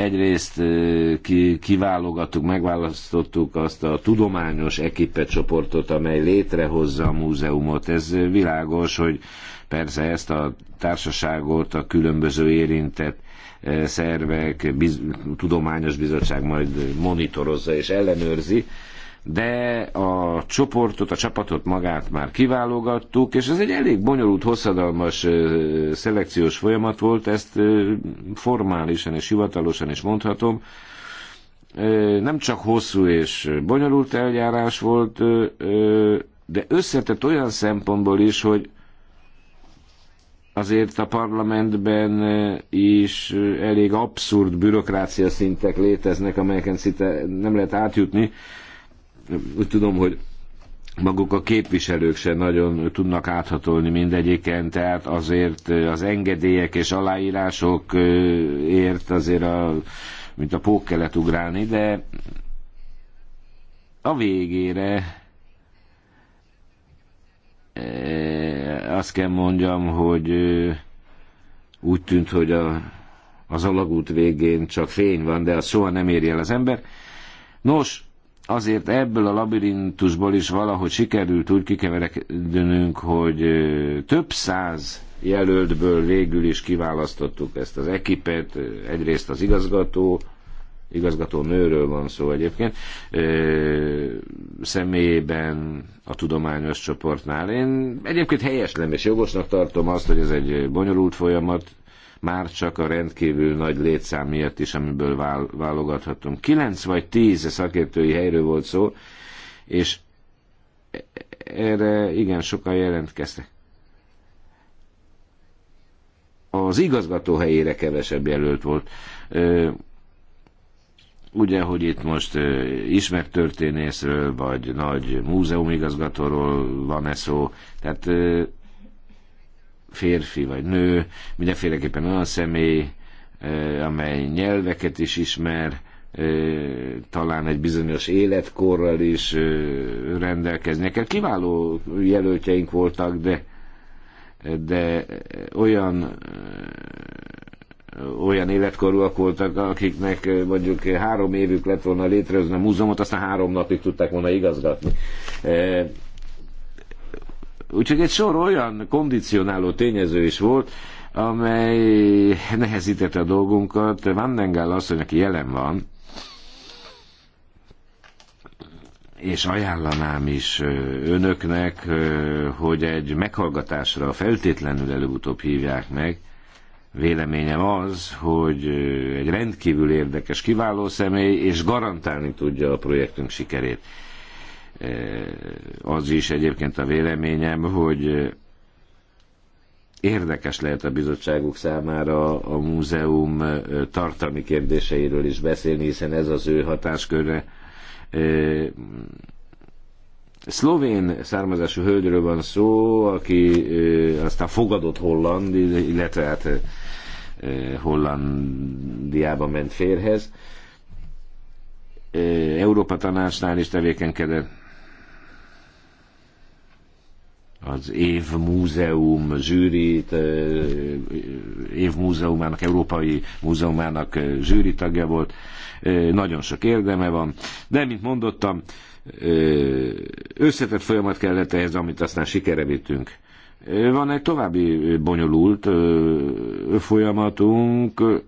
Egyrészt kiválogattuk, megválasztottuk azt a tudományos ekipe csoportot, amely létrehozza a múzeumot. Ez világos, hogy persze ezt a társaságot a különböző érintett szervek, biz, tudományos bizottság majd monitorozza és ellenőrzi, de a csoportot, a csapatot magát már kiválogattuk, és ez egy elég bonyolult, hosszadalmas szelekciós folyamat volt, ezt formálisan és hivatalosan is mondhatom. Nem csak hosszú és bonyolult eljárás volt, de összetett olyan szempontból is, hogy azért a parlamentben is elég abszurd bürokrácia szintek léteznek, amelyeken szinte nem lehet átjutni, úgy tudom, hogy maguk a képviselők se nagyon tudnak áthatolni mindegyiken, tehát azért az engedélyek és aláírások ért azért a, mint a pók kellett ugrálni, de a végére azt kell mondjam, hogy úgy tűnt, hogy a, az alagút végén csak fény van, de az soha nem éri el az ember. Nos, azért ebből a labirintusból is valahogy sikerült úgy kikeveredünk, hogy több száz jelöltből végül is kiválasztottuk ezt az ekipet, egyrészt az igazgató, igazgató nőről van szó egyébként, ö, személyében a tudományos csoportnál. Én egyébként helyeslem és jogosnak tartom azt, hogy ez egy bonyolult folyamat, már csak a rendkívül nagy létszám miatt is, amiből válogathatunk. Kilenc vagy tíz szakértői helyről volt szó, és erre igen sokan jelentkeztek. Az igazgató helyére kevesebb jelölt volt. Ugye, hogy itt most ismert történészről, vagy nagy múzeumigazgatóról van-e szó, tehát férfi vagy nő, mindenféleképpen olyan személy, amely nyelveket is ismer, talán egy bizonyos életkorral is rendelkeznek. Kiváló jelöltjeink voltak, de, de olyan olyan életkorúak voltak, akiknek mondjuk három évük lett volna létrehozni a múzeumot, aztán három napig tudták volna igazgatni. Úgyhogy egy sor olyan kondicionáló tényező is volt, amely nehezítette a dolgunkat. Van Nengel asszony, aki jelen van, és ajánlanám is önöknek, hogy egy meghallgatásra feltétlenül előbb-utóbb hívják meg. Véleményem az, hogy egy rendkívül érdekes, kiváló személy, és garantálni tudja a projektünk sikerét. Eh, az is egyébként a véleményem, hogy eh, érdekes lehet a bizottságuk számára a múzeum eh, tartalmi kérdéseiről is beszélni, hiszen ez az ő hatáskörre. Szlovén származású hölgyről van szó, aki aztán fogadott holland, illetve hát Hollandiába ment férhez. Európa tanácsnál is tevékenykedett, az évmúzeum múzeum zsűrit, európai múzeumának zsűri tagja volt, nagyon sok érdeme van, de mint mondottam, összetett folyamat kellett ehhez, amit aztán sikere vittünk. Van egy további bonyolult folyamatunk,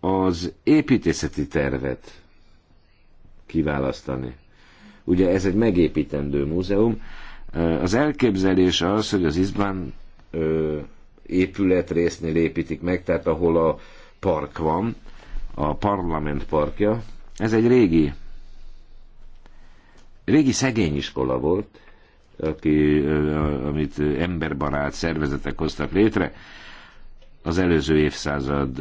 az építészeti tervet kiválasztani. Ugye ez egy megépítendő múzeum, az elképzelés az, hogy az izbán résznél építik meg, tehát ahol a park van, a parlament parkja. Ez egy régi, régi szegény iskola volt, aki, amit emberbarát szervezetek hoztak létre. Az előző évszázad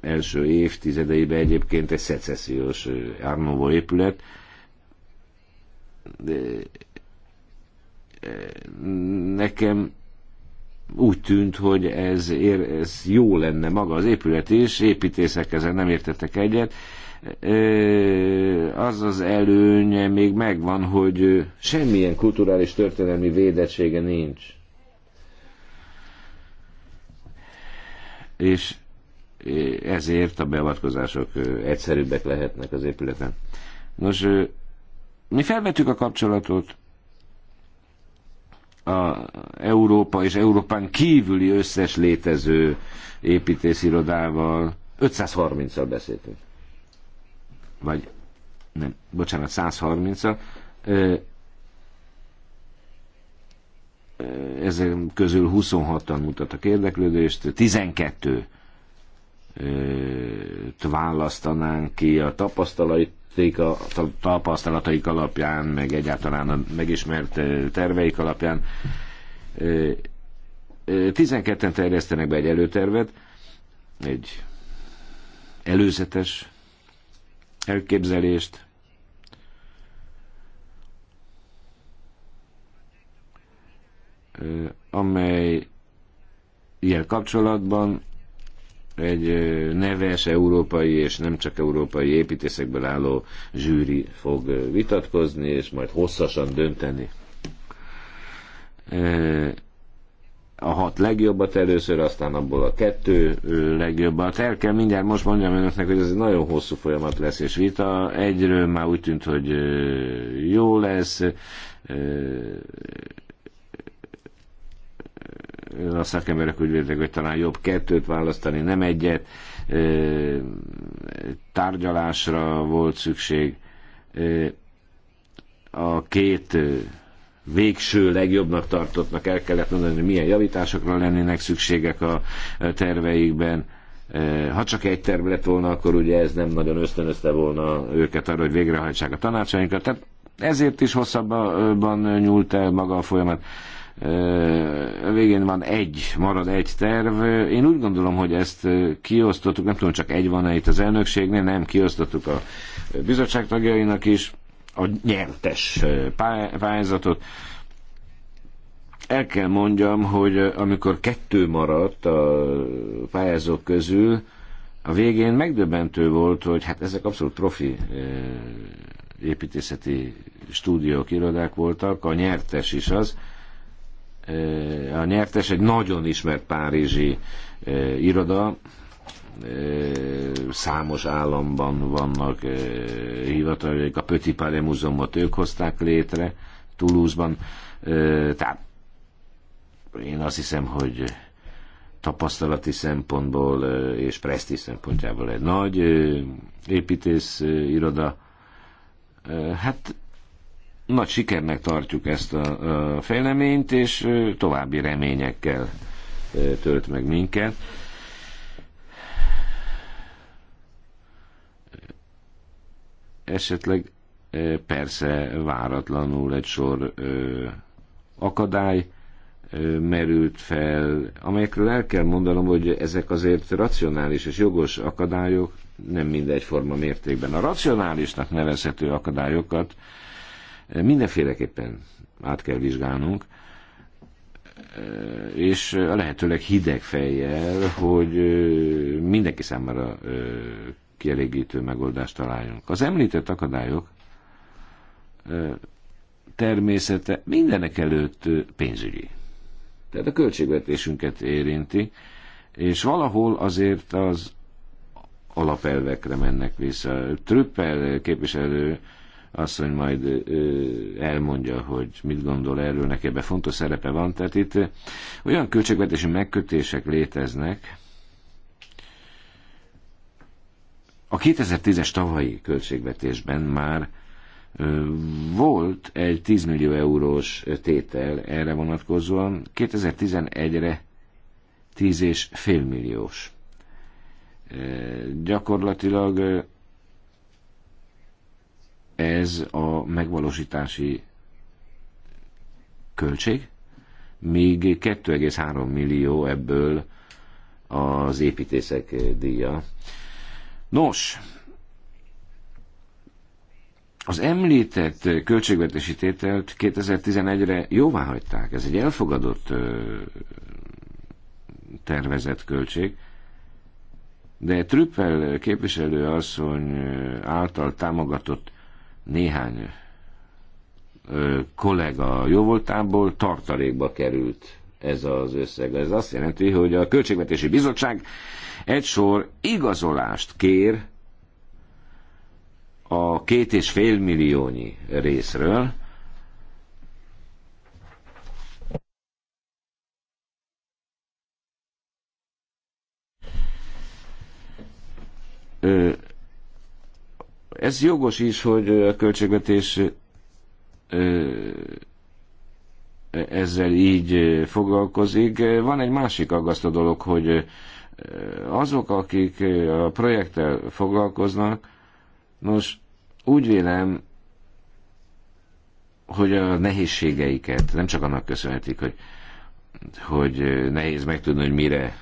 első évtizedeiben egyébként egy szecessziós Árnóvó épület, De nekem úgy tűnt, hogy ez, ér, ez jó lenne maga az épület is, építészek ezen nem értettek egyet. Az az előnye még megvan, hogy semmilyen kulturális történelmi védettsége nincs. És ezért a beavatkozások egyszerűbbek lehetnek az épületen. Nos, mi felvettük a kapcsolatot a Európa és Európán kívüli összes létező építészirodával 530-al beszéltünk. Vagy nem, bocsánat, 130-al. Ezek közül 26-an mutattak érdeklődést, 12 választanánk ki a tapasztalat, elemezték a tapasztalataik alapján, meg egyáltalán a megismert terveik alapján. 12-en terjesztenek be egy előtervet, egy előzetes elképzelést, amely ilyen kapcsolatban egy neves európai és nem csak európai építészekből álló zsűri fog vitatkozni, és majd hosszasan dönteni. A hat legjobbat először, aztán abból a kettő legjobbat. El kell mindjárt most mondjam önöknek, hogy ez egy nagyon hosszú folyamat lesz és vita. Egyről már úgy tűnt, hogy jó lesz a szakemberek úgy vélik, hogy talán jobb kettőt választani, nem egyet. Tárgyalásra volt szükség. A két végső legjobbnak tartottnak el kellett mondani, hogy milyen javításokra lennének szükségek a terveikben. Ha csak egy terv lett volna, akkor ugye ez nem nagyon ösztönözte volna őket arra, hogy végrehajtsák a tanácsainkat. Tehát ezért is hosszabban nyúlt el maga a folyamat végén van egy, marad egy terv. Én úgy gondolom, hogy ezt kiosztottuk, nem tudom, csak egy van-e itt az elnökségnél, nem, kiosztottuk a bizottság tagjainak is a nyertes pályázatot. El kell mondjam, hogy amikor kettő maradt a pályázók közül, a végén megdöbbentő volt, hogy hát ezek abszolút profi építészeti stúdiók, irodák voltak, a nyertes is az, a nyertes egy nagyon ismert párizsi iroda, számos államban vannak hivatalok, a Petit Palais Múzeumot ők hozták létre, Toulouse-ban, tehát én azt hiszem, hogy tapasztalati szempontból és preszti szempontjából egy nagy építész iroda. Hát nagy sikernek tartjuk ezt a, a fejleményt, és további reményekkel tölt meg minket. Esetleg persze váratlanul egy sor akadály merült fel, amelyekről el kell mondanom, hogy ezek azért racionális és jogos akadályok, nem mindegyforma mértékben. A racionálisnak nevezhető akadályokat mindenféleképpen át kell vizsgálnunk, és a lehetőleg hideg fejjel, hogy mindenki számára kielégítő megoldást találjunk. Az említett akadályok természete mindenek előtt pénzügyi. Tehát a költségvetésünket érinti, és valahol azért az alapelvekre mennek vissza. Trüppel képviselő asszony majd elmondja, hogy mit gondol erről, neki ebben fontos szerepe van. Tehát itt olyan költségvetési megkötések léteznek, a 2010-es tavalyi költségvetésben már volt egy 10 millió eurós tétel erre vonatkozóan, 2011-re 10 és fél milliós. Gyakorlatilag ez a megvalósítási költség, míg 2,3 millió ebből az építészek díja. Nos, az említett költségvetési tételt 2011-re jóvá hagyták. Ez egy elfogadott tervezett költség, de Trüppel képviselő asszony által támogatott néhány ö, kollega jóvoltából tartalékba került ez az összeg. Ez azt jelenti, hogy a Költségvetési Bizottság egy sor igazolást kér a két és fél milliónyi részről, Ö, ez jogos is, hogy a költségvetés ezzel így foglalkozik. Van egy másik aggasztó dolog, hogy azok, akik a projekttel foglalkoznak, nos, úgy vélem, hogy a nehézségeiket nem csak annak köszönhetik, hogy, hogy nehéz megtudni, hogy mire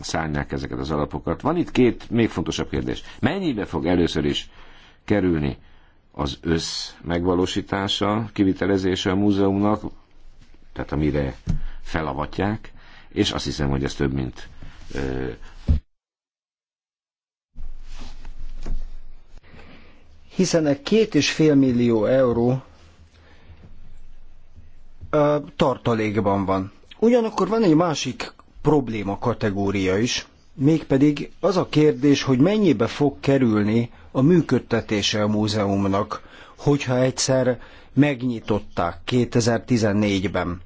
szánják ezeket az alapokat. Van itt két még fontosabb kérdés. Mennyibe fog először is kerülni az össz megvalósítása, kivitelezése a múzeumnak, tehát amire felavatják, és azt hiszem, hogy ez több, mint ö, hiszen a két és fél millió euró ö, tartalékban van. Ugyanakkor van egy másik probléma kategória is, mégpedig az a kérdés, hogy mennyibe fog kerülni a működtetése a múzeumnak, hogyha egyszer megnyitották 2014-ben.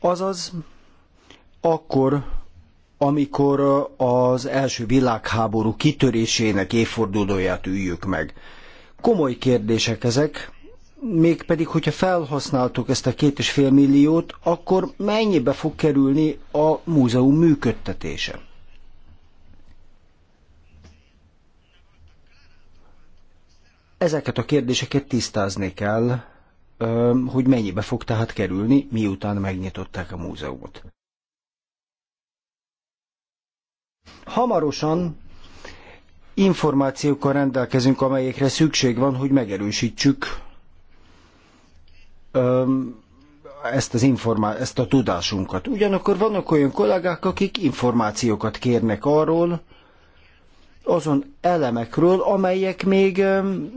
Azaz, akkor, amikor az első világháború kitörésének évfordulóját üljük meg. Komoly kérdések ezek, mégpedig, hogyha felhasználtuk ezt a két és fél milliót, akkor mennyibe fog kerülni a múzeum működtetése? Ezeket a kérdéseket tisztázni kell, hogy mennyibe fog tehát kerülni, miután megnyitották a múzeumot. Hamarosan információkkal rendelkezünk, amelyekre szükség van, hogy megerősítsük ezt, az informá- ezt a tudásunkat. Ugyanakkor vannak olyan kollégák, akik információkat kérnek arról, azon elemekről, amelyek még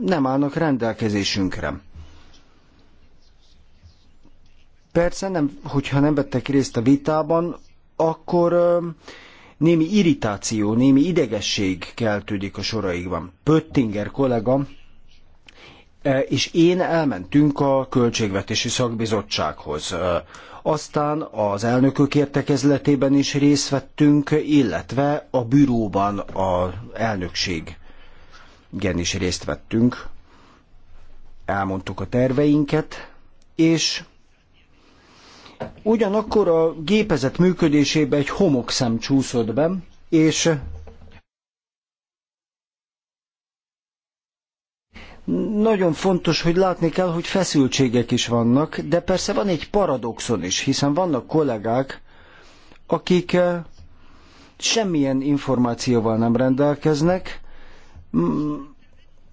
nem állnak rendelkezésünkre. Persze, nem, hogyha nem vettek részt a vitában, akkor némi irritáció, némi idegesség keltődik a soraikban. Pöttinger kollega E, és én elmentünk a Költségvetési Szakbizottsághoz. E, aztán az elnökök értekezletében is részt vettünk, illetve a büróban az elnökség igen is részt vettünk. Elmondtuk a terveinket, és ugyanakkor a gépezet működésébe egy homokszem csúszott be, és nagyon fontos, hogy látni kell, hogy feszültségek is vannak, de persze van egy paradoxon is, hiszen vannak kollégák, akik eh, semmilyen információval nem rendelkeznek mm,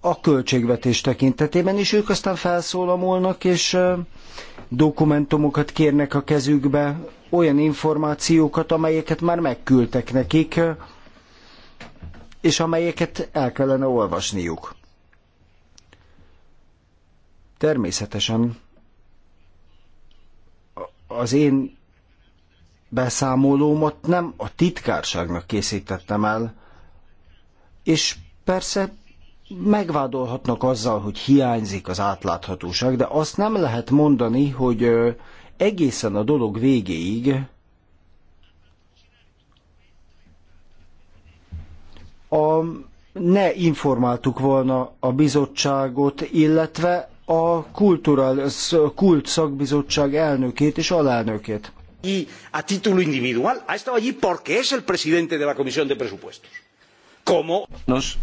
a költségvetés tekintetében, és ők aztán felszólamolnak, és eh, dokumentumokat kérnek a kezükbe, olyan információkat, amelyeket már megküldtek nekik, eh, és amelyeket el kellene olvasniuk. Természetesen az én beszámolómat nem a titkárságnak készítettem el, és persze megvádolhatnak azzal, hogy hiányzik az átláthatóság, de azt nem lehet mondani, hogy egészen a dolog végéig a, ne informáltuk volna a bizottságot, illetve a kultúral, kult szakbizottság elnökét és alelnökét. Y a título individual ha estado allí porque es el presidente de la Comisión de Presupuestos. Como... Nos,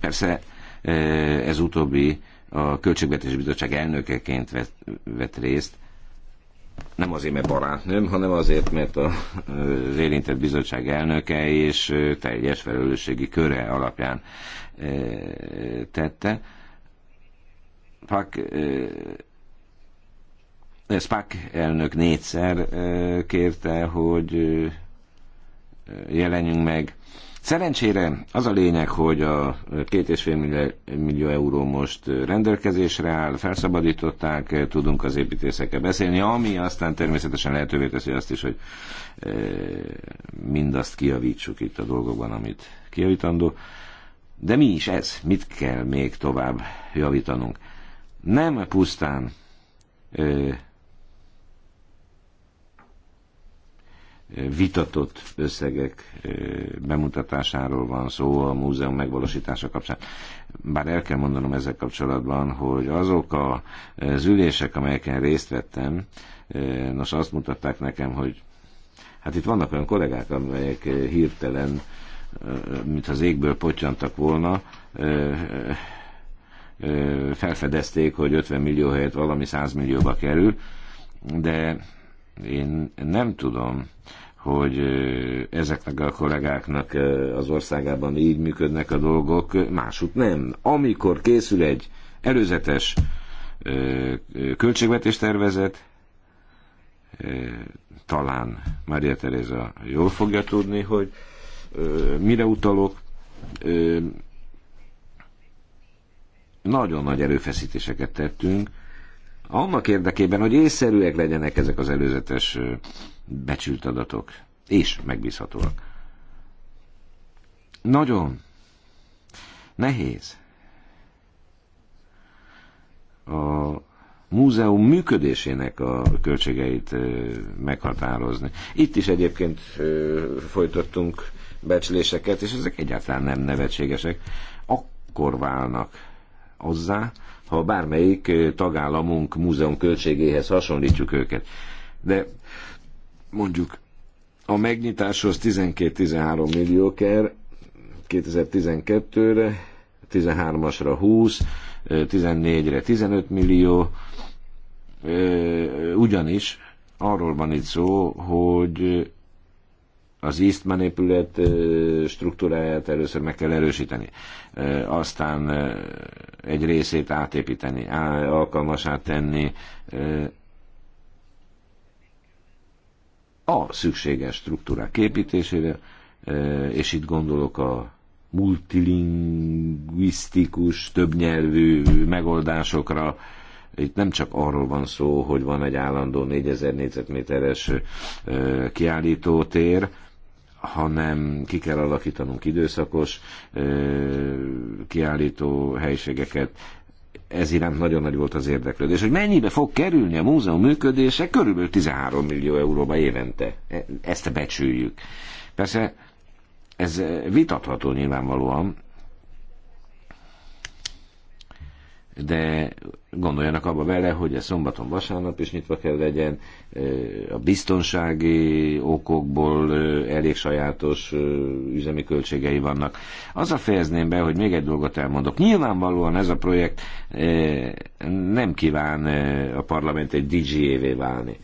persze e, ez utóbbi a Költségvetési Bizottság elnökeként vett, vett részt, nem azért, mert barátnőm, hanem azért, mert a, az érintett bizottság elnöke és e, teljes felelősségi köre alapján e, tette. Pak, ez Spak elnök négyszer eh, kérte, hogy eh, jelenjünk meg. Szerencsére az a lényeg, hogy a két és fél millió, millió euró most rendelkezésre áll, felszabadították, tudunk az építészekkel beszélni, ami aztán természetesen lehetővé teszi azt is, hogy mindazt kiavítsuk itt a dolgokban, amit kiavítandó. De mi is ez? Mit kell még tovább javítanunk? nem pusztán ö, vitatott összegek bemutatásáról van szó a múzeum megvalósítása kapcsán. Bár el kell mondanom ezzel kapcsolatban, hogy azok a, az ülések, amelyeken részt vettem, nos azt mutatták nekem, hogy hát itt vannak olyan kollégák, amelyek hirtelen, mintha az égből potyantak volna, felfedezték, hogy 50 millió helyett valami 100 millióba kerül, de én nem tudom, hogy ezeknek a kollégáknak az országában így működnek a dolgok, másút nem. Amikor készül egy előzetes költségvetés tervezet, talán Maria Teresa jól fogja tudni, hogy mire utalok, nagyon nagy erőfeszítéseket tettünk, annak érdekében, hogy észszerűek legyenek ezek az előzetes becsült adatok, és megbízhatóak. Nagyon nehéz a múzeum működésének a költségeit meghatározni. Itt is egyébként folytattunk becsléseket, és ezek egyáltalán nem nevetségesek. Akkor válnak azzá, ha bármelyik tagállamunk múzeum költségéhez hasonlítjuk őket. De mondjuk a megnyitáshoz 12-13 millió kell 2012-re, 13-asra 20, 14-re 15 millió, ugyanis arról van itt szó, hogy az East menépület struktúráját először meg kell erősíteni, aztán egy részét átépíteni, alkalmasát tenni a szükséges struktúrák építésére, és itt gondolok a multilingvisztikus, többnyelvű megoldásokra. Itt nem csak arról van szó, hogy van egy állandó 4000 négyzetméteres kiállítótér, hanem ki kell alakítanunk időszakos kiállító helységeket, ez iránt nagyon nagy volt az érdeklődés. Hogy mennyibe fog kerülni a múzeum működése? Körülbelül 13 millió euróba évente. E, ezt becsüljük. Persze ez vitatható nyilvánvalóan, de gondoljanak abba vele, hogy a szombaton vasárnap is nyitva kell legyen, a biztonsági okokból elég sajátos üzemi költségei vannak. a fejezném be, hogy még egy dolgot elmondok. Nyilvánvalóan ez a projekt nem kíván a parlament egy DJ-vé válni.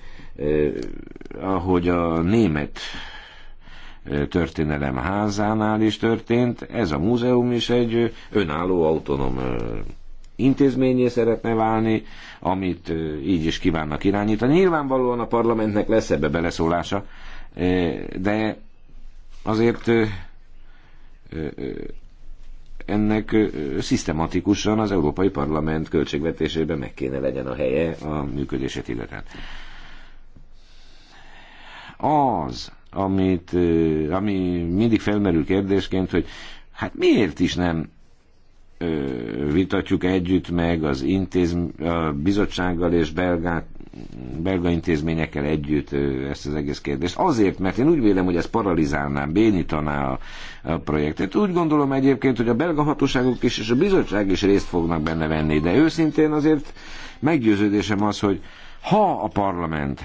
Ahogy a német történelem házánál is történt, ez a múzeum is egy önálló, autonóm intézményé szeretne válni, amit így is kívánnak irányítani. Nyilvánvalóan a parlamentnek lesz ebbe beleszólása, de azért ennek szisztematikusan az Európai Parlament költségvetésében meg kéne legyen a helye a működését illetően. Az, amit, ami mindig felmerül kérdésként, hogy hát miért is nem vitatjuk együtt meg az intézm, a bizottsággal és belgát, belga intézményekkel együtt ezt az egész kérdést. Azért, mert én úgy vélem, hogy ez paralizálná, bénítaná a, a projektet. Úgy gondolom egyébként, hogy a belga hatóságok is és a bizottság is részt fognak benne venni, de őszintén azért meggyőződésem az, hogy ha a parlament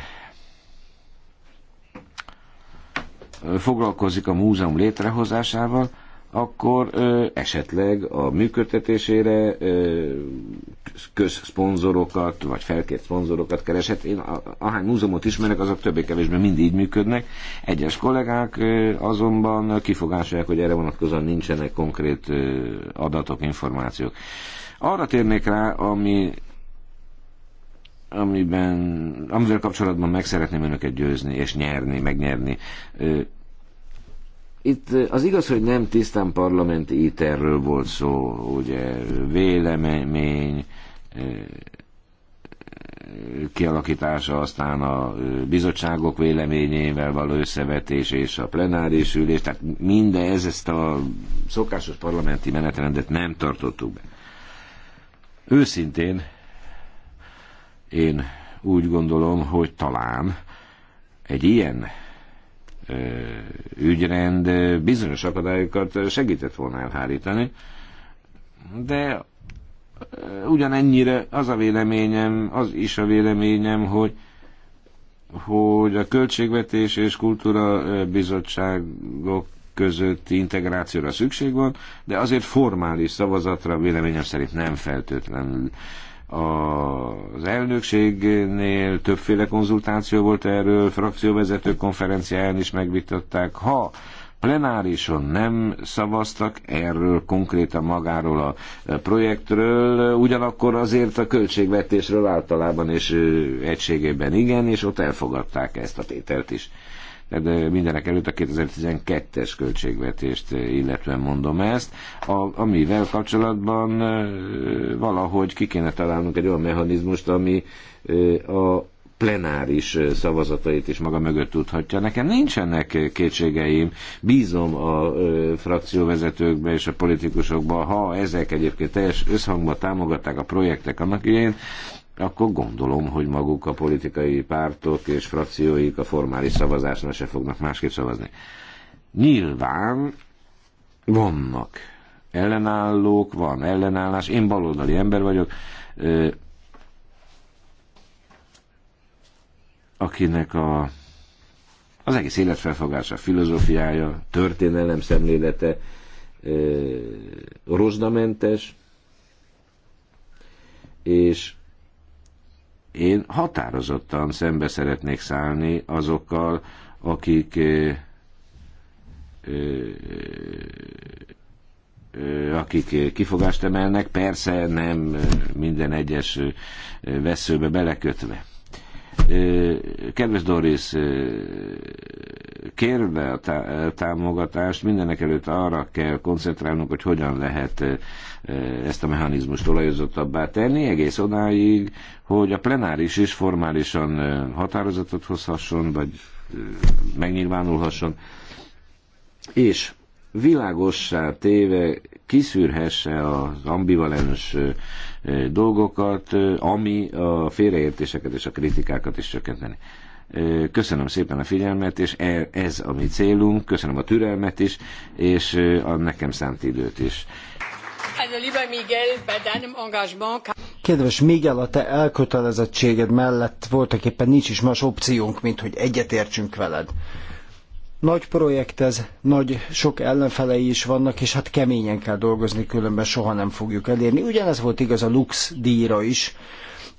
foglalkozik a múzeum létrehozásával, akkor ö, esetleg a működtetésére ö, közszponzorokat, vagy felkért szponzorokat keresett. Én ahány múzeumot ismerek, azok többé-kevésbé mind így működnek. Egyes kollégák ö, azonban kifogásolják, hogy erre vonatkozóan nincsenek konkrét ö, adatok, információk. Arra térnék rá, ami amiben, amivel kapcsolatban meg szeretném önöket győzni és nyerni, megnyerni. Ö, itt az igaz, hogy nem tisztán parlamenti éterről volt szó, ugye vélemény kialakítása, aztán a bizottságok véleményével való összevetés és a plenáris ülés, tehát mindez ezt a szokásos parlamenti menetrendet nem tartottuk be. Őszintén én úgy gondolom, hogy talán egy ilyen ügyrend bizonyos akadályokat segített volna elhárítani, de ugyanennyire az a véleményem, az is a véleményem, hogy hogy a Költségvetés és Kultúra Bizottságok közötti integrációra szükség van, de azért formális szavazatra véleményem szerint nem feltétlenül az elnökségnél többféle konzultáció volt erről, frakcióvezető konferencián is megvitatták. Ha plenárison nem szavaztak erről konkrétan magáról a projektről, ugyanakkor azért a költségvetésről általában és egységében igen, és ott elfogadták ezt a tételt is de mindenek előtt a 2012-es költségvetést illetve mondom ezt, a, amivel kapcsolatban valahogy ki kéne találnunk egy olyan mechanizmust, ami a plenáris szavazatait is maga mögött tudhatja. Nekem nincsenek kétségeim, bízom a ö, frakcióvezetőkbe és a politikusokba, ha ezek egyébként teljes összhangban támogatták a projektek annak idején, akkor gondolom, hogy maguk a politikai pártok és frakcióik a formális szavazásnál se fognak másképp szavazni. Nyilván vannak ellenállók, van ellenállás, én baloldali ember vagyok, akinek a, az egész életfelfogása, filozófiája, történelem szemlélete rozsdamentes, és én határozottan szembe szeretnék szállni azokkal, akik ö, ö, akik kifogást emelnek, persze nem minden egyes veszőbe belekötve. Kedves Doris, kérve a támogatást, mindenek előtt arra kell koncentrálnunk, hogy hogyan lehet ezt a mechanizmust olajozottabbá tenni, egész odáig, hogy a plenáris is formálisan határozatot hozhasson, vagy megnyilvánulhasson, és világossá téve kiszűrhesse az ambivalens dolgokat, ami a félreértéseket és a kritikákat is csökkenteni. Köszönöm szépen a figyelmet, és e, ez a mi célunk, köszönöm a türelmet is, és a nekem szánt időt is. Kedves Miguel, a te elkötelezettséged mellett voltak éppen nincs is más opciónk, mint hogy egyetértsünk veled. Nagy projekt ez, nagy sok ellenfelei is vannak, és hát keményen kell dolgozni, különben soha nem fogjuk elérni. Ugyanez volt igaz a Lux díjra is.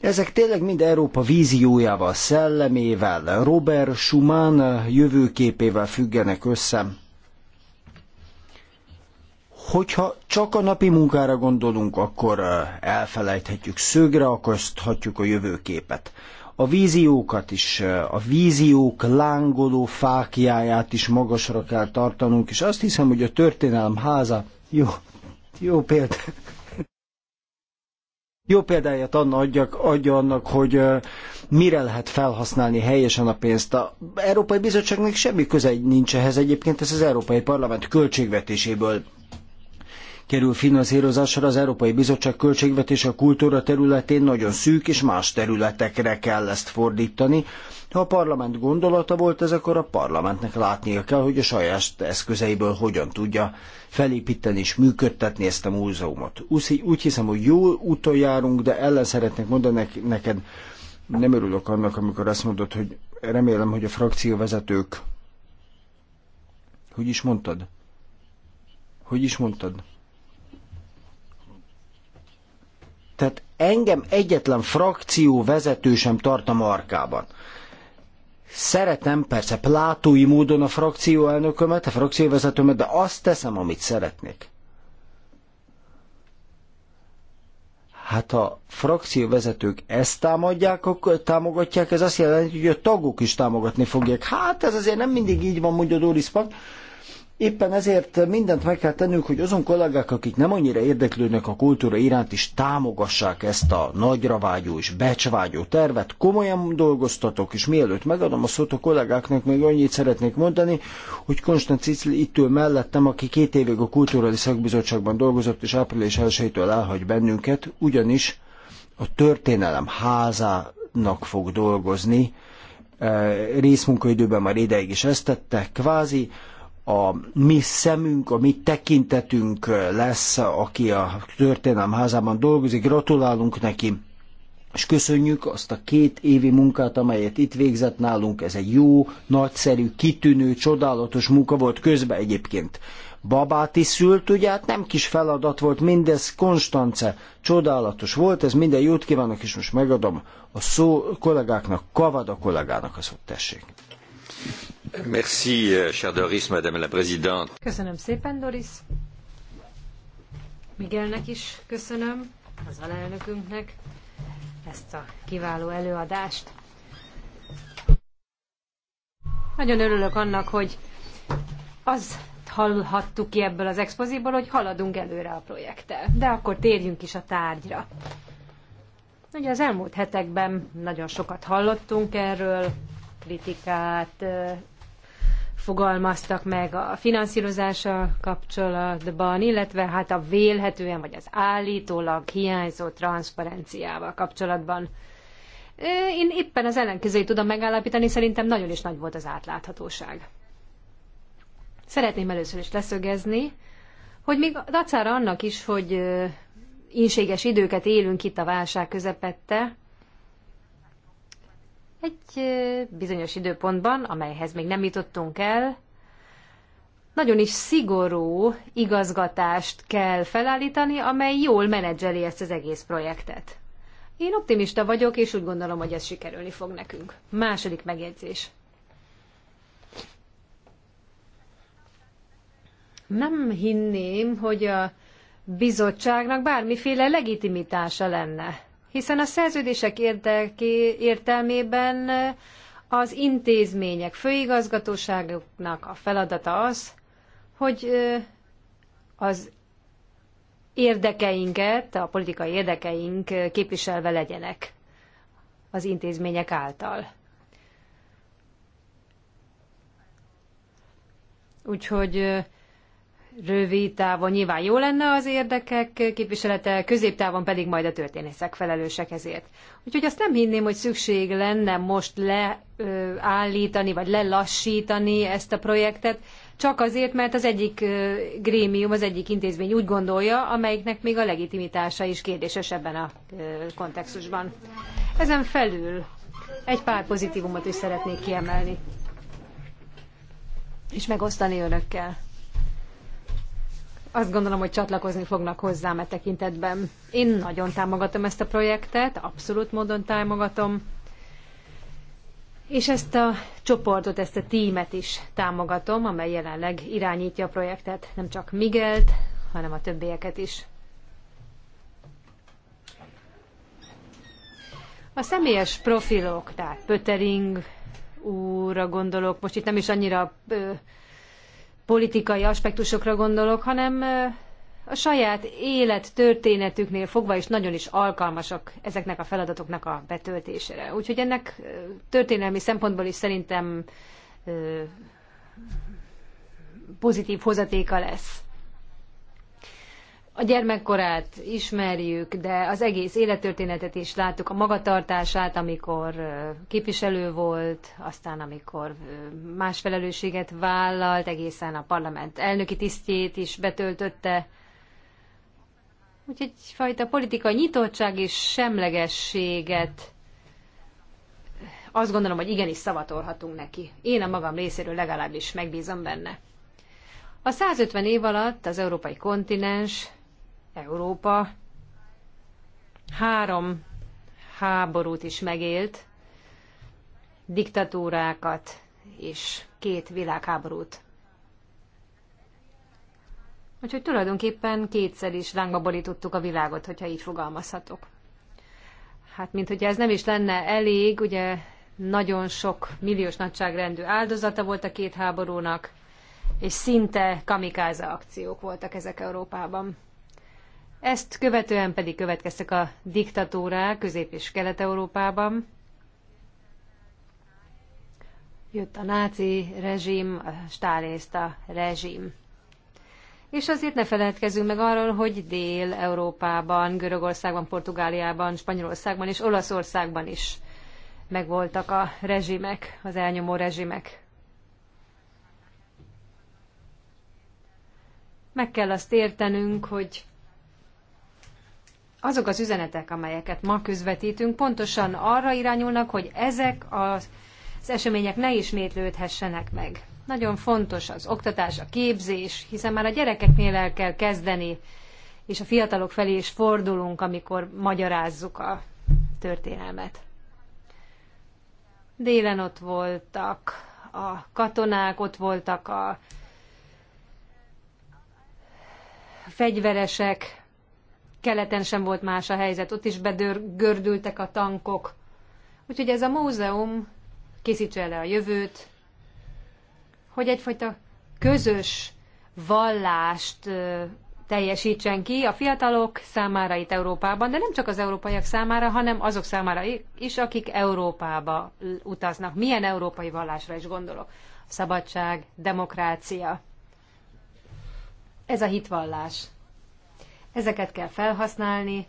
Ezek tényleg mind Európa víziójával, szellemével, Robert Schumann jövőképével függenek össze. Hogyha csak a napi munkára gondolunk, akkor eh, elfelejthetjük szögre, akaszthatjuk a jövőképet a víziókat is, a víziók lángoló fákjáját is magasra kell tartanunk, és azt hiszem, hogy a történelem háza jó, jó példa. Jó példáját anna adjak, adja annak, hogy mire lehet felhasználni helyesen a pénzt. A Európai Bizottságnak semmi köze nincs ehhez egyébként, ez az Európai Parlament költségvetéséből kerül finanszírozásra, az Európai Bizottság költségvetés a kultúra területén nagyon szűk, és más területekre kell ezt fordítani. Ha a parlament gondolata volt ez, akkor a parlamentnek látnia kell, hogy a saját eszközeiből hogyan tudja felépíteni és működtetni ezt a múzeumot. Úgy hiszem, hogy jó úton járunk, de ellen szeretnék mondani neked, nem örülök annak, amikor azt mondod, hogy remélem, hogy a frakcióvezetők hogy is mondtad? Hogy is mondtad? Tehát engem egyetlen frakció vezető sem tart a markában. Szeretem persze plátói módon a frakcióelnökömet, a frakcióvezetőmet, de azt teszem, amit szeretnék. Hát ha frakcióvezetők ezt támadják, akkor támogatják, ez azt jelenti, hogy a tagok is támogatni fogják. Hát ez azért nem mindig így van, mondja Doris Pak, Éppen ezért mindent meg kell tennünk, hogy azon kollégák, akik nem annyira érdeklődnek a kultúra iránt is, támogassák ezt a nagyra vágyó és becsvágyó tervet. Komolyan dolgoztatok, és mielőtt megadom a szót a kollégáknak, még annyit szeretnék mondani, hogy Konstant Cicli itt ül mellettem, aki két évig a Kulturális Szakbizottságban dolgozott, és április 1-től elhagy bennünket, ugyanis a történelem házának fog dolgozni, e, részmunkaidőben már ideig is ezt tette, kvázi a mi szemünk, a mi tekintetünk lesz, aki a történelem házában dolgozik. Gratulálunk neki, és köszönjük azt a két évi munkát, amelyet itt végzett nálunk. Ez egy jó, nagyszerű, kitűnő, csodálatos munka volt közben egyébként. Babát is szült, ugye hát nem kis feladat volt mindez, Konstance csodálatos volt, ez minden jót kívánok, és most megadom a szó kollégáknak, Kavada kollégának az ott tessék. Merci, Doris, Madame la Présidente. Köszönöm szépen, Doris. Miguelnek is köszönöm, az alelnökünknek ezt a kiváló előadást. Nagyon örülök annak, hogy az hallhattuk ki ebből az expozíból, hogy haladunk előre a projekttel. De akkor térjünk is a tárgyra. Ugye az elmúlt hetekben nagyon sokat hallottunk erről, kritikát fogalmaztak meg a finanszírozása kapcsolatban, illetve hát a vélhetően vagy az állítólag hiányzó transzparenciával kapcsolatban. Én éppen az ellenkezőjét tudom megállapítani, szerintem nagyon is nagy volt az átláthatóság. Szeretném először is leszögezni, hogy még dacára annak is, hogy ínséges időket élünk itt a válság közepette, egy bizonyos időpontban, amelyhez még nem jutottunk el, nagyon is szigorú igazgatást kell felállítani, amely jól menedzseli ezt az egész projektet. Én optimista vagyok, és úgy gondolom, hogy ez sikerülni fog nekünk. Második megjegyzés. Nem hinném, hogy a bizottságnak bármiféle legitimitása lenne hiszen a szerződések érdeké, értelmében az intézmények főigazgatóságoknak a feladata az, hogy az érdekeinket, a politikai érdekeink képviselve legyenek az intézmények által. Úgyhogy rövid távon nyilván jó lenne az érdekek képviselete, középtávon pedig majd a történészek felelősek ezért. Úgyhogy azt nem hinném, hogy szükség lenne most leállítani vagy lelassítani ezt a projektet, csak azért, mert az egyik grémium, az egyik intézmény úgy gondolja, amelyiknek még a legitimitása is kérdéses ebben a kontextusban. Ezen felül egy pár pozitívumot is szeretnék kiemelni és megosztani önökkel azt gondolom, hogy csatlakozni fognak hozzám e tekintetben. Én nagyon támogatom ezt a projektet, abszolút módon támogatom, és ezt a csoportot, ezt a tímet is támogatom, amely jelenleg irányítja a projektet, nem csak Migelt, hanem a többieket is. A személyes profilok, tehát Pötering úrra gondolok, most itt nem is annyira politikai aspektusokra gondolok, hanem a saját élet történetüknél fogva is nagyon is alkalmasak ezeknek a feladatoknak a betöltésére. Úgyhogy ennek történelmi szempontból is szerintem pozitív hozatéka lesz a gyermekkorát ismerjük, de az egész élettörténetet is láttuk, a magatartását, amikor képviselő volt, aztán amikor más felelősséget vállalt, egészen a parlament elnöki tisztjét is betöltötte. Úgyhogy egyfajta politikai nyitottság és semlegességet azt gondolom, hogy igenis szavatolhatunk neki. Én a magam részéről legalábbis megbízom benne. A 150 év alatt az európai kontinens Európa három háborút is megélt, diktatúrákat és két világháborút. Úgyhogy tulajdonképpen kétszer is lángba borítottuk a világot, hogyha így fogalmazhatok. Hát, mint hogyha ez nem is lenne elég, ugye nagyon sok milliós nagyságrendű áldozata volt a két háborúnak, és szinte kamikáza akciók voltak ezek Európában. Ezt követően pedig következtek a diktatúrák Közép- és Kelet-Európában. Jött a náci rezsim, a stálészta rezsim. És azért ne feledkezzünk meg arról, hogy Dél-Európában, Görögországban, Portugáliában, Spanyolországban és Olaszországban is megvoltak a rezsimek, az elnyomó rezsimek. Meg kell azt értenünk, hogy azok az üzenetek, amelyeket ma közvetítünk, pontosan arra irányulnak, hogy ezek az, események ne ismétlődhessenek meg. Nagyon fontos az oktatás, a képzés, hiszen már a gyerekeknél el kell kezdeni, és a fiatalok felé is fordulunk, amikor magyarázzuk a történelmet. Délen ott voltak a katonák, ott voltak a fegyveresek, keleten sem volt más a helyzet, ott is bedördültek a tankok. Úgyhogy ez a múzeum készítse le a jövőt, hogy egyfajta közös vallást teljesítsen ki a fiatalok számára itt Európában, de nem csak az európaiak számára, hanem azok számára is, akik Európába utaznak. Milyen európai vallásra is gondolok? Szabadság, demokrácia. Ez a hitvallás. Ezeket kell felhasználni,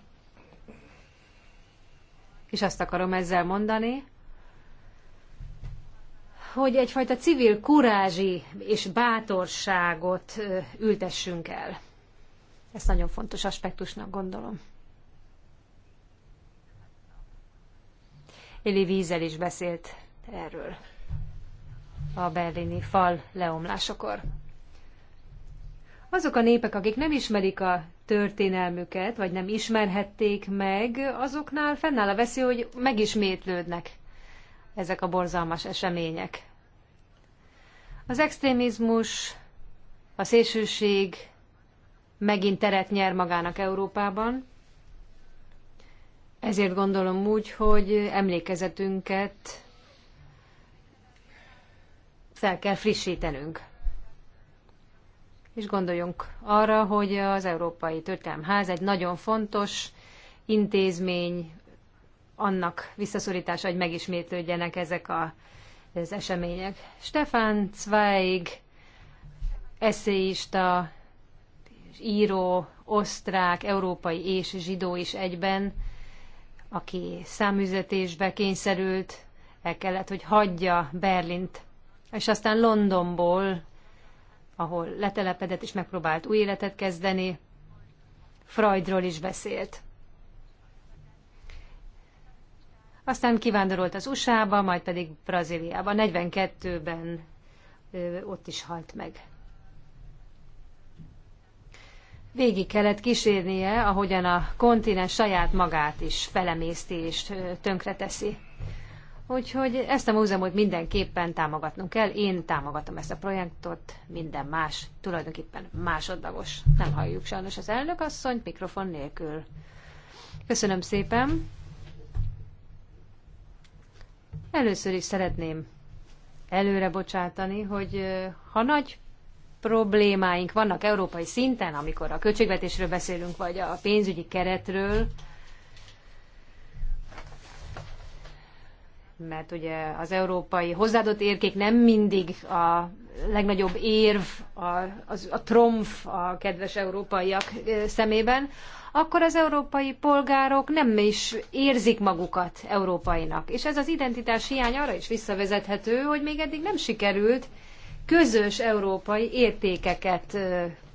és azt akarom ezzel mondani, hogy egyfajta civil kurázsi és bátorságot ültessünk el. Ezt nagyon fontos aspektusnak gondolom. Éli Vízel is beszélt erről a berlini fal leomlásakor. Azok a népek, akik nem ismerik a történelmüket, vagy nem ismerhették meg, azoknál fennáll a veszély, hogy megismétlődnek ezek a borzalmas események. Az extrémizmus, a szélsőség megint teret nyer magának Európában, ezért gondolom úgy, hogy emlékezetünket fel kell frissítenünk és gondoljunk arra, hogy az Európai Történelemház egy nagyon fontos intézmény, annak visszaszorítása, hogy megismétlődjenek ezek a, az események. Stefan Zweig, eszéista, író, osztrák, európai és zsidó is egyben, aki száműzetésbe kényszerült, el kellett, hogy hagyja Berlint, és aztán Londonból ahol letelepedett és megpróbált új életet kezdeni. Freudról is beszélt. Aztán kivándorolt az USA-ba, majd pedig Brazíliába. 42-ben ott is halt meg. Végig kellett kísérnie, ahogyan a kontinens saját magát is felemészti és tönkreteszi. Úgyhogy ezt a múzeumot mindenképpen támogatnunk kell. Én támogatom ezt a projektot, minden más, tulajdonképpen másodlagos. Nem halljuk sajnos az elnök asszony mikrofon nélkül. Köszönöm szépen. Először is szeretném előre bocsátani, hogy ha nagy problémáink vannak európai szinten, amikor a költségvetésről beszélünk, vagy a pénzügyi keretről, mert ugye az európai hozzáadott érték nem mindig a legnagyobb érv, a, az, a tromf a kedves európaiak szemében, akkor az európai polgárok nem is érzik magukat európainak. És ez az identitás hiány arra is visszavezethető, hogy még eddig nem sikerült közös európai értékeket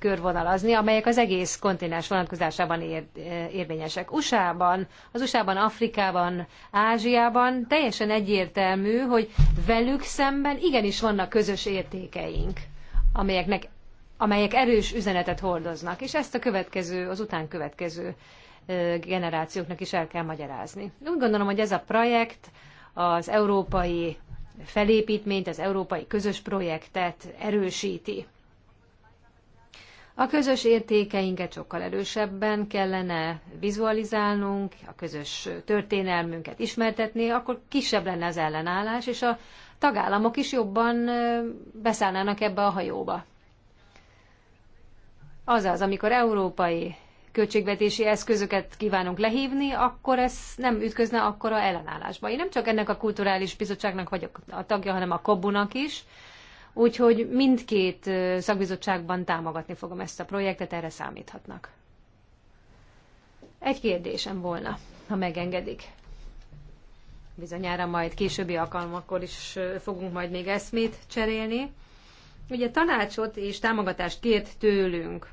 körvonalazni, amelyek az egész kontinens vonatkozásában ér, eh, érvényesek. USA-ban, az USA-ban, Afrikában, Ázsiában teljesen egyértelmű, hogy velük szemben igenis vannak közös értékeink, amelyeknek, amelyek erős üzenetet hordoznak, és ezt a következő, az után következő eh, generációknak is el kell magyarázni. Úgy gondolom, hogy ez a projekt az európai felépítményt, az európai közös projektet erősíti. A közös értékeinket sokkal erősebben kellene vizualizálnunk, a közös történelmünket ismertetni, akkor kisebb lenne az ellenállás, és a tagállamok is jobban beszállnának ebbe a hajóba. Azaz, amikor európai költségvetési eszközöket kívánunk lehívni, akkor ez nem ütközne akkora ellenállásba. Én nem csak ennek a kulturális bizottságnak vagyok a tagja, hanem a kobunak is, Úgyhogy mindkét szakbizottságban támogatni fogom ezt a projektet, erre számíthatnak. Egy kérdésem volna, ha megengedik. Bizonyára majd későbbi alkalmakkor is fogunk majd még eszmét cserélni. Ugye tanácsot és támogatást kért tőlünk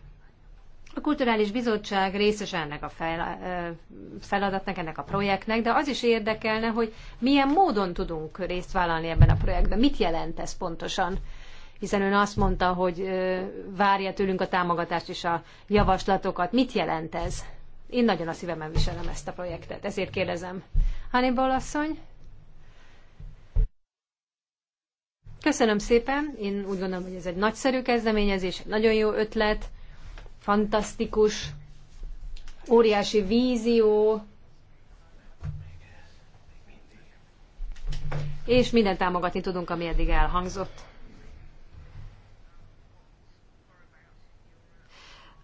a Kulturális Bizottság részes ennek a feladatnak, ennek a projektnek, de az is érdekelne, hogy milyen módon tudunk részt vállalni ebben a projektben. Mit jelent ez pontosan? Hiszen ön azt mondta, hogy várja tőlünk a támogatást és a javaslatokat. Mit jelent ez? Én nagyon a szívemben viselem ezt a projektet, ezért kérdezem. Hannibal asszony? Köszönöm szépen, én úgy gondolom, hogy ez egy nagyszerű kezdeményezés, nagyon jó ötlet fantasztikus, óriási vízió, és mindent támogatni tudunk, ami eddig elhangzott.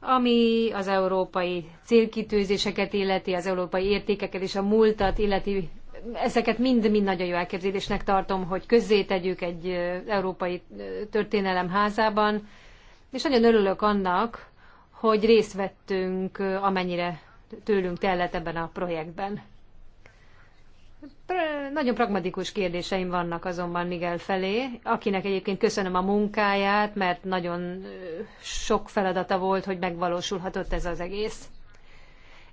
Ami az európai célkitűzéseket illeti, az európai értékeket és a múltat illeti, ezeket mind-mind nagyon jó elképzelésnek tartom, hogy közzé tegyük egy európai történelem házában, és nagyon örülök annak, hogy részt vettünk, amennyire tőlünk tellett ebben a projektben. Nagyon pragmatikus kérdéseim vannak azonban Miguel felé, akinek egyébként köszönöm a munkáját, mert nagyon sok feladata volt, hogy megvalósulhatott ez az egész.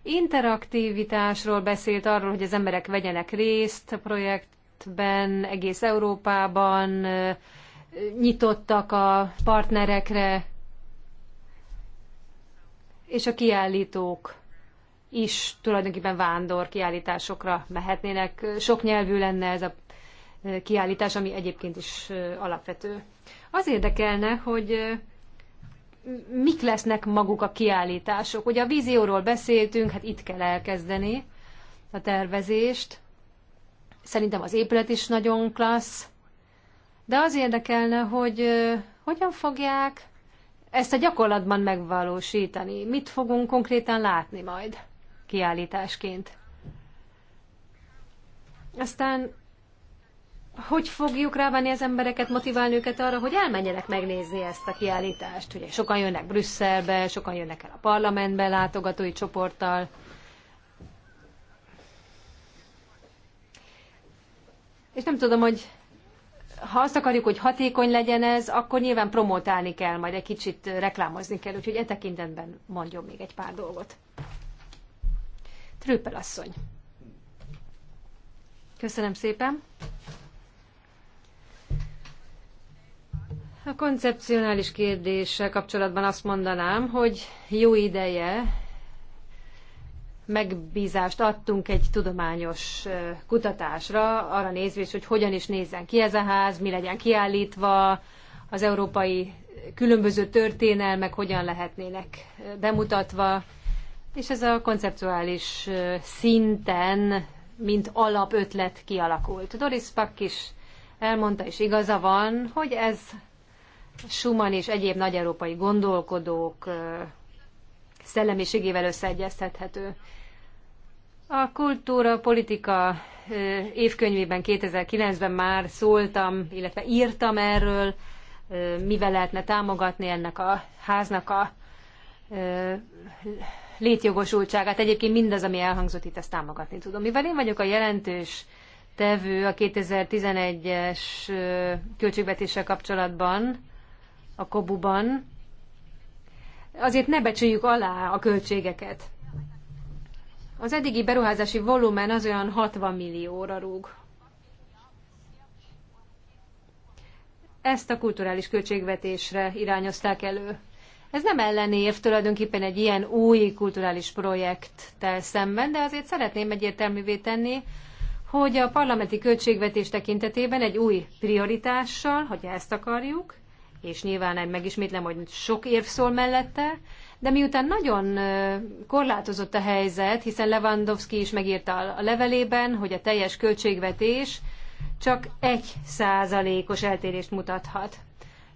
Interaktivitásról beszélt arról, hogy az emberek vegyenek részt a projektben, egész Európában, nyitottak a partnerekre, és a kiállítók is tulajdonképpen vándor kiállításokra mehetnének. Sok nyelvű lenne ez a kiállítás, ami egyébként is alapvető. Az érdekelne, hogy mik lesznek maguk a kiállítások. Ugye a vízióról beszéltünk, hát itt kell elkezdeni a tervezést. Szerintem az épület is nagyon klassz. De az érdekelne, hogy hogyan fogják ezt a gyakorlatban megvalósítani? Mit fogunk konkrétan látni majd kiállításként? Aztán hogy fogjuk rávenni az embereket, motiválni őket arra, hogy elmenjenek megnézni ezt a kiállítást? Ugye sokan jönnek Brüsszelbe, sokan jönnek el a parlamentbe látogatói csoporttal. És nem tudom, hogy ha azt akarjuk, hogy hatékony legyen ez, akkor nyilván promotálni kell, majd egy kicsit reklámozni kell, úgyhogy e tekintetben mondjon még egy pár dolgot. Trüppel asszony. Köszönöm szépen. A koncepcionális kérdéssel kapcsolatban azt mondanám, hogy jó ideje megbízást adtunk egy tudományos kutatásra, arra nézvés, hogy hogyan is nézzen ki ez a ház, mi legyen kiállítva, az európai különböző történelmek hogyan lehetnének bemutatva, és ez a konceptuális szinten, mint alapötlet kialakult. Doris Pak is elmondta, és igaza van, hogy ez Schumann és egyéb nagy európai gondolkodók szellemiségével összeegyeztethető. A kultúra, politika évkönyvében 2009-ben már szóltam, illetve írtam erről, mivel lehetne támogatni ennek a háznak a létjogosultságát. Egyébként mindaz, ami elhangzott itt, ezt támogatni tudom. Mivel én vagyok a jelentős tevő a 2011-es költségvetéssel kapcsolatban, a Kobuban, azért ne becsüljük alá a költségeket. Az eddigi beruházási volumen az olyan 60 millióra rúg. Ezt a kulturális költségvetésre irányozták elő. Ez nem ellenév tulajdonképpen egy ilyen új kulturális projekttel szemben, de azért szeretném egyértelművé tenni, hogy a parlamenti költségvetés tekintetében egy új prioritással, hogyha ezt akarjuk, és nyilván megismétlem, hogy sok érv szól mellette, de miután nagyon korlátozott a helyzet, hiszen Lewandowski is megírta a levelében, hogy a teljes költségvetés csak egy százalékos eltérést mutathat.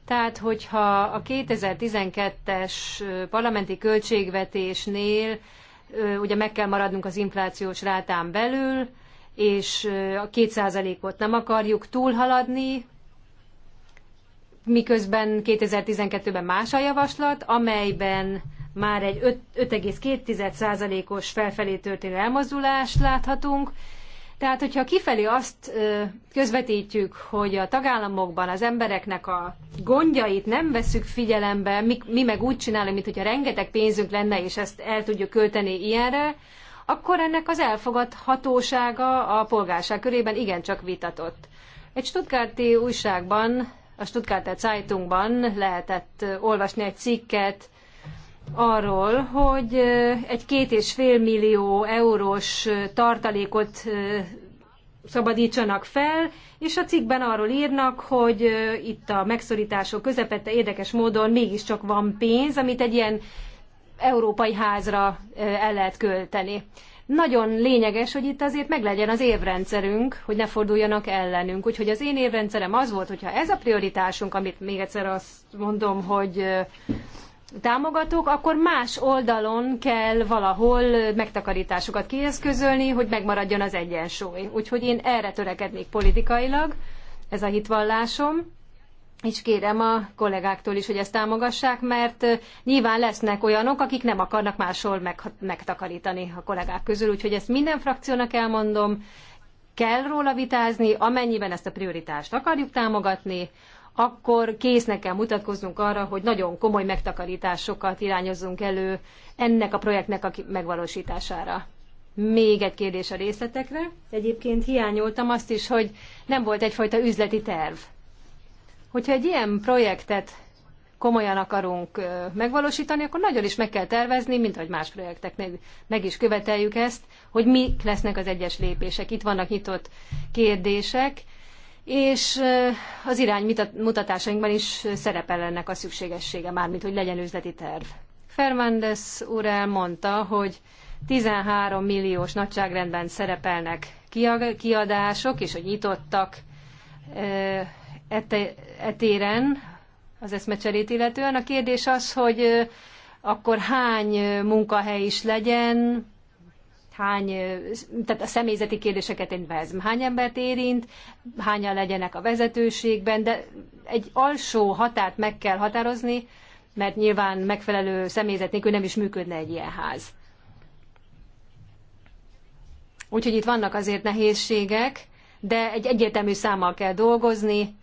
Tehát, hogyha a 2012-es parlamenti költségvetésnél ugye meg kell maradnunk az inflációs rátán belül, és a 2%-ot nem akarjuk túlhaladni, miközben 2012-ben más a javaslat, amelyben már egy 5,2%-os felfelé történő elmozdulást láthatunk. Tehát, hogyha kifelé azt közvetítjük, hogy a tagállamokban az embereknek a gondjait nem veszük figyelembe, mi, mi meg úgy csinálunk, mintha rengeteg pénzünk lenne, és ezt el tudjuk költeni ilyenre, akkor ennek az elfogadhatósága a polgárság körében igencsak vitatott. Egy stuttgarti újságban a Stuttgarter Zeitungban lehetett olvasni egy cikket arról, hogy egy két és fél millió eurós tartalékot szabadítsanak fel, és a cikkben arról írnak, hogy itt a megszorítások közepette érdekes módon mégiscsak van pénz, amit egy ilyen európai házra el lehet költeni nagyon lényeges, hogy itt azért meglegyen az évrendszerünk, hogy ne forduljanak ellenünk. Úgyhogy az én évrendszerem az volt, hogyha ez a prioritásunk, amit még egyszer azt mondom, hogy támogatók, akkor más oldalon kell valahol megtakarításokat kieszközölni, hogy megmaradjon az egyensúly. Úgyhogy én erre törekednék politikailag, ez a hitvallásom és kérem a kollégáktól is, hogy ezt támogassák, mert nyilván lesznek olyanok, akik nem akarnak máshol meg, megtakarítani a kollégák közül, úgyhogy ezt minden frakciónak elmondom, kell róla vitázni, amennyiben ezt a prioritást akarjuk támogatni, akkor késznek kell mutatkoznunk arra, hogy nagyon komoly megtakarításokat irányozzunk elő ennek a projektnek a megvalósítására. Még egy kérdés a részletekre. Egyébként hiányoltam azt is, hogy nem volt egyfajta üzleti terv Hogyha egy ilyen projektet komolyan akarunk megvalósítani, akkor nagyon is meg kell tervezni, mint ahogy más projekteknél meg is követeljük ezt, hogy mi lesznek az egyes lépések. Itt vannak nyitott kérdések, és az irány mutatásainkban is szerepel ennek a szükségessége, mármint hogy legyen üzleti terv. Fernández úr elmondta, hogy 13 milliós nagyságrendben szerepelnek kiadások, és hogy nyitottak etéren, az eszmecserét illetően. A kérdés az, hogy akkor hány munkahely is legyen, hány, tehát a személyzeti kérdéseket én vezem, hány embert érint, hányan legyenek a vezetőségben, de egy alsó határt meg kell határozni, mert nyilván megfelelő személyzet nélkül nem is működne egy ilyen ház. Úgyhogy itt vannak azért nehézségek, de egy egyértelmű számmal kell dolgozni,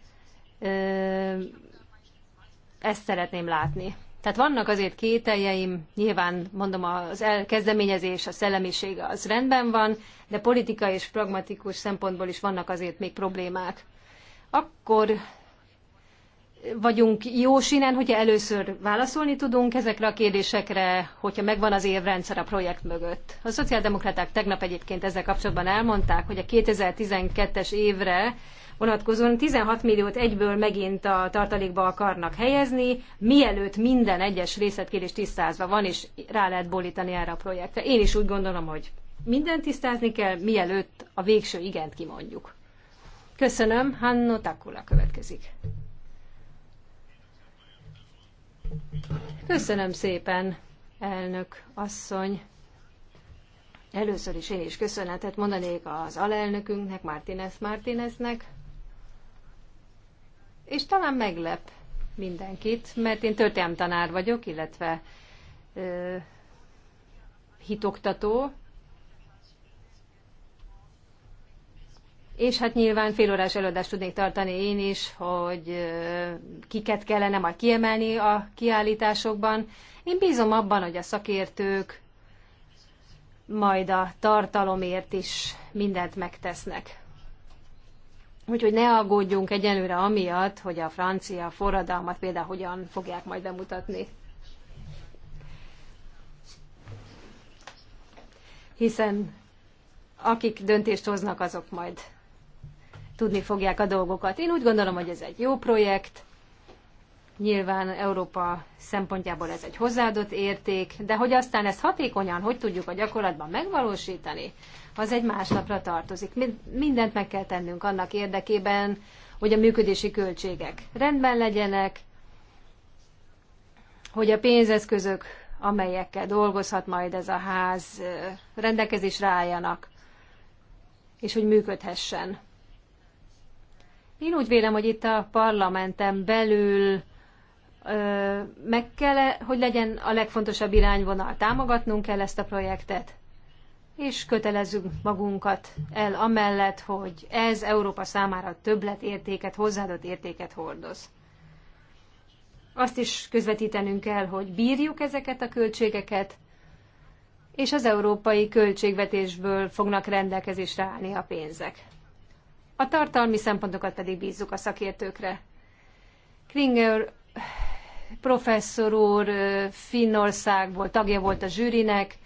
ezt szeretném látni. Tehát vannak azért kételjeim, nyilván mondom az elkezdeményezés, a szellemisége az rendben van, de politikai és pragmatikus szempontból is vannak azért még problémák. Akkor vagyunk jó sínen, hogyha először válaszolni tudunk ezekre a kérdésekre, hogyha megvan az évrendszer a projekt mögött. A szociáldemokraták tegnap egyébként ezzel kapcsolatban elmondták, hogy a 2012-es évre vonatkozóan 16 milliót egyből megint a tartalékba akarnak helyezni, mielőtt minden egyes részletkérés tisztázva van, és rá lehet bolítani erre a projektre. Én is úgy gondolom, hogy mindent tisztázni kell, mielőtt a végső igent kimondjuk. Köszönöm, Hanno Takula következik. Köszönöm szépen, elnök asszony. Először is én is köszönetet mondanék az alelnökünknek, Martínez Martíneznek, és talán meglep mindenkit, mert én tanár vagyok, illetve ö, hitoktató, És hát nyilván félórás előadást tudnék tartani én is, hogy kiket kellene majd kiemelni a kiállításokban. Én bízom abban, hogy a szakértők majd a tartalomért is mindent megtesznek. Úgyhogy ne aggódjunk egyelőre amiatt, hogy a francia forradalmat például hogyan fogják majd bemutatni. Hiszen akik döntést hoznak, azok majd tudni fogják a dolgokat. Én úgy gondolom, hogy ez egy jó projekt. Nyilván Európa szempontjából ez egy hozzáadott érték, de hogy aztán ezt hatékonyan, hogy tudjuk a gyakorlatban megvalósítani, az egy másnapra tartozik. Mindent meg kell tennünk annak érdekében, hogy a működési költségek rendben legyenek, hogy a pénzeszközök, amelyekkel dolgozhat majd ez a ház, rendelkezésre álljanak, és hogy működhessen. Én úgy vélem, hogy itt a parlamenten belül meg kell, hogy legyen a legfontosabb irányvonal, támogatnunk kell ezt a projektet, és kötelezzük magunkat el amellett, hogy ez Európa számára értéket, hozzáadott értéket hordoz. Azt is közvetítenünk kell, hogy bírjuk ezeket a költségeket, és az európai költségvetésből fognak rendelkezésre állni a pénzek. A tartalmi szempontokat pedig bízzuk a szakértőkre. Kringer professzor úr Finnországból tagja volt a zsűrinek,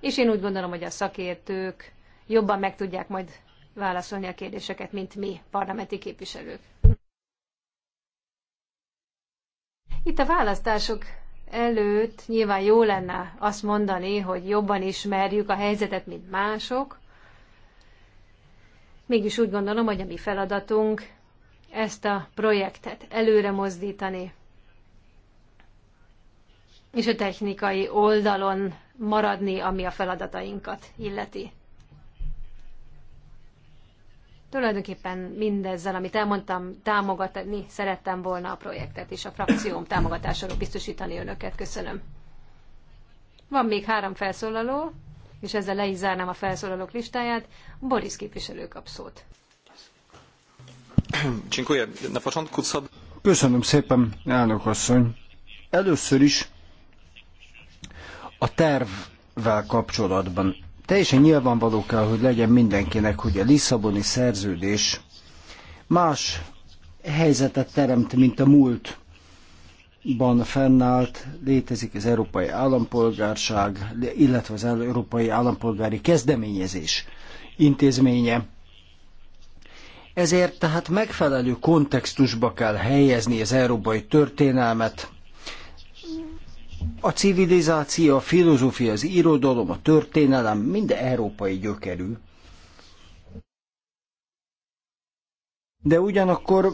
és én úgy gondolom, hogy a szakértők jobban meg tudják majd válaszolni a kérdéseket, mint mi, parlamenti képviselők. Itt a választások előtt nyilván jó lenne azt mondani, hogy jobban ismerjük a helyzetet, mint mások. Mégis úgy gondolom, hogy a mi feladatunk ezt a projektet előre mozdítani és a technikai oldalon maradni, ami a feladatainkat illeti. Tulajdonképpen mindezzel, amit elmondtam, támogatni szerettem volna a projektet, és a frakcióm támogatásáról biztosítani önöket. Köszönöm. Van még három felszólaló, és ezzel le is zárnám a felszólalók listáját. Boris képviselő kap szót. Köszönöm szépen, elnök asszony. Először is a tervvel kapcsolatban teljesen nyilvánvaló kell, hogy legyen mindenkinek, hogy a Lisszaboni szerződés más helyzetet teremt, mint a múltban fennállt, létezik az európai állampolgárság, illetve az európai állampolgári kezdeményezés intézménye. Ezért tehát megfelelő kontextusba kell helyezni az európai történelmet, a civilizáció, a filozófia, az irodalom, a történelem mind európai gyökerű. De ugyanakkor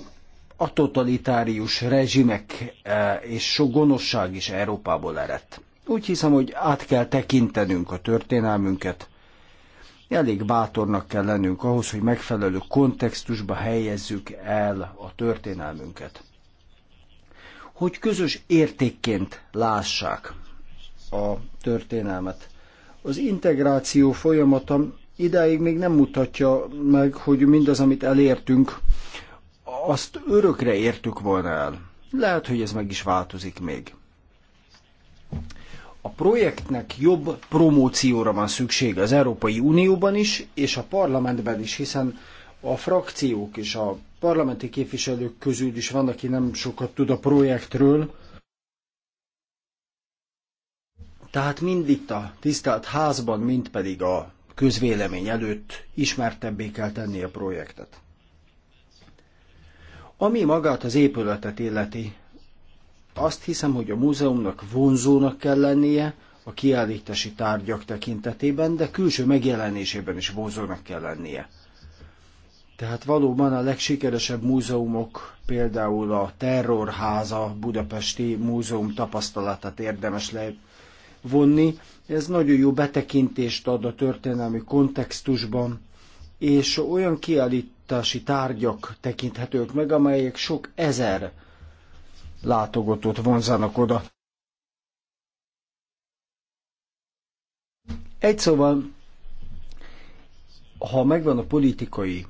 a totalitárius rezsimek e, és sok gonoszság is Európából eredt. Úgy hiszem, hogy át kell tekintenünk a történelmünket, elég bátornak kell lennünk ahhoz, hogy megfelelő kontextusba helyezzük el a történelmünket hogy közös értékként lássák a történelmet. Az integráció folyamata idáig még nem mutatja meg, hogy mindaz, amit elértünk, azt örökre értük volna el. Lehet, hogy ez meg is változik még. A projektnek jobb promócióra van szüksége az Európai Unióban is, és a parlamentben is, hiszen a frakciók és a parlamenti képviselők közül is van, aki nem sokat tud a projektről. Tehát mind itt a tisztelt házban, mind pedig a közvélemény előtt ismertebbé kell tenni a projektet. Ami magát az épületet illeti, azt hiszem, hogy a múzeumnak vonzónak kell lennie a kiállítási tárgyak tekintetében, de külső megjelenésében is vonzónak kell lennie. Tehát valóban a legsikeresebb múzeumok, például a Terrorháza Budapesti Múzeum tapasztalatát érdemes levonni. Ez nagyon jó betekintést ad a történelmi kontextusban, és olyan kiállítási tárgyak tekinthetők meg, amelyek sok ezer látogatót vonzanak oda. Egy szóval, ha megvan a politikai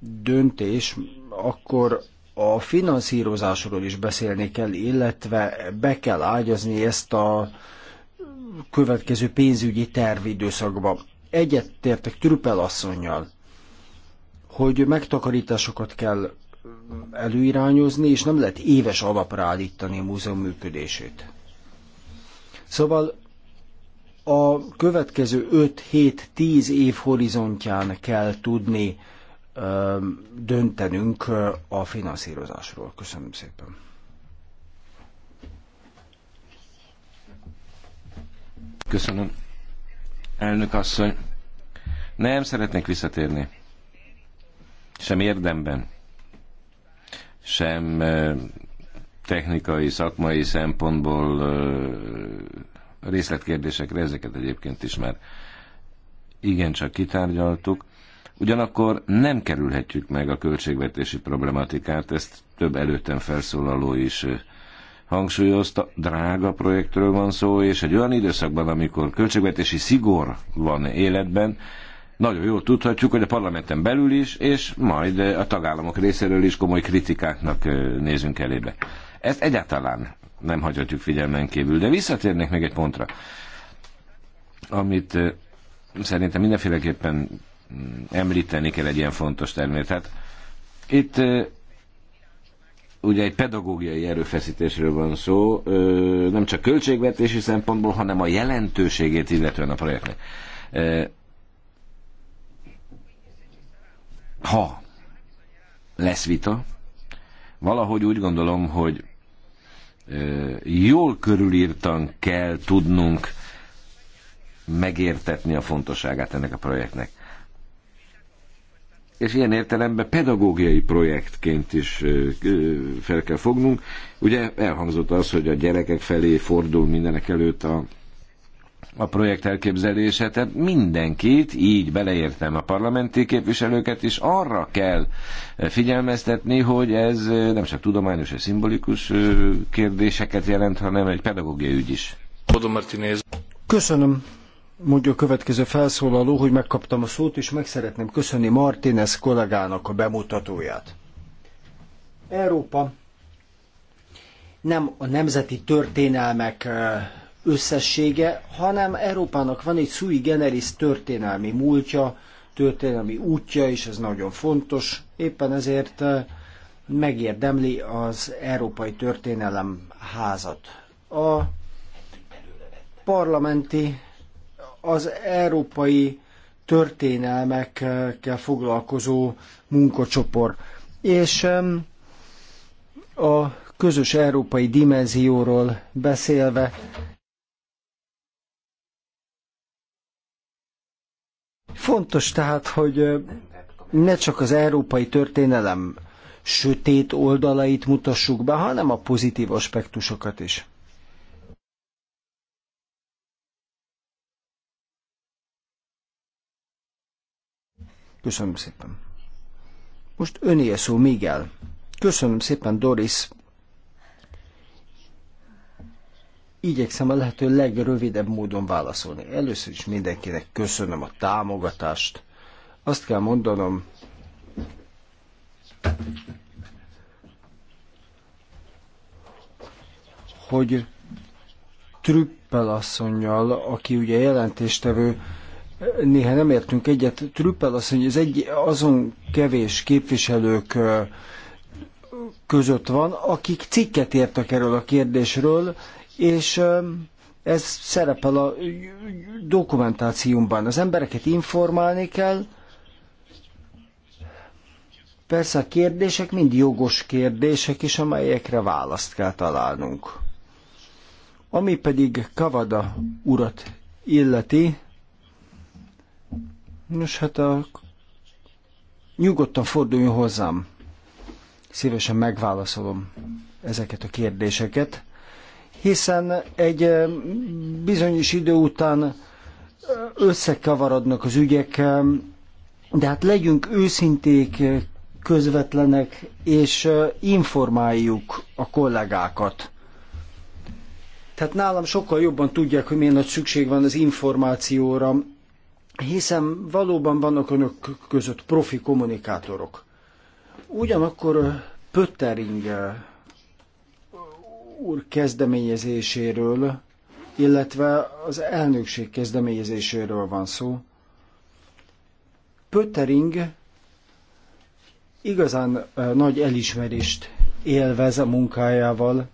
döntés, akkor a finanszírozásról is beszélni kell, illetve be kell ágyazni ezt a következő pénzügyi tervidőszakba. Egyetértek Trüppel asszonynal, hogy megtakarításokat kell előirányozni, és nem lehet éves alapra állítani a múzeum működését. Szóval a következő 5-7-10 év horizontján kell tudni döntenünk a finanszírozásról. Köszönöm szépen. Köszönöm. Elnök asszony, nem szeretnék visszatérni. Sem érdemben, sem technikai, szakmai szempontból részletkérdésekre, ezeket egyébként is már igencsak kitárgyaltuk. Ugyanakkor nem kerülhetjük meg a költségvetési problematikát, ezt több előttem felszólaló is hangsúlyozta, drága projektről van szó, és egy olyan időszakban, amikor költségvetési szigor van életben, nagyon jól tudhatjuk, hogy a parlamenten belül is, és majd a tagállamok részéről is komoly kritikáknak nézünk elébe. Ezt egyáltalán nem hagyhatjuk figyelmen kívül, de visszatérnék még egy pontra, amit szerintem mindenféleképpen Mm, említeni kell egy ilyen fontos terméket. Tehát itt ugye egy pedagógiai erőfeszítésről van szó, nem csak költségvetési szempontból, hanem a jelentőségét illetően a projektnek. Ha lesz vita, valahogy úgy gondolom, hogy jól körülírtan kell tudnunk megértetni a fontosságát ennek a projektnek és ilyen értelemben pedagógiai projektként is fel kell fognunk. Ugye elhangzott az, hogy a gyerekek felé fordul mindenek előtt a, a projekt elképzelése, tehát mindenkit, így beleértem a parlamenti képviselőket is, arra kell figyelmeztetni, hogy ez nem csak tudományos és szimbolikus kérdéseket jelent, hanem egy pedagógiai ügy is. Köszönöm mondja a következő felszólaló, hogy megkaptam a szót, és meg szeretném köszönni Martinez kollégának a bemutatóját. Európa nem a nemzeti történelmek összessége, hanem Európának van egy sui generis történelmi múltja, történelmi útja, és ez nagyon fontos. Éppen ezért megérdemli az Európai Történelem házat. A parlamenti az európai történelmekkel foglalkozó munkacsoport. És a közös európai dimenzióról beszélve, Fontos tehát, hogy ne csak az európai történelem sötét oldalait mutassuk be, hanem a pozitív aspektusokat is. Köszönöm szépen. Most öné szó, Miguel. Köszönöm szépen, Doris. Igyekszem a lehető legrövidebb módon válaszolni. Először is mindenkinek köszönöm a támogatást. Azt kell mondanom, hogy Trüppel asszonynal, aki ugye jelentéstevő, néha nem értünk egyet. Trüppel azt mondja, hogy az egy azon kevés képviselők között van, akik cikket írtak erről a kérdésről, és ez szerepel a dokumentációmban. Az embereket informálni kell. Persze a kérdések mind jogos kérdések is, amelyekre választ kell találnunk. Ami pedig Kavada urat illeti, Nos, hát a... nyugodtan forduljon hozzám. Szívesen megválaszolom ezeket a kérdéseket, hiszen egy eh, bizonyos idő után eh, összekavarodnak az ügyek, eh, de hát legyünk őszinték, közvetlenek, és informáljuk a kollégákat. Tehát nálam sokkal jobban tudják, hogy milyen nagy szükség van az információra, hiszen valóban vannak önök között profi kommunikátorok. Ugyanakkor Pöttering úr kezdeményezéséről, illetve az elnökség kezdeményezéséről van szó. Pöttering igazán nagy elismerést élvez a munkájával,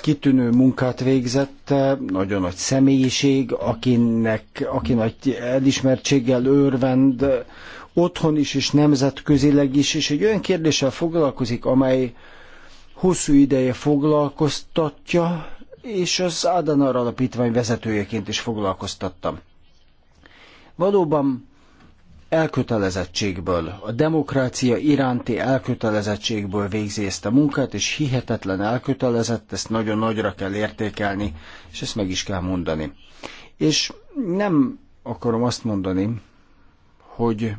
kitűnő munkát végzett, nagyon nagy személyiség, akinek, aki nagy elismertséggel örvend otthon is és nemzetközileg is, és egy olyan kérdéssel foglalkozik, amely hosszú ideje foglalkoztatja, és az Adenauer Alapítvány vezetőjeként is foglalkoztattam. Valóban elkötelezettségből, a demokrácia iránti elkötelezettségből végzi ezt a munkát, és hihetetlen elkötelezett, ezt nagyon nagyra kell értékelni, és ezt meg is kell mondani. És nem akarom azt mondani, hogy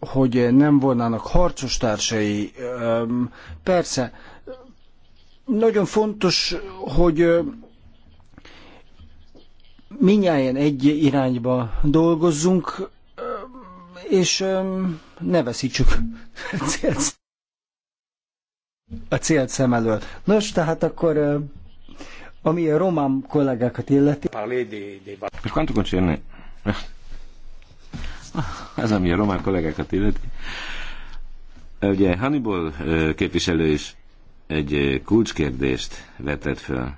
hogy nem volnának harcos társai. Persze, nagyon fontos, hogy minnyáján egy irányba dolgozzunk, és ne veszítsük a célt, szem előtt. Nos, tehát akkor ami a román kollégákat illeti. Per quanto concerne az, ami a román kollégákat illeti, ugye Hannibal képviselő is egy kulcskérdést vetett föl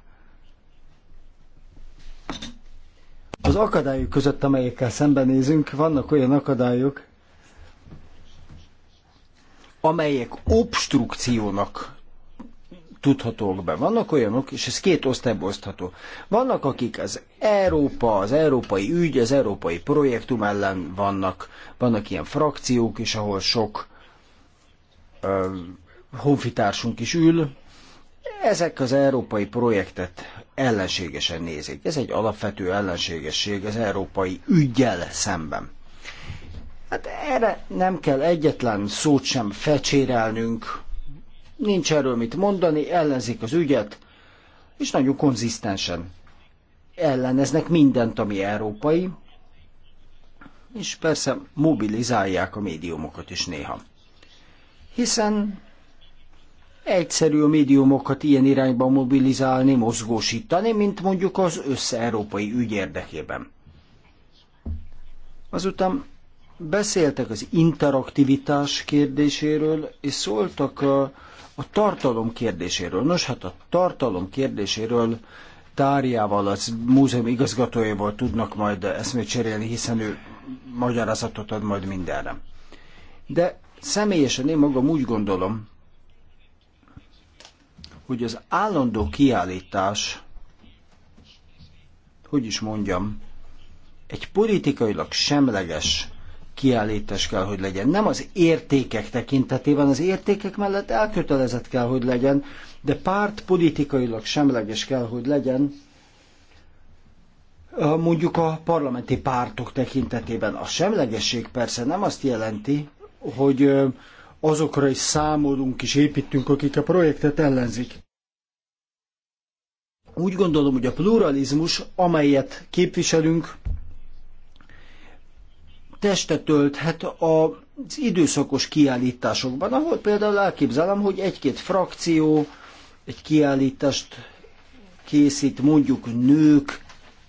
Az akadályok között, amelyekkel szembenézünk, vannak olyan akadályok, amelyek obstrukciónak tudhatók be. Vannak olyanok, és ez két osztályba osztható. Vannak, akik az Európa, az európai ügy, az európai projektum ellen vannak. Vannak ilyen frakciók is, ahol sok ö, honfitársunk is ül. Ezek az európai projektet ellenségesen nézik. Ez egy alapvető ellenségesség az európai ügyel szemben. Hát erre nem kell egyetlen szót sem fecsérelnünk, nincs erről mit mondani, ellenzik az ügyet, és nagyon konzisztensen elleneznek mindent, ami európai, és persze mobilizálják a médiumokat is néha. Hiszen egyszerű a médiumokat ilyen irányba mobilizálni, mozgósítani, mint mondjuk az összeurópai európai ügy érdekében. Azután beszéltek az interaktivitás kérdéséről, és szóltak a, a tartalom kérdéséről. Nos, hát a tartalom kérdéséről tárjával, az múzeum igazgatójával tudnak majd eszmét cserélni, hiszen ő magyarázatot ad majd mindenre. De személyesen én magam úgy gondolom, hogy az állandó kiállítás, hogy is mondjam, egy politikailag semleges kiállítás kell, hogy legyen. Nem az értékek tekintetében, az értékek mellett elkötelezett kell, hogy legyen, de párt politikailag semleges kell, hogy legyen, mondjuk a parlamenti pártok tekintetében. A semlegesség persze nem azt jelenti, hogy azokra is számolunk és építünk, akik a projektet ellenzik. Úgy gondolom, hogy a pluralizmus, amelyet képviselünk, testet tölthet az időszakos kiállításokban, ahol például elképzelem, hogy egy-két frakció egy kiállítást készít mondjuk nők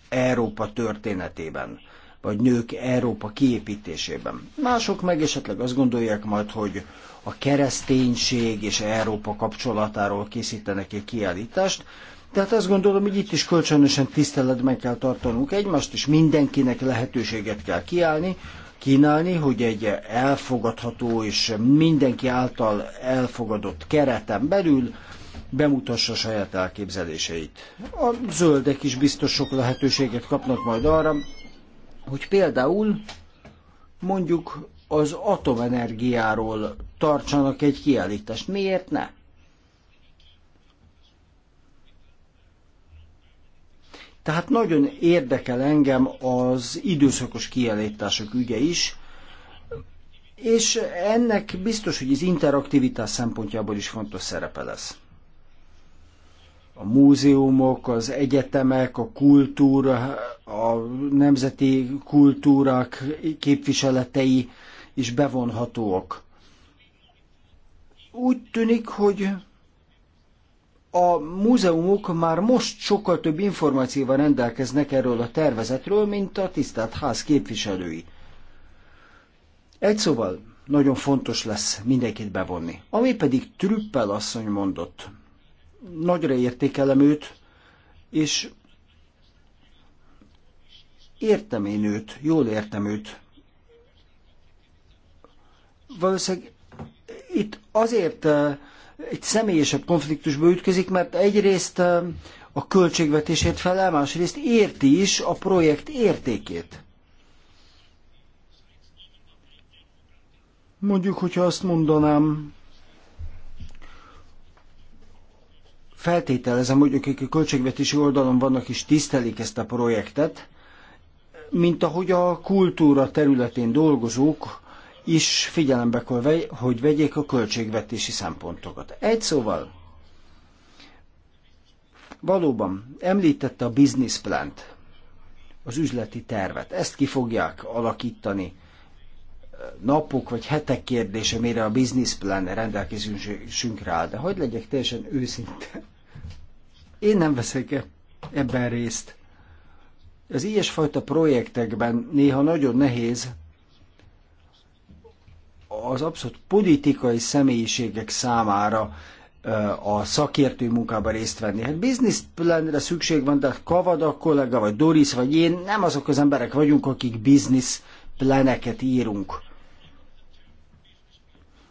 Európa történetében vagy nők Európa kiépítésében. Mások meg esetleg azt gondolják majd, hogy a kereszténység és Európa kapcsolatáról készítenek egy kiállítást, tehát azt gondolom, hogy itt is kölcsönösen tiszteletben kell tartanunk egymást, és mindenkinek lehetőséget kell kiállni, kínálni, hogy egy elfogadható és mindenki által elfogadott kereten belül bemutassa saját elképzeléseit. A zöldek is biztos sok lehetőséget kapnak majd arra, hogy például mondjuk az atomenergiáról tartsanak egy kiállítást. Miért ne? Tehát nagyon érdekel engem az időszakos kiállítások ügye is, és ennek biztos, hogy az interaktivitás szempontjából is fontos szerepe lesz a múzeumok, az egyetemek, a kultúra, a nemzeti kultúrák képviseletei is bevonhatóak. Úgy tűnik, hogy a múzeumok már most sokkal több információval rendelkeznek erről a tervezetről, mint a tisztelt ház képviselői. Egy szóval, nagyon fontos lesz mindenkit bevonni. Ami pedig Trüppel asszony mondott, nagyra értékelem őt, és értem én őt, jól értem őt. Valószínűleg itt azért eh, egy személyesebb konfliktusba ütközik, mert egyrészt eh, a költségvetését felel, másrészt érti is a projekt értékét. Mondjuk, hogyha azt mondanám, feltételezem, hogy akik a költségvetési oldalon vannak is tisztelik ezt a projektet, mint ahogy a kultúra területén dolgozók is figyelembe kell, hogy vegyék a költségvetési szempontokat. Egy szóval, valóban említette a business plant, az üzleti tervet. Ezt ki fogják alakítani napok vagy hetek kérdése, mire a business plan rendelkezésünkre áll. De hogy legyek teljesen őszinte, én nem veszek e- ebben részt. Az ilyesfajta projektekben néha nagyon nehéz az abszolút politikai személyiségek számára a szakértő munkába részt venni. Hát business planre szükség van, de hát Kavada kollega, vagy Doris, vagy én nem azok az emberek vagyunk, akik business planeket írunk.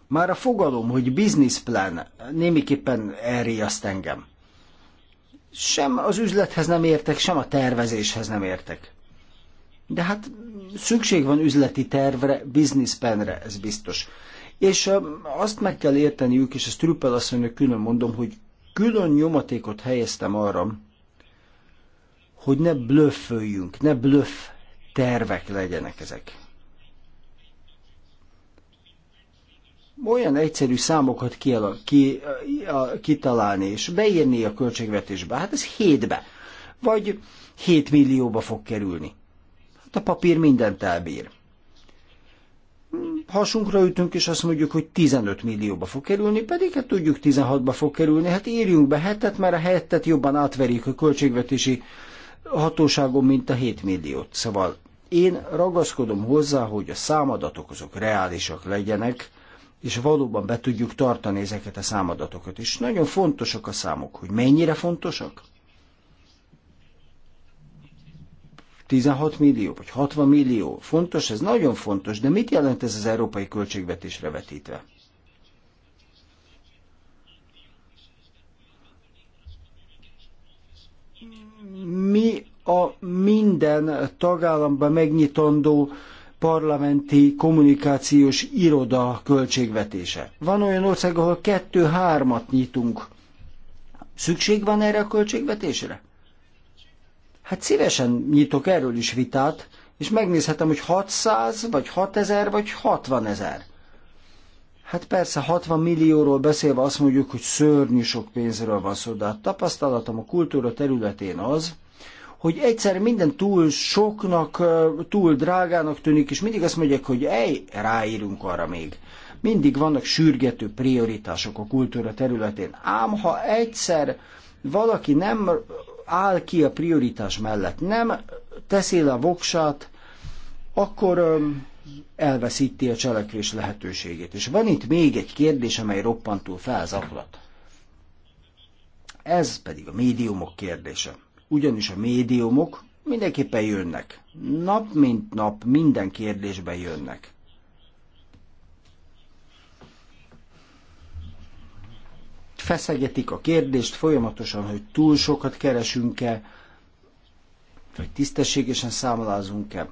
Már a fogalom, hogy business plan némiképpen elriaszt engem. Sem az üzlethez nem értek, sem a tervezéshez nem értek. De hát szükség van üzleti tervre, business ez biztos. És azt meg kell érteniük, és ezt Trüppel asszonynak külön mondom, hogy külön nyomatékot helyeztem arra, hogy ne blöfföljünk, ne blöff tervek legyenek ezek. olyan egyszerű számokat kialak, ki, a, kitalálni és beírni a költségvetésbe, hát ez hétbe, vagy 7 millióba fog kerülni. Hát a papír mindent elbír. Hasunkra ütünk, és azt mondjuk, hogy 15 millióba fog kerülni, pedig hát tudjuk 16-ba fog kerülni. Hát írjunk be hetet, mert a hetet jobban átverik a költségvetési hatóságon, mint a 7 milliót. Szóval én ragaszkodom hozzá, hogy a számadatok azok reálisak legyenek, és valóban be tudjuk tartani ezeket a számadatokat. És nagyon fontosak a számok, hogy mennyire fontosak? 16 millió, vagy 60 millió. Fontos, ez nagyon fontos, de mit jelent ez az európai költségvetésre vetítve? Mi a minden tagállamban megnyitandó parlamenti kommunikációs iroda költségvetése. Van olyan ország, ahol kettő-hármat nyitunk. Szükség van erre a költségvetésre? Hát szívesen nyitok erről is vitát, és megnézhetem, hogy 600, vagy 6000, vagy 60 ezer. Hát persze 60 millióról beszélve azt mondjuk, hogy szörnyű sok pénzről van szó, de a tapasztalatom a kultúra területén az, hogy egyszer minden túl soknak, túl drágának tűnik, és mindig azt mondják, hogy ej, ráírunk arra még. Mindig vannak sürgető prioritások a kultúra területén. Ám ha egyszer valaki nem áll ki a prioritás mellett, nem teszi le a voksát, akkor elveszíti a cselekvés lehetőségét. És van itt még egy kérdés, amely roppantul felzaklat. Ez pedig a médiumok kérdése ugyanis a médiumok mindenképpen jönnek. Nap mint nap minden kérdésben jönnek. Feszegetik a kérdést folyamatosan, hogy túl sokat keresünk-e, vagy tisztességesen számolázunk-e.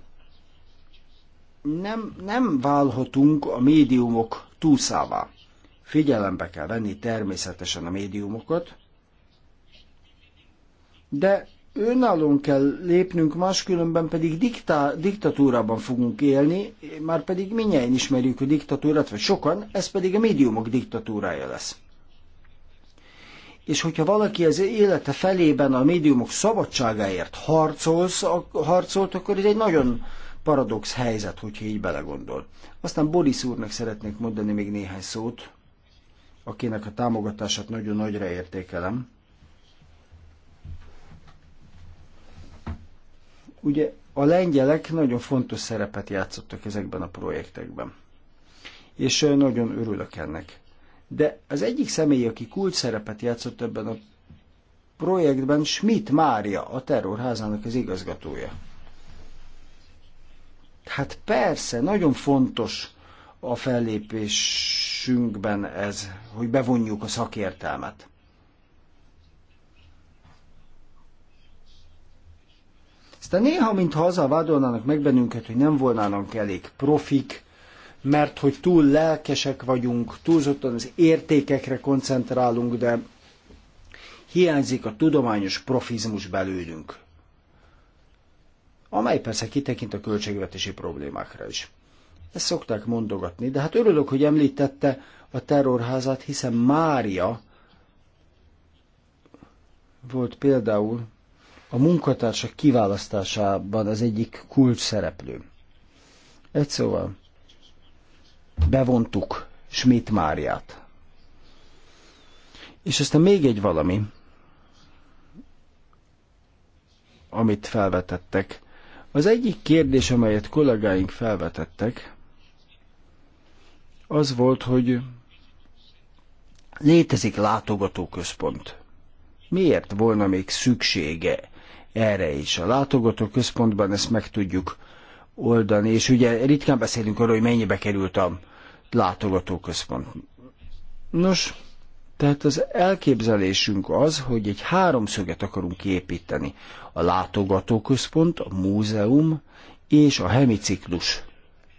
Nem, nem válhatunk a médiumok túlszává. Figyelembe kell venni természetesen a médiumokat, de önállón kell lépnünk, máskülönben pedig diktá, diktatúrában fogunk élni, már pedig minnyáján ismerjük a diktatúrát, vagy sokan, ez pedig a médiumok diktatúrája lesz. És hogyha valaki az élete felében a médiumok szabadságáért harcolsz, harcolt, akkor ez egy nagyon paradox helyzet, hogyha így belegondol. Aztán Boris úrnak szeretnék mondani még néhány szót, akinek a támogatását nagyon nagyra értékelem Ugye a lengyelek nagyon fontos szerepet játszottak ezekben a projektekben. És nagyon örülök ennek. De az egyik személy, aki kult szerepet játszott ebben a projektben, Schmidt Mária, a terrorházának az igazgatója. Hát persze, nagyon fontos a fellépésünkben ez, hogy bevonjuk a szakértelmet. Aztán néha, mintha azzal vádolnának meg bennünket, hogy nem volnának elég profik, mert hogy túl lelkesek vagyunk, túlzottan az értékekre koncentrálunk, de hiányzik a tudományos profizmus belőlünk, amely persze kitekint a költségvetési problémákra is. Ezt szokták mondogatni, de hát örülök, hogy említette a terrorházát, hiszen Mária volt például a munkatársak kiválasztásában az egyik kulcs szereplő. Egy szóval, bevontuk Schmidt Máriát. És aztán még egy valami, amit felvetettek. Az egyik kérdés, amelyet kollégáink felvetettek, az volt, hogy létezik látogatóközpont. Miért volna még szüksége erre is. A központban ezt meg tudjuk oldani, és ugye ritkán beszélünk arról, hogy mennyibe került a központ. Nos, tehát az elképzelésünk az, hogy egy háromszöget akarunk építeni. A látogatóközpont, a múzeum és a hemiciklus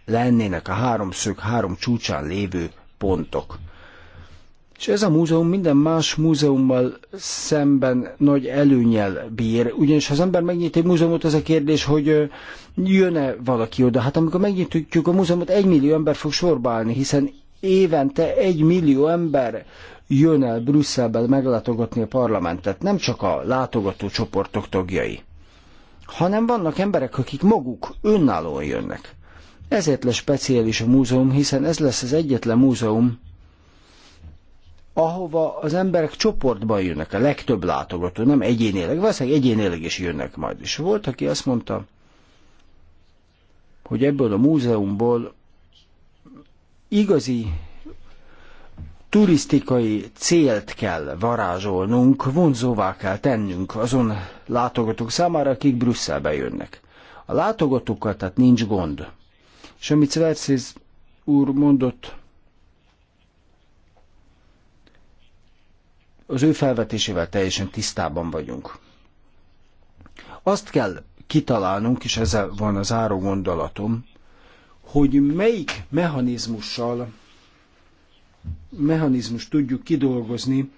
lennének a háromszög három csúcsán lévő pontok. És ez a múzeum minden más múzeummal szemben nagy előnyel bír. Ugyanis ha az ember megnyit egy múzeumot, az a kérdés, hogy jön-e valaki oda. Hát amikor megnyitjuk a múzeumot, egy millió ember fog sorba állni, hiszen évente egy millió ember jön el Brüsszelben meglátogatni a parlamentet. Nem csak a látogató csoportok tagjai, hanem vannak emberek, akik maguk önállóan jönnek. Ezért lesz speciális a múzeum, hiszen ez lesz az egyetlen múzeum, ahova az emberek csoportban jönnek, a legtöbb látogató, nem egyénileg, valószínűleg egyénileg is jönnek majd. És volt, aki azt mondta, hogy ebből a múzeumból igazi turisztikai célt kell varázsolnunk, vonzóvá kell tennünk azon látogatók számára, akik Brüsszelbe jönnek. A látogatókkal tehát nincs gond. És amit Sverszész úr mondott, Az ő felvetésével teljesen tisztában vagyunk. Azt kell kitalálnunk, és ezzel van a záró gondolatom, hogy melyik mechanizmussal mechanizmus tudjuk kidolgozni,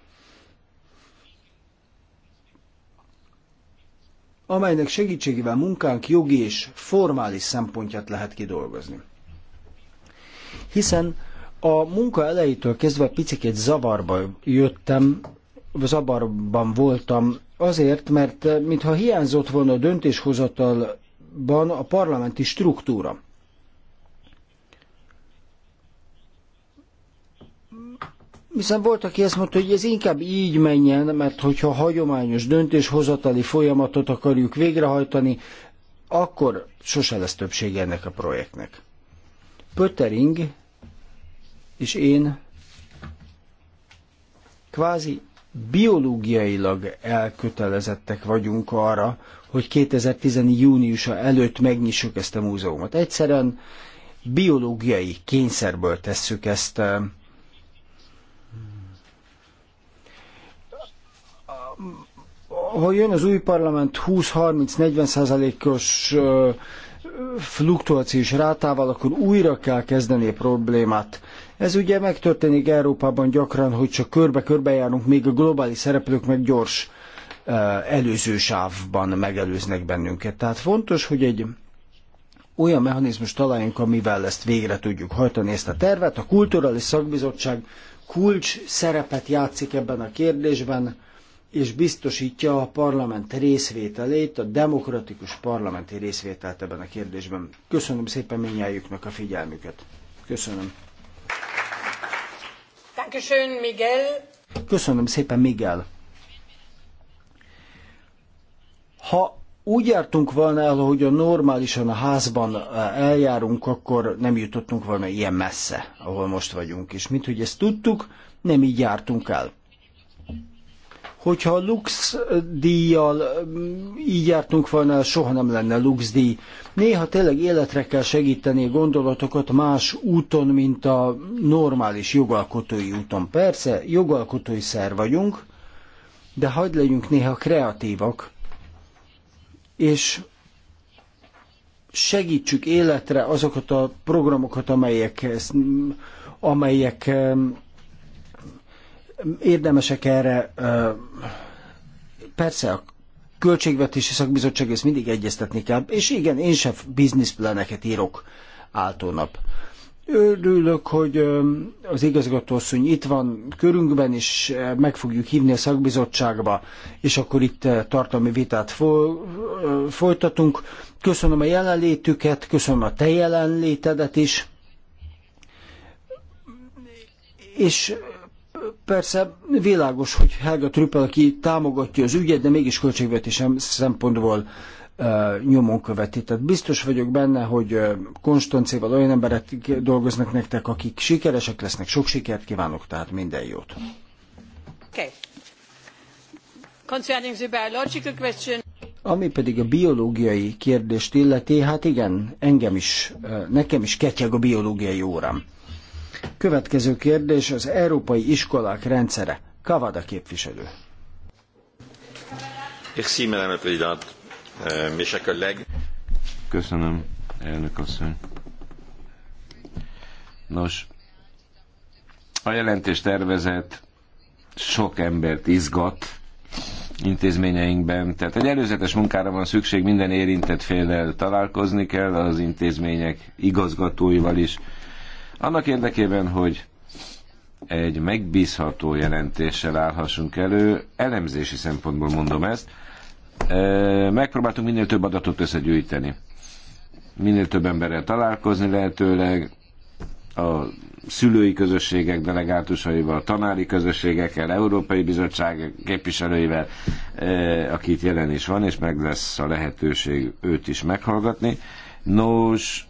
amelynek segítségével munkánk jogi és formális szempontját lehet kidolgozni. Hiszen a munka elejétől kezdve picit zavarba jöttem, zabarban voltam azért, mert eh, mintha hiányzott volna a döntéshozatalban a parlamenti struktúra. Hiszen volt, aki ezt mondta, hogy ez inkább így menjen, mert hogyha hagyományos döntéshozatali folyamatot akarjuk végrehajtani, akkor sose lesz többség ennek a projektnek. Pöttering és én kvázi biológiailag elkötelezettek vagyunk arra, hogy 2010. júniusa előtt megnyissuk ezt a múzeumot. Egyszerűen biológiai kényszerből tesszük ezt. Ha jön az új parlament 20-30-40 százalékos fluktuációs rátával, akkor újra kell kezdeni a problémát ez ugye megtörténik Európában gyakran, hogy csak körbe-körbe járunk, még a globális szereplők meg gyors eh, előző sávban megelőznek bennünket. Tehát fontos, hogy egy olyan mechanizmus találjunk, amivel ezt végre tudjuk hajtani ezt a tervet. A Kulturális Szakbizottság kulcs szerepet játszik ebben a kérdésben, és biztosítja a parlament részvételét, a demokratikus parlamenti részvételt ebben a kérdésben. Köszönöm szépen minnyájuknak a figyelmüket. Köszönöm. Köszönöm szépen, Miguel. Ha úgy jártunk volna el, hogy a normálisan a házban eh, eljárunk, akkor nem jutottunk volna ilyen messze, ahol most vagyunk. És mint hogy ezt tudtuk, nem így jártunk el. Hogyha lux díjjal mm, így jártunk volna, soha nem lenne lux díj. Néha tényleg életre kell segíteni gondolatokat más úton, mint a normális jogalkotói úton. Persze, jogalkotói szer vagyunk, de hagyd legyünk néha kreatívak, és segítsük életre azokat a programokat, amelyek, mm, amelyek mm, érdemesek erre. Persze a költségvetési szakbizottság ezt mindig egyeztetni kell, és igen, én sem bizniszpleneket írok áltónap. Örülök, hogy az igazgatószony itt van körünkben, és meg fogjuk hívni a szakbizottságba, és akkor itt tartalmi vitát folytatunk. Köszönöm a jelenlétüket, köszönöm a te jelenlétedet is, és Persze világos, hogy Helga Trüppel, aki támogatja az ügyet, de mégis költségvetésem szempontból nyomon követi. Tehát biztos vagyok benne, hogy Konstancéval olyan emberek dolgoznak nektek, akik sikeresek lesznek. Sok sikert kívánok, tehát minden jót. Okay. Ami pedig a biológiai kérdést illeti, hát igen, engem is, nekem is ketyeg a biológiai órám. Következő kérdés az európai iskolák rendszere. Kavada képviselő. Merci, madame la présidente. Euh, mes collègues. Köszönöm, elnök asszony. Nos, a jelentés tervezet sok embert izgat intézményeinkben. Tehát egy előzetes munkára van szükség, minden érintett félel találkozni kell, az intézmények igazgatóival is, annak érdekében, hogy egy megbízható jelentéssel állhassunk elő, elemzési szempontból mondom ezt, e, megpróbáltunk minél több adatot összegyűjteni. Minél több emberrel találkozni lehetőleg, a szülői közösségek delegátusaival, tanári közösségekkel, Európai Bizottság képviselőivel, e, akit jelen is van, és meg lesz a lehetőség őt is meghallgatni. Nos,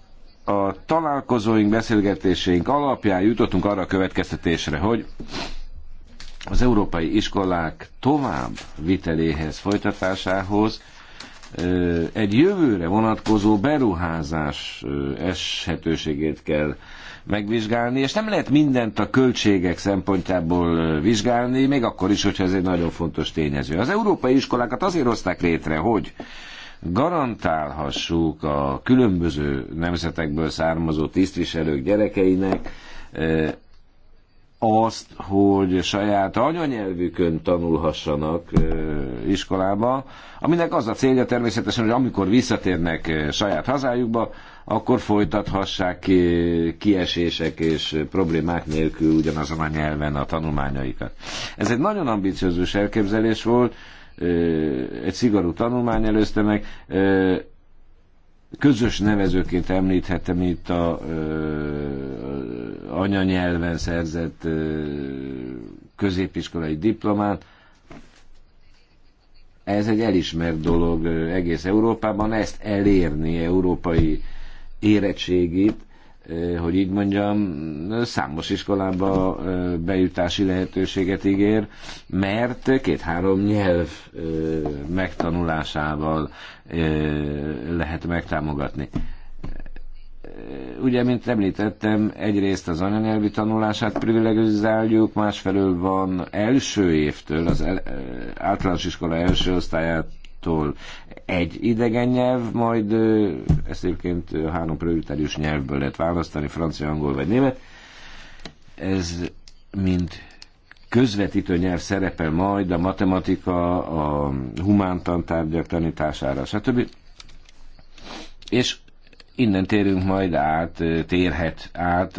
a találkozóink, beszélgetéseink alapján jutottunk arra a következtetésre, hogy az európai iskolák tovább viteléhez, folytatásához egy jövőre vonatkozó beruházás eshetőségét kell megvizsgálni, és nem lehet mindent a költségek szempontjából vizsgálni, még akkor is, hogyha ez egy nagyon fontos tényező. Az európai iskolákat azért hozták létre, hogy garantálhassuk a különböző nemzetekből származó tisztviselők gyerekeinek e, azt, hogy saját anyanyelvükön tanulhassanak e, iskolába, aminek az a célja természetesen, hogy amikor visszatérnek e, saját hazájukba, akkor folytathassák kiesések és problémák nélkül ugyanazon a nyelven a tanulmányaikat. Ez egy nagyon ambiciózus elképzelés volt, egy szigorú tanulmány előzte meg, közös nevezőként említhettem itt a anyanyelven szerzett középiskolai diplomát. Ez egy elismert dolog egész Európában, ezt elérni európai érettségit hogy így mondjam, számos iskolába bejutási lehetőséget ígér, mert két-három nyelv megtanulásával lehet megtámogatni. Ugye, mint említettem, egyrészt az anyanyelvi tanulását privilegizáljuk, másfelől van első évtől, az általános iskola első osztályát nyelvtől egy idegen nyelv, majd ezt egyébként három prioritárius nyelvből lehet választani, francia, angol vagy német. Ez mind közvetítő nyelv szerepel majd a matematika, a humántantárgyak tanítására, stb. És innen térünk majd át, térhet át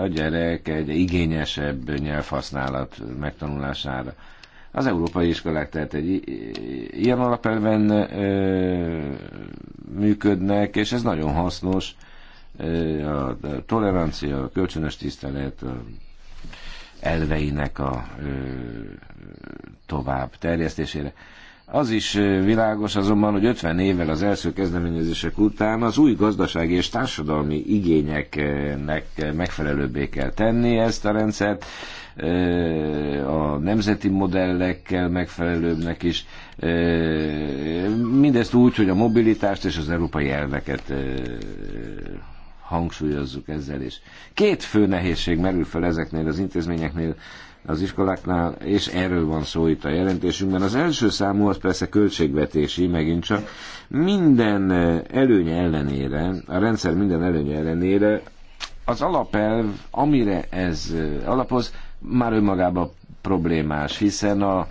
a gyerek egy igényesebb nyelvhasználat megtanulására. Az európai iskolák tehát egy ilyen alapelven ö, működnek, és ez nagyon hasznos. A tolerancia, a kölcsönös tisztelet a elveinek a ö, tovább terjesztésére. Az is világos azonban, hogy 50 évvel az első kezdeményezések után az új gazdasági és társadalmi igényeknek megfelelőbbé kell tenni ezt a rendszert, a nemzeti modellekkel megfelelőbbnek is, mindezt úgy, hogy a mobilitást és az európai elveket hangsúlyozzuk ezzel is. Két fő nehézség merül fel ezeknél az intézményeknél, az iskoláknál, és erről van szó itt a jelentésünkben. Az első számú az persze költségvetési, megint csak. Minden előnye ellenére, a rendszer minden előnye ellenére az alapelv, amire ez alapoz, már önmagában problémás, hiszen a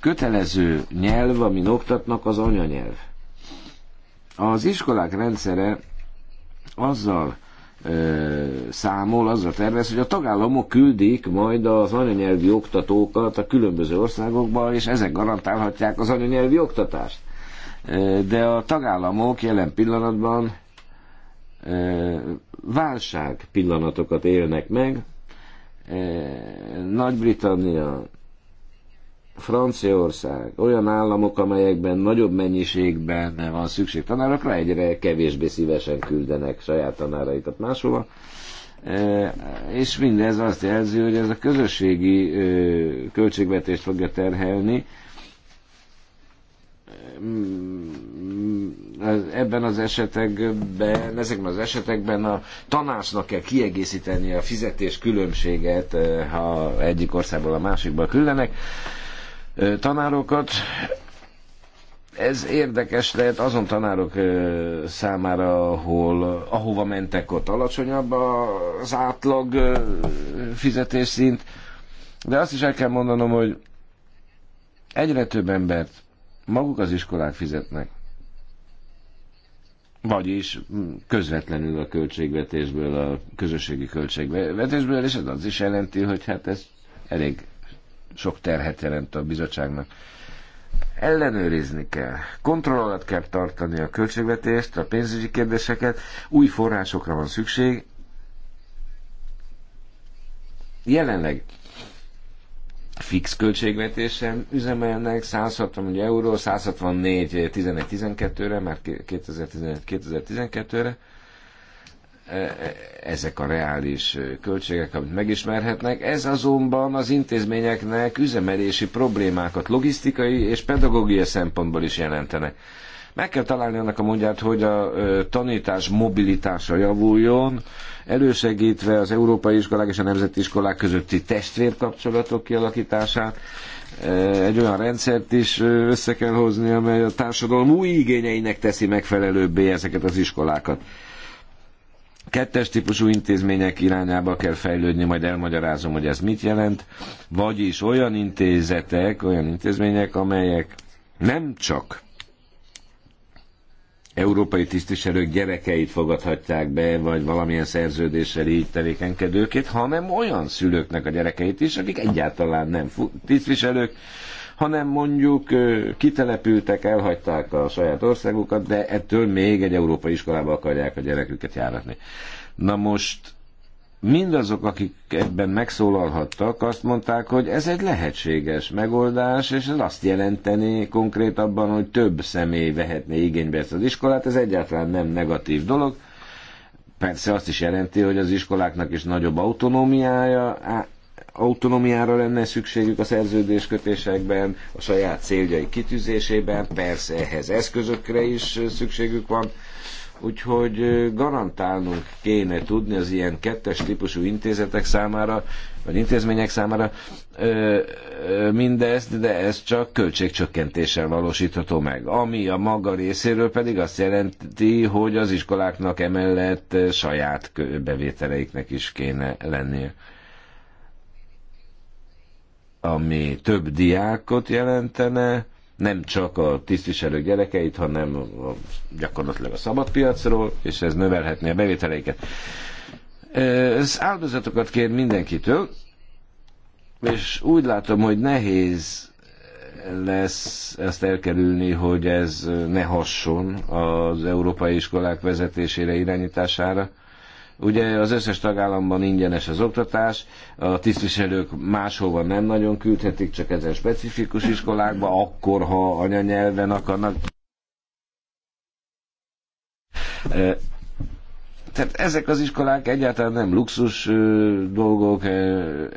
kötelező nyelv, amin oktatnak, az anyanyelv. Az iskolák rendszere azzal ö, számol, azzal tervez, hogy a tagállamok küldik majd az anyanyelvi oktatókat a különböző országokba, és ezek garantálhatják az anyanyelvi oktatást. De a tagállamok jelen pillanatban válság pillanatokat élnek meg, Eh, Nagy-Britannia, Franciaország, olyan államok, amelyekben nagyobb mennyiségben van szükség tanárokra, egyre kevésbé szívesen küldenek saját tanáraikat máshova. Eh, és mindez azt jelzi, hogy ez a közösségi eh, költségvetést fogja terhelni, Mm, mm, mm, ebben az esetekben, ezekben az esetekben a tanácsnak kell kiegészíteni a fizetés különbséget, eh, ha egyik országból a másikba küldenek eh, tanárokat. Ez érdekes lehet azon tanárok eh, számára, ahol, ahova mentek, ott alacsonyabb az átlag fizetésszint. De azt is el kell mondanom, hogy egyre több embert maguk az iskolák fizetnek. Vagyis mm, közvetlenül a költségvetésből, a közösségi költségvetésből, és ez az is jelenti, hogy hát ez elég sok terhet jelent a bizottságnak. Ellenőrizni kell, kontroll alatt kell tartani a költségvetést, a pénzügyi kérdéseket, új forrásokra van szükség. Jelenleg fix költségvetésen üzemelnek, 160 ugye, euró, 164 11-12-re, eh, már 2011-2012-re. Eh, eh, ezek a reális költségek, amit megismerhetnek. Ez azonban az intézményeknek üzemelési problémákat logisztikai és pedagógiai szempontból is jelentenek. Meg kell találni annak a mondját, hogy a tanítás mobilitása javuljon, elősegítve az európai iskolák és a nemzeti iskolák közötti testvérkapcsolatok kialakítását, egy olyan rendszert is össze kell hozni, amely a társadalom új igényeinek teszi megfelelőbbé ezeket az iskolákat. Kettes típusú intézmények irányába kell fejlődni, majd elmagyarázom, hogy ez mit jelent. Vagyis olyan intézetek, olyan intézmények, amelyek nem csak európai tisztviselők gyerekeit fogadhatják be, vagy valamilyen szerződéssel így tevékenykedőkét, hanem olyan szülőknek a gyerekeit is, akik egyáltalán nem tisztviselők, hanem mondjuk kitelepültek, elhagyták a saját országukat, de ettől még egy európai iskolába akarják a gyereküket járatni. Na most mindazok, akik ebben megszólalhattak, azt mondták, hogy ez egy lehetséges megoldás, és ez azt jelenteni konkrétabban, hogy több személy vehetné igénybe ezt az iskolát, ez egyáltalán nem negatív dolog. Persze azt is jelenti, hogy az iskoláknak is nagyobb autonómiája, autonómiára lenne szükségük a szerződéskötésekben, a saját céljai kitűzésében, persze ehhez eszközökre is szükségük van, Úgyhogy garantálnunk kéne tudni az ilyen kettes típusú intézetek számára, vagy intézmények számára mindezt, de ez csak költségcsökkentéssel valósítható meg. Ami a maga részéről pedig azt jelenti, hogy az iskoláknak emellett saját bevételeiknek is kéne lennie ami több diákot jelentene, nem csak a tisztviselő gyerekeit, hanem a, gyakorlatilag a szabadpiacról, és ez növelhetné a bevételeiket. Ez áldozatokat kér mindenkitől, és úgy látom, hogy nehéz lesz ezt elkerülni, hogy ez ne hasson az európai iskolák vezetésére, irányítására. Ugye az összes tagállamban ingyenes az oktatás, a tisztviselők máshova nem nagyon küldhetik, csak ezen specifikus iskolákba, akkor, ha anyanyelven akarnak. Tehát ezek az iskolák egyáltalán nem luxus dolgok,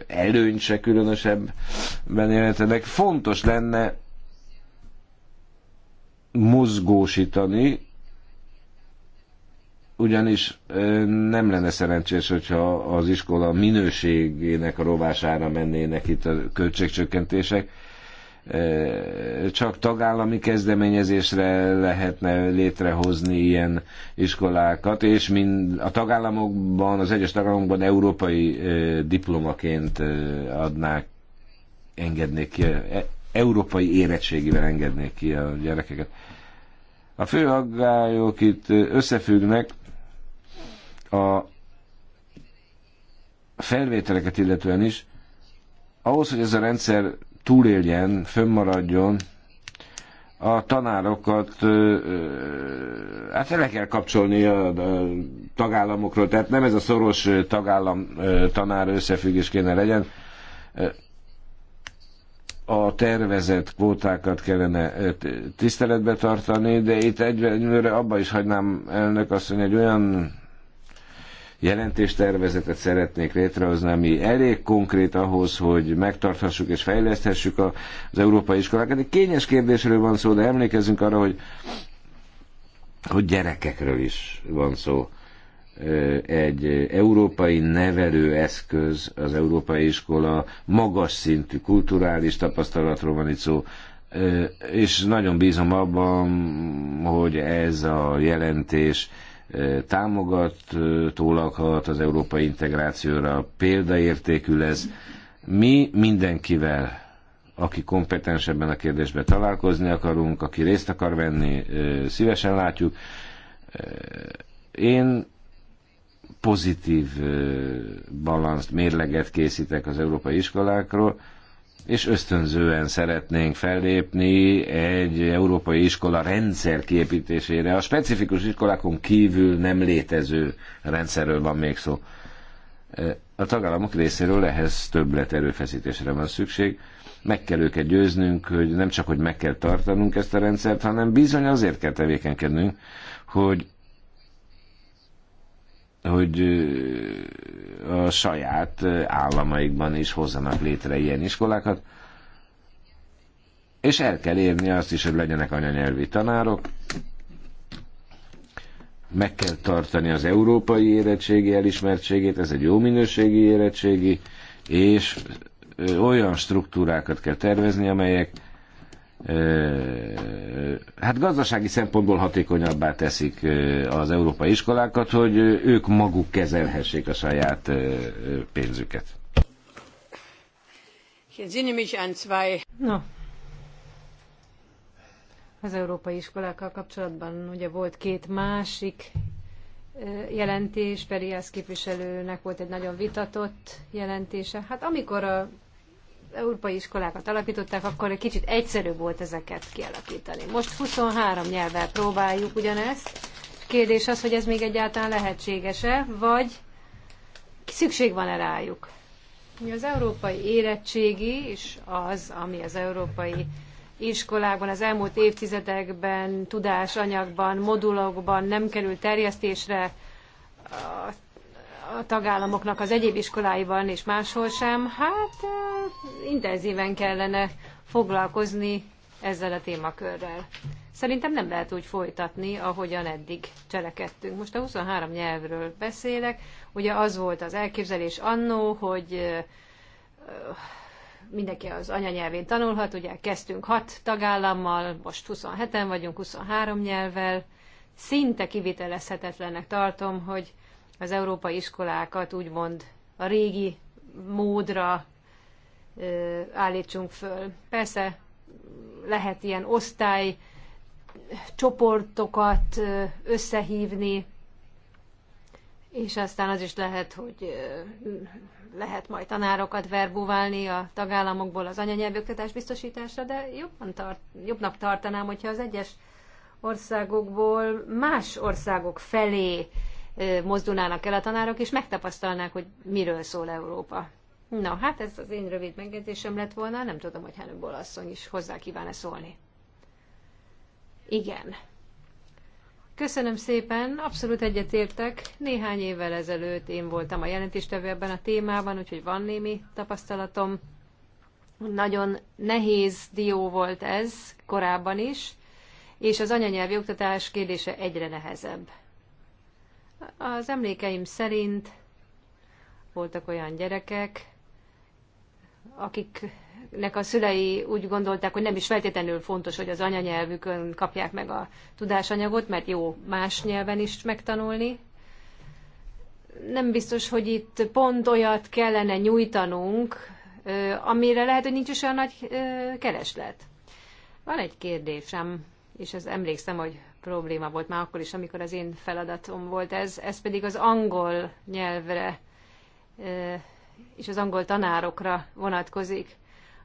előny se különösebben élhetnek. Fontos lenne mozgósítani ugyanis nem lenne szerencsés, hogyha az iskola minőségének a rovására mennének itt a költségcsökkentések. Csak tagállami kezdeményezésre lehetne létrehozni ilyen iskolákat, és mind a tagállamokban, az egyes tagállamokban európai diplomaként adnák, engednék ki, e, európai érettségivel engednék ki a gyerekeket. A fő aggályok itt összefüggnek a felvételeket illetően is, ahhoz, hogy ez a rendszer túléljen, fönnmaradjon, a tanárokat hát le kell kapcsolni a, tagállamokról, tehát nem ez a szoros tagállam tanár összefüggés kéne legyen. A tervezett kvótákat kellene tiszteletbe tartani, de itt egyre abba is hagynám elnök azt, hogy egy olyan jelentéstervezetet szeretnék létrehozni, ami elég konkrét ahhoz, hogy megtarthassuk és fejleszthessük az európai iskolákat. Egy kényes kérdésről van szó, de emlékezzünk arra, hogy, hogy gyerekekről is van szó egy európai nevelőeszköz, az európai iskola magas szintű kulturális tapasztalatról van itt szó, és nagyon bízom abban, hogy ez a jelentés támogatólag az európai integrációra, példaértékű lesz. Mi mindenkivel, aki kompetens ebben a kérdésben találkozni akarunk, aki részt akar venni, szívesen látjuk. Én pozitív balanszt, mérleget készítek az európai iskolákról, és ösztönzően szeretnénk fellépni egy európai iskola rendszer kiépítésére. A specifikus iskolákon kívül nem létező rendszerről van még szó. A tagállamok részéről ehhez többlet erőfeszítésre van szükség. Meg kell őket győznünk, hogy nem csak, hogy meg kell tartanunk ezt a rendszert, hanem bizony azért kell tevékenykednünk, hogy hogy a saját államaikban is hozzanak létre ilyen iskolákat, és el kell érni azt is, hogy legyenek anyanyelvi tanárok, meg kell tartani az európai érettségi elismertségét, ez egy jó minőségi érettségi, és olyan struktúrákat kell tervezni, amelyek hát gazdasági szempontból hatékonyabbá teszik az európai iskolákat, hogy ők maguk kezelhessék a saját pénzüket. No. Az európai iskolákkal kapcsolatban ugye volt két másik jelentés, Periász képviselőnek volt egy nagyon vitatott jelentése. Hát amikor a európai iskolákat alakították, akkor egy kicsit egyszerűbb volt ezeket kialakítani. Most 23 nyelvvel próbáljuk ugyanezt. Kérdés az, hogy ez még egyáltalán lehetséges-e, vagy szükség van-e rájuk. Az európai érettségi és az, ami az európai iskolákban az elmúlt évtizedekben, tudásanyagban, modulokban nem került terjesztésre, a tagállamoknak az egyéb iskoláiban és máshol sem, hát intenzíven kellene foglalkozni ezzel a témakörrel. Szerintem nem lehet úgy folytatni, ahogyan eddig cselekedtünk. Most a 23 nyelvről beszélek. Ugye az volt az elképzelés annó, hogy mindenki az anyanyelvén tanulhat, ugye kezdtünk 6 tagállammal, most 27-en vagyunk, 23 nyelvvel. Szinte kivitelezhetetlennek tartom, hogy az európai iskolákat úgymond a régi módra ö, állítsunk föl. Persze lehet ilyen osztály csoportokat összehívni, és aztán az is lehet, hogy lehet majd tanárokat verbúválni a tagállamokból az anyanyelvoktatás biztosításra, de jobban tart, jobbnak tartanám, hogyha az egyes országokból más országok felé mozdulnának el a tanárok, és megtapasztalnák, hogy miről szól Európa. Na, hát ez az én rövid megjegyzésem lett volna, nem tudom, hogy Hannibal asszony is hozzá kíván-e szólni. Igen. Köszönöm szépen, abszolút egyetértek. Néhány évvel ezelőtt én voltam a jelentéstevő ebben a témában, úgyhogy van némi tapasztalatom. Nagyon nehéz dió volt ez korábban is, és az anyanyelvi oktatás kérdése egyre nehezebb. Az emlékeim szerint voltak olyan gyerekek, akiknek a szülei úgy gondolták, hogy nem is feltétlenül fontos, hogy az anyanyelvükön kapják meg a tudásanyagot, mert jó más nyelven is megtanulni. Nem biztos, hogy itt pont olyat kellene nyújtanunk, amire lehet, hogy nincs is olyan nagy kereslet. Van egy kérdésem, és ez emlékszem, hogy probléma volt már akkor is, amikor az én feladatom volt ez, ez pedig az angol nyelvre és az angol tanárokra vonatkozik.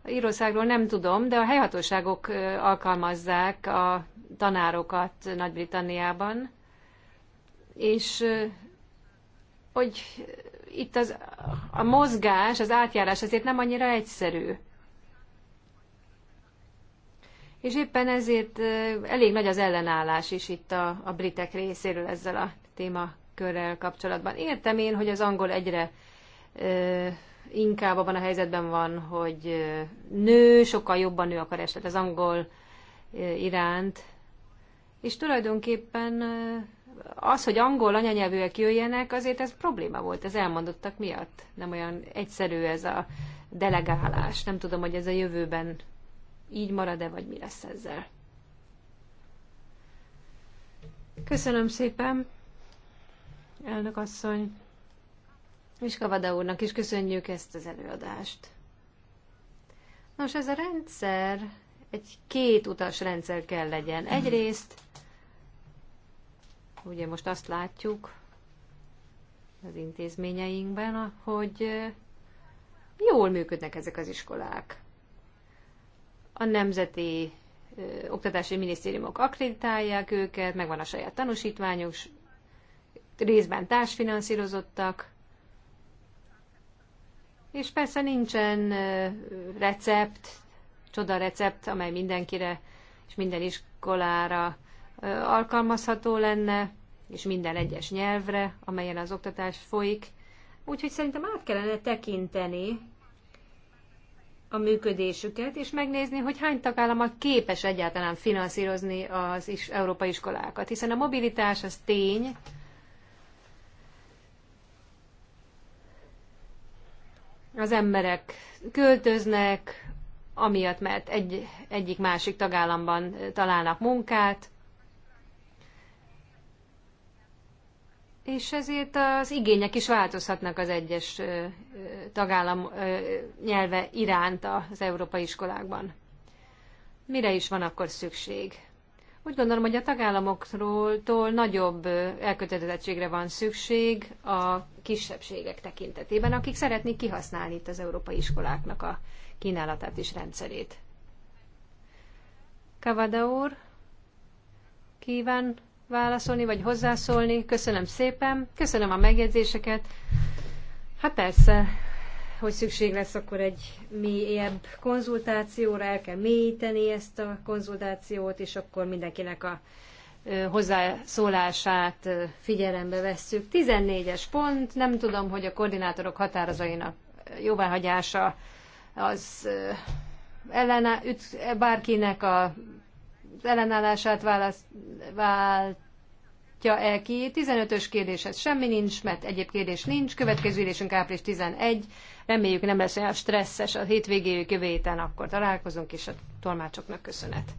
A Írószágról nem tudom, de a helyhatóságok alkalmazzák a tanárokat Nagy-Britanniában, és hogy itt az, a mozgás, az átjárás azért nem annyira egyszerű és éppen ezért elég nagy az ellenállás is itt a, a britek részéről ezzel a témakörrel kapcsolatban. Értem én, hogy az angol egyre ö, inkább abban a helyzetben van, hogy nő, sokkal jobban nő a kereslet az angol ö, iránt, és tulajdonképpen ö, az, hogy angol anyanyelvűek jöjjenek, azért ez probléma volt, ez elmondottak miatt. Nem olyan egyszerű ez a delegálás. Nem tudom, hogy ez a jövőben így marad-e, vagy mi lesz ezzel. Köszönöm szépen, elnök asszony, és Kavada úrnak is köszönjük ezt az előadást. Nos, ez a rendszer egy két utas rendszer kell legyen. Egyrészt, ugye most azt látjuk az intézményeinkben, hogy jól működnek ezek az iskolák a nemzeti oktatási minisztériumok akreditálják őket, megvan a saját tanúsítványuk, részben társfinanszírozottak, és persze nincsen recept, csoda recept, amely mindenkire és minden iskolára alkalmazható lenne, és minden egyes nyelvre, amelyen az oktatás folyik. Úgyhogy szerintem át kellene tekinteni a működésüket, és megnézni, hogy hány tagállam képes egyáltalán finanszírozni az is, európai iskolákat. Hiszen a mobilitás az tény, az emberek költöznek, amiatt, mert egy, egyik másik tagállamban találnak munkát, és ezért az igények is változhatnak az egyes tagállam nyelve iránt az európai iskolákban. Mire is van akkor szükség? Úgy gondolom, hogy a tagállamoktól nagyobb elkötelezettségre van szükség a kisebbségek tekintetében, akik szeretnék kihasználni itt az európai iskoláknak a kínálatát és rendszerét. Kavada úr, kíván válaszolni, vagy hozzászólni. Köszönöm szépen, köszönöm a megjegyzéseket. Hát persze, hogy szükség lesz akkor egy mélyebb konzultációra, el kell mélyíteni ezt a konzultációt, és akkor mindenkinek a hozzászólását figyelembe vesszük. 14-es pont, nem tudom, hogy a koordinátorok határozainak jóváhagyása az ellen üt, bárkinek a ellenállását választ, váltja el ki. 15-ös ez semmi nincs, mert egyéb kérdés nincs. Következő ülésünk április 11. Reméljük nem lesz olyan stresszes a hétvégéjük jövő héten, akkor találkozunk, és a tolmácsoknak köszönet.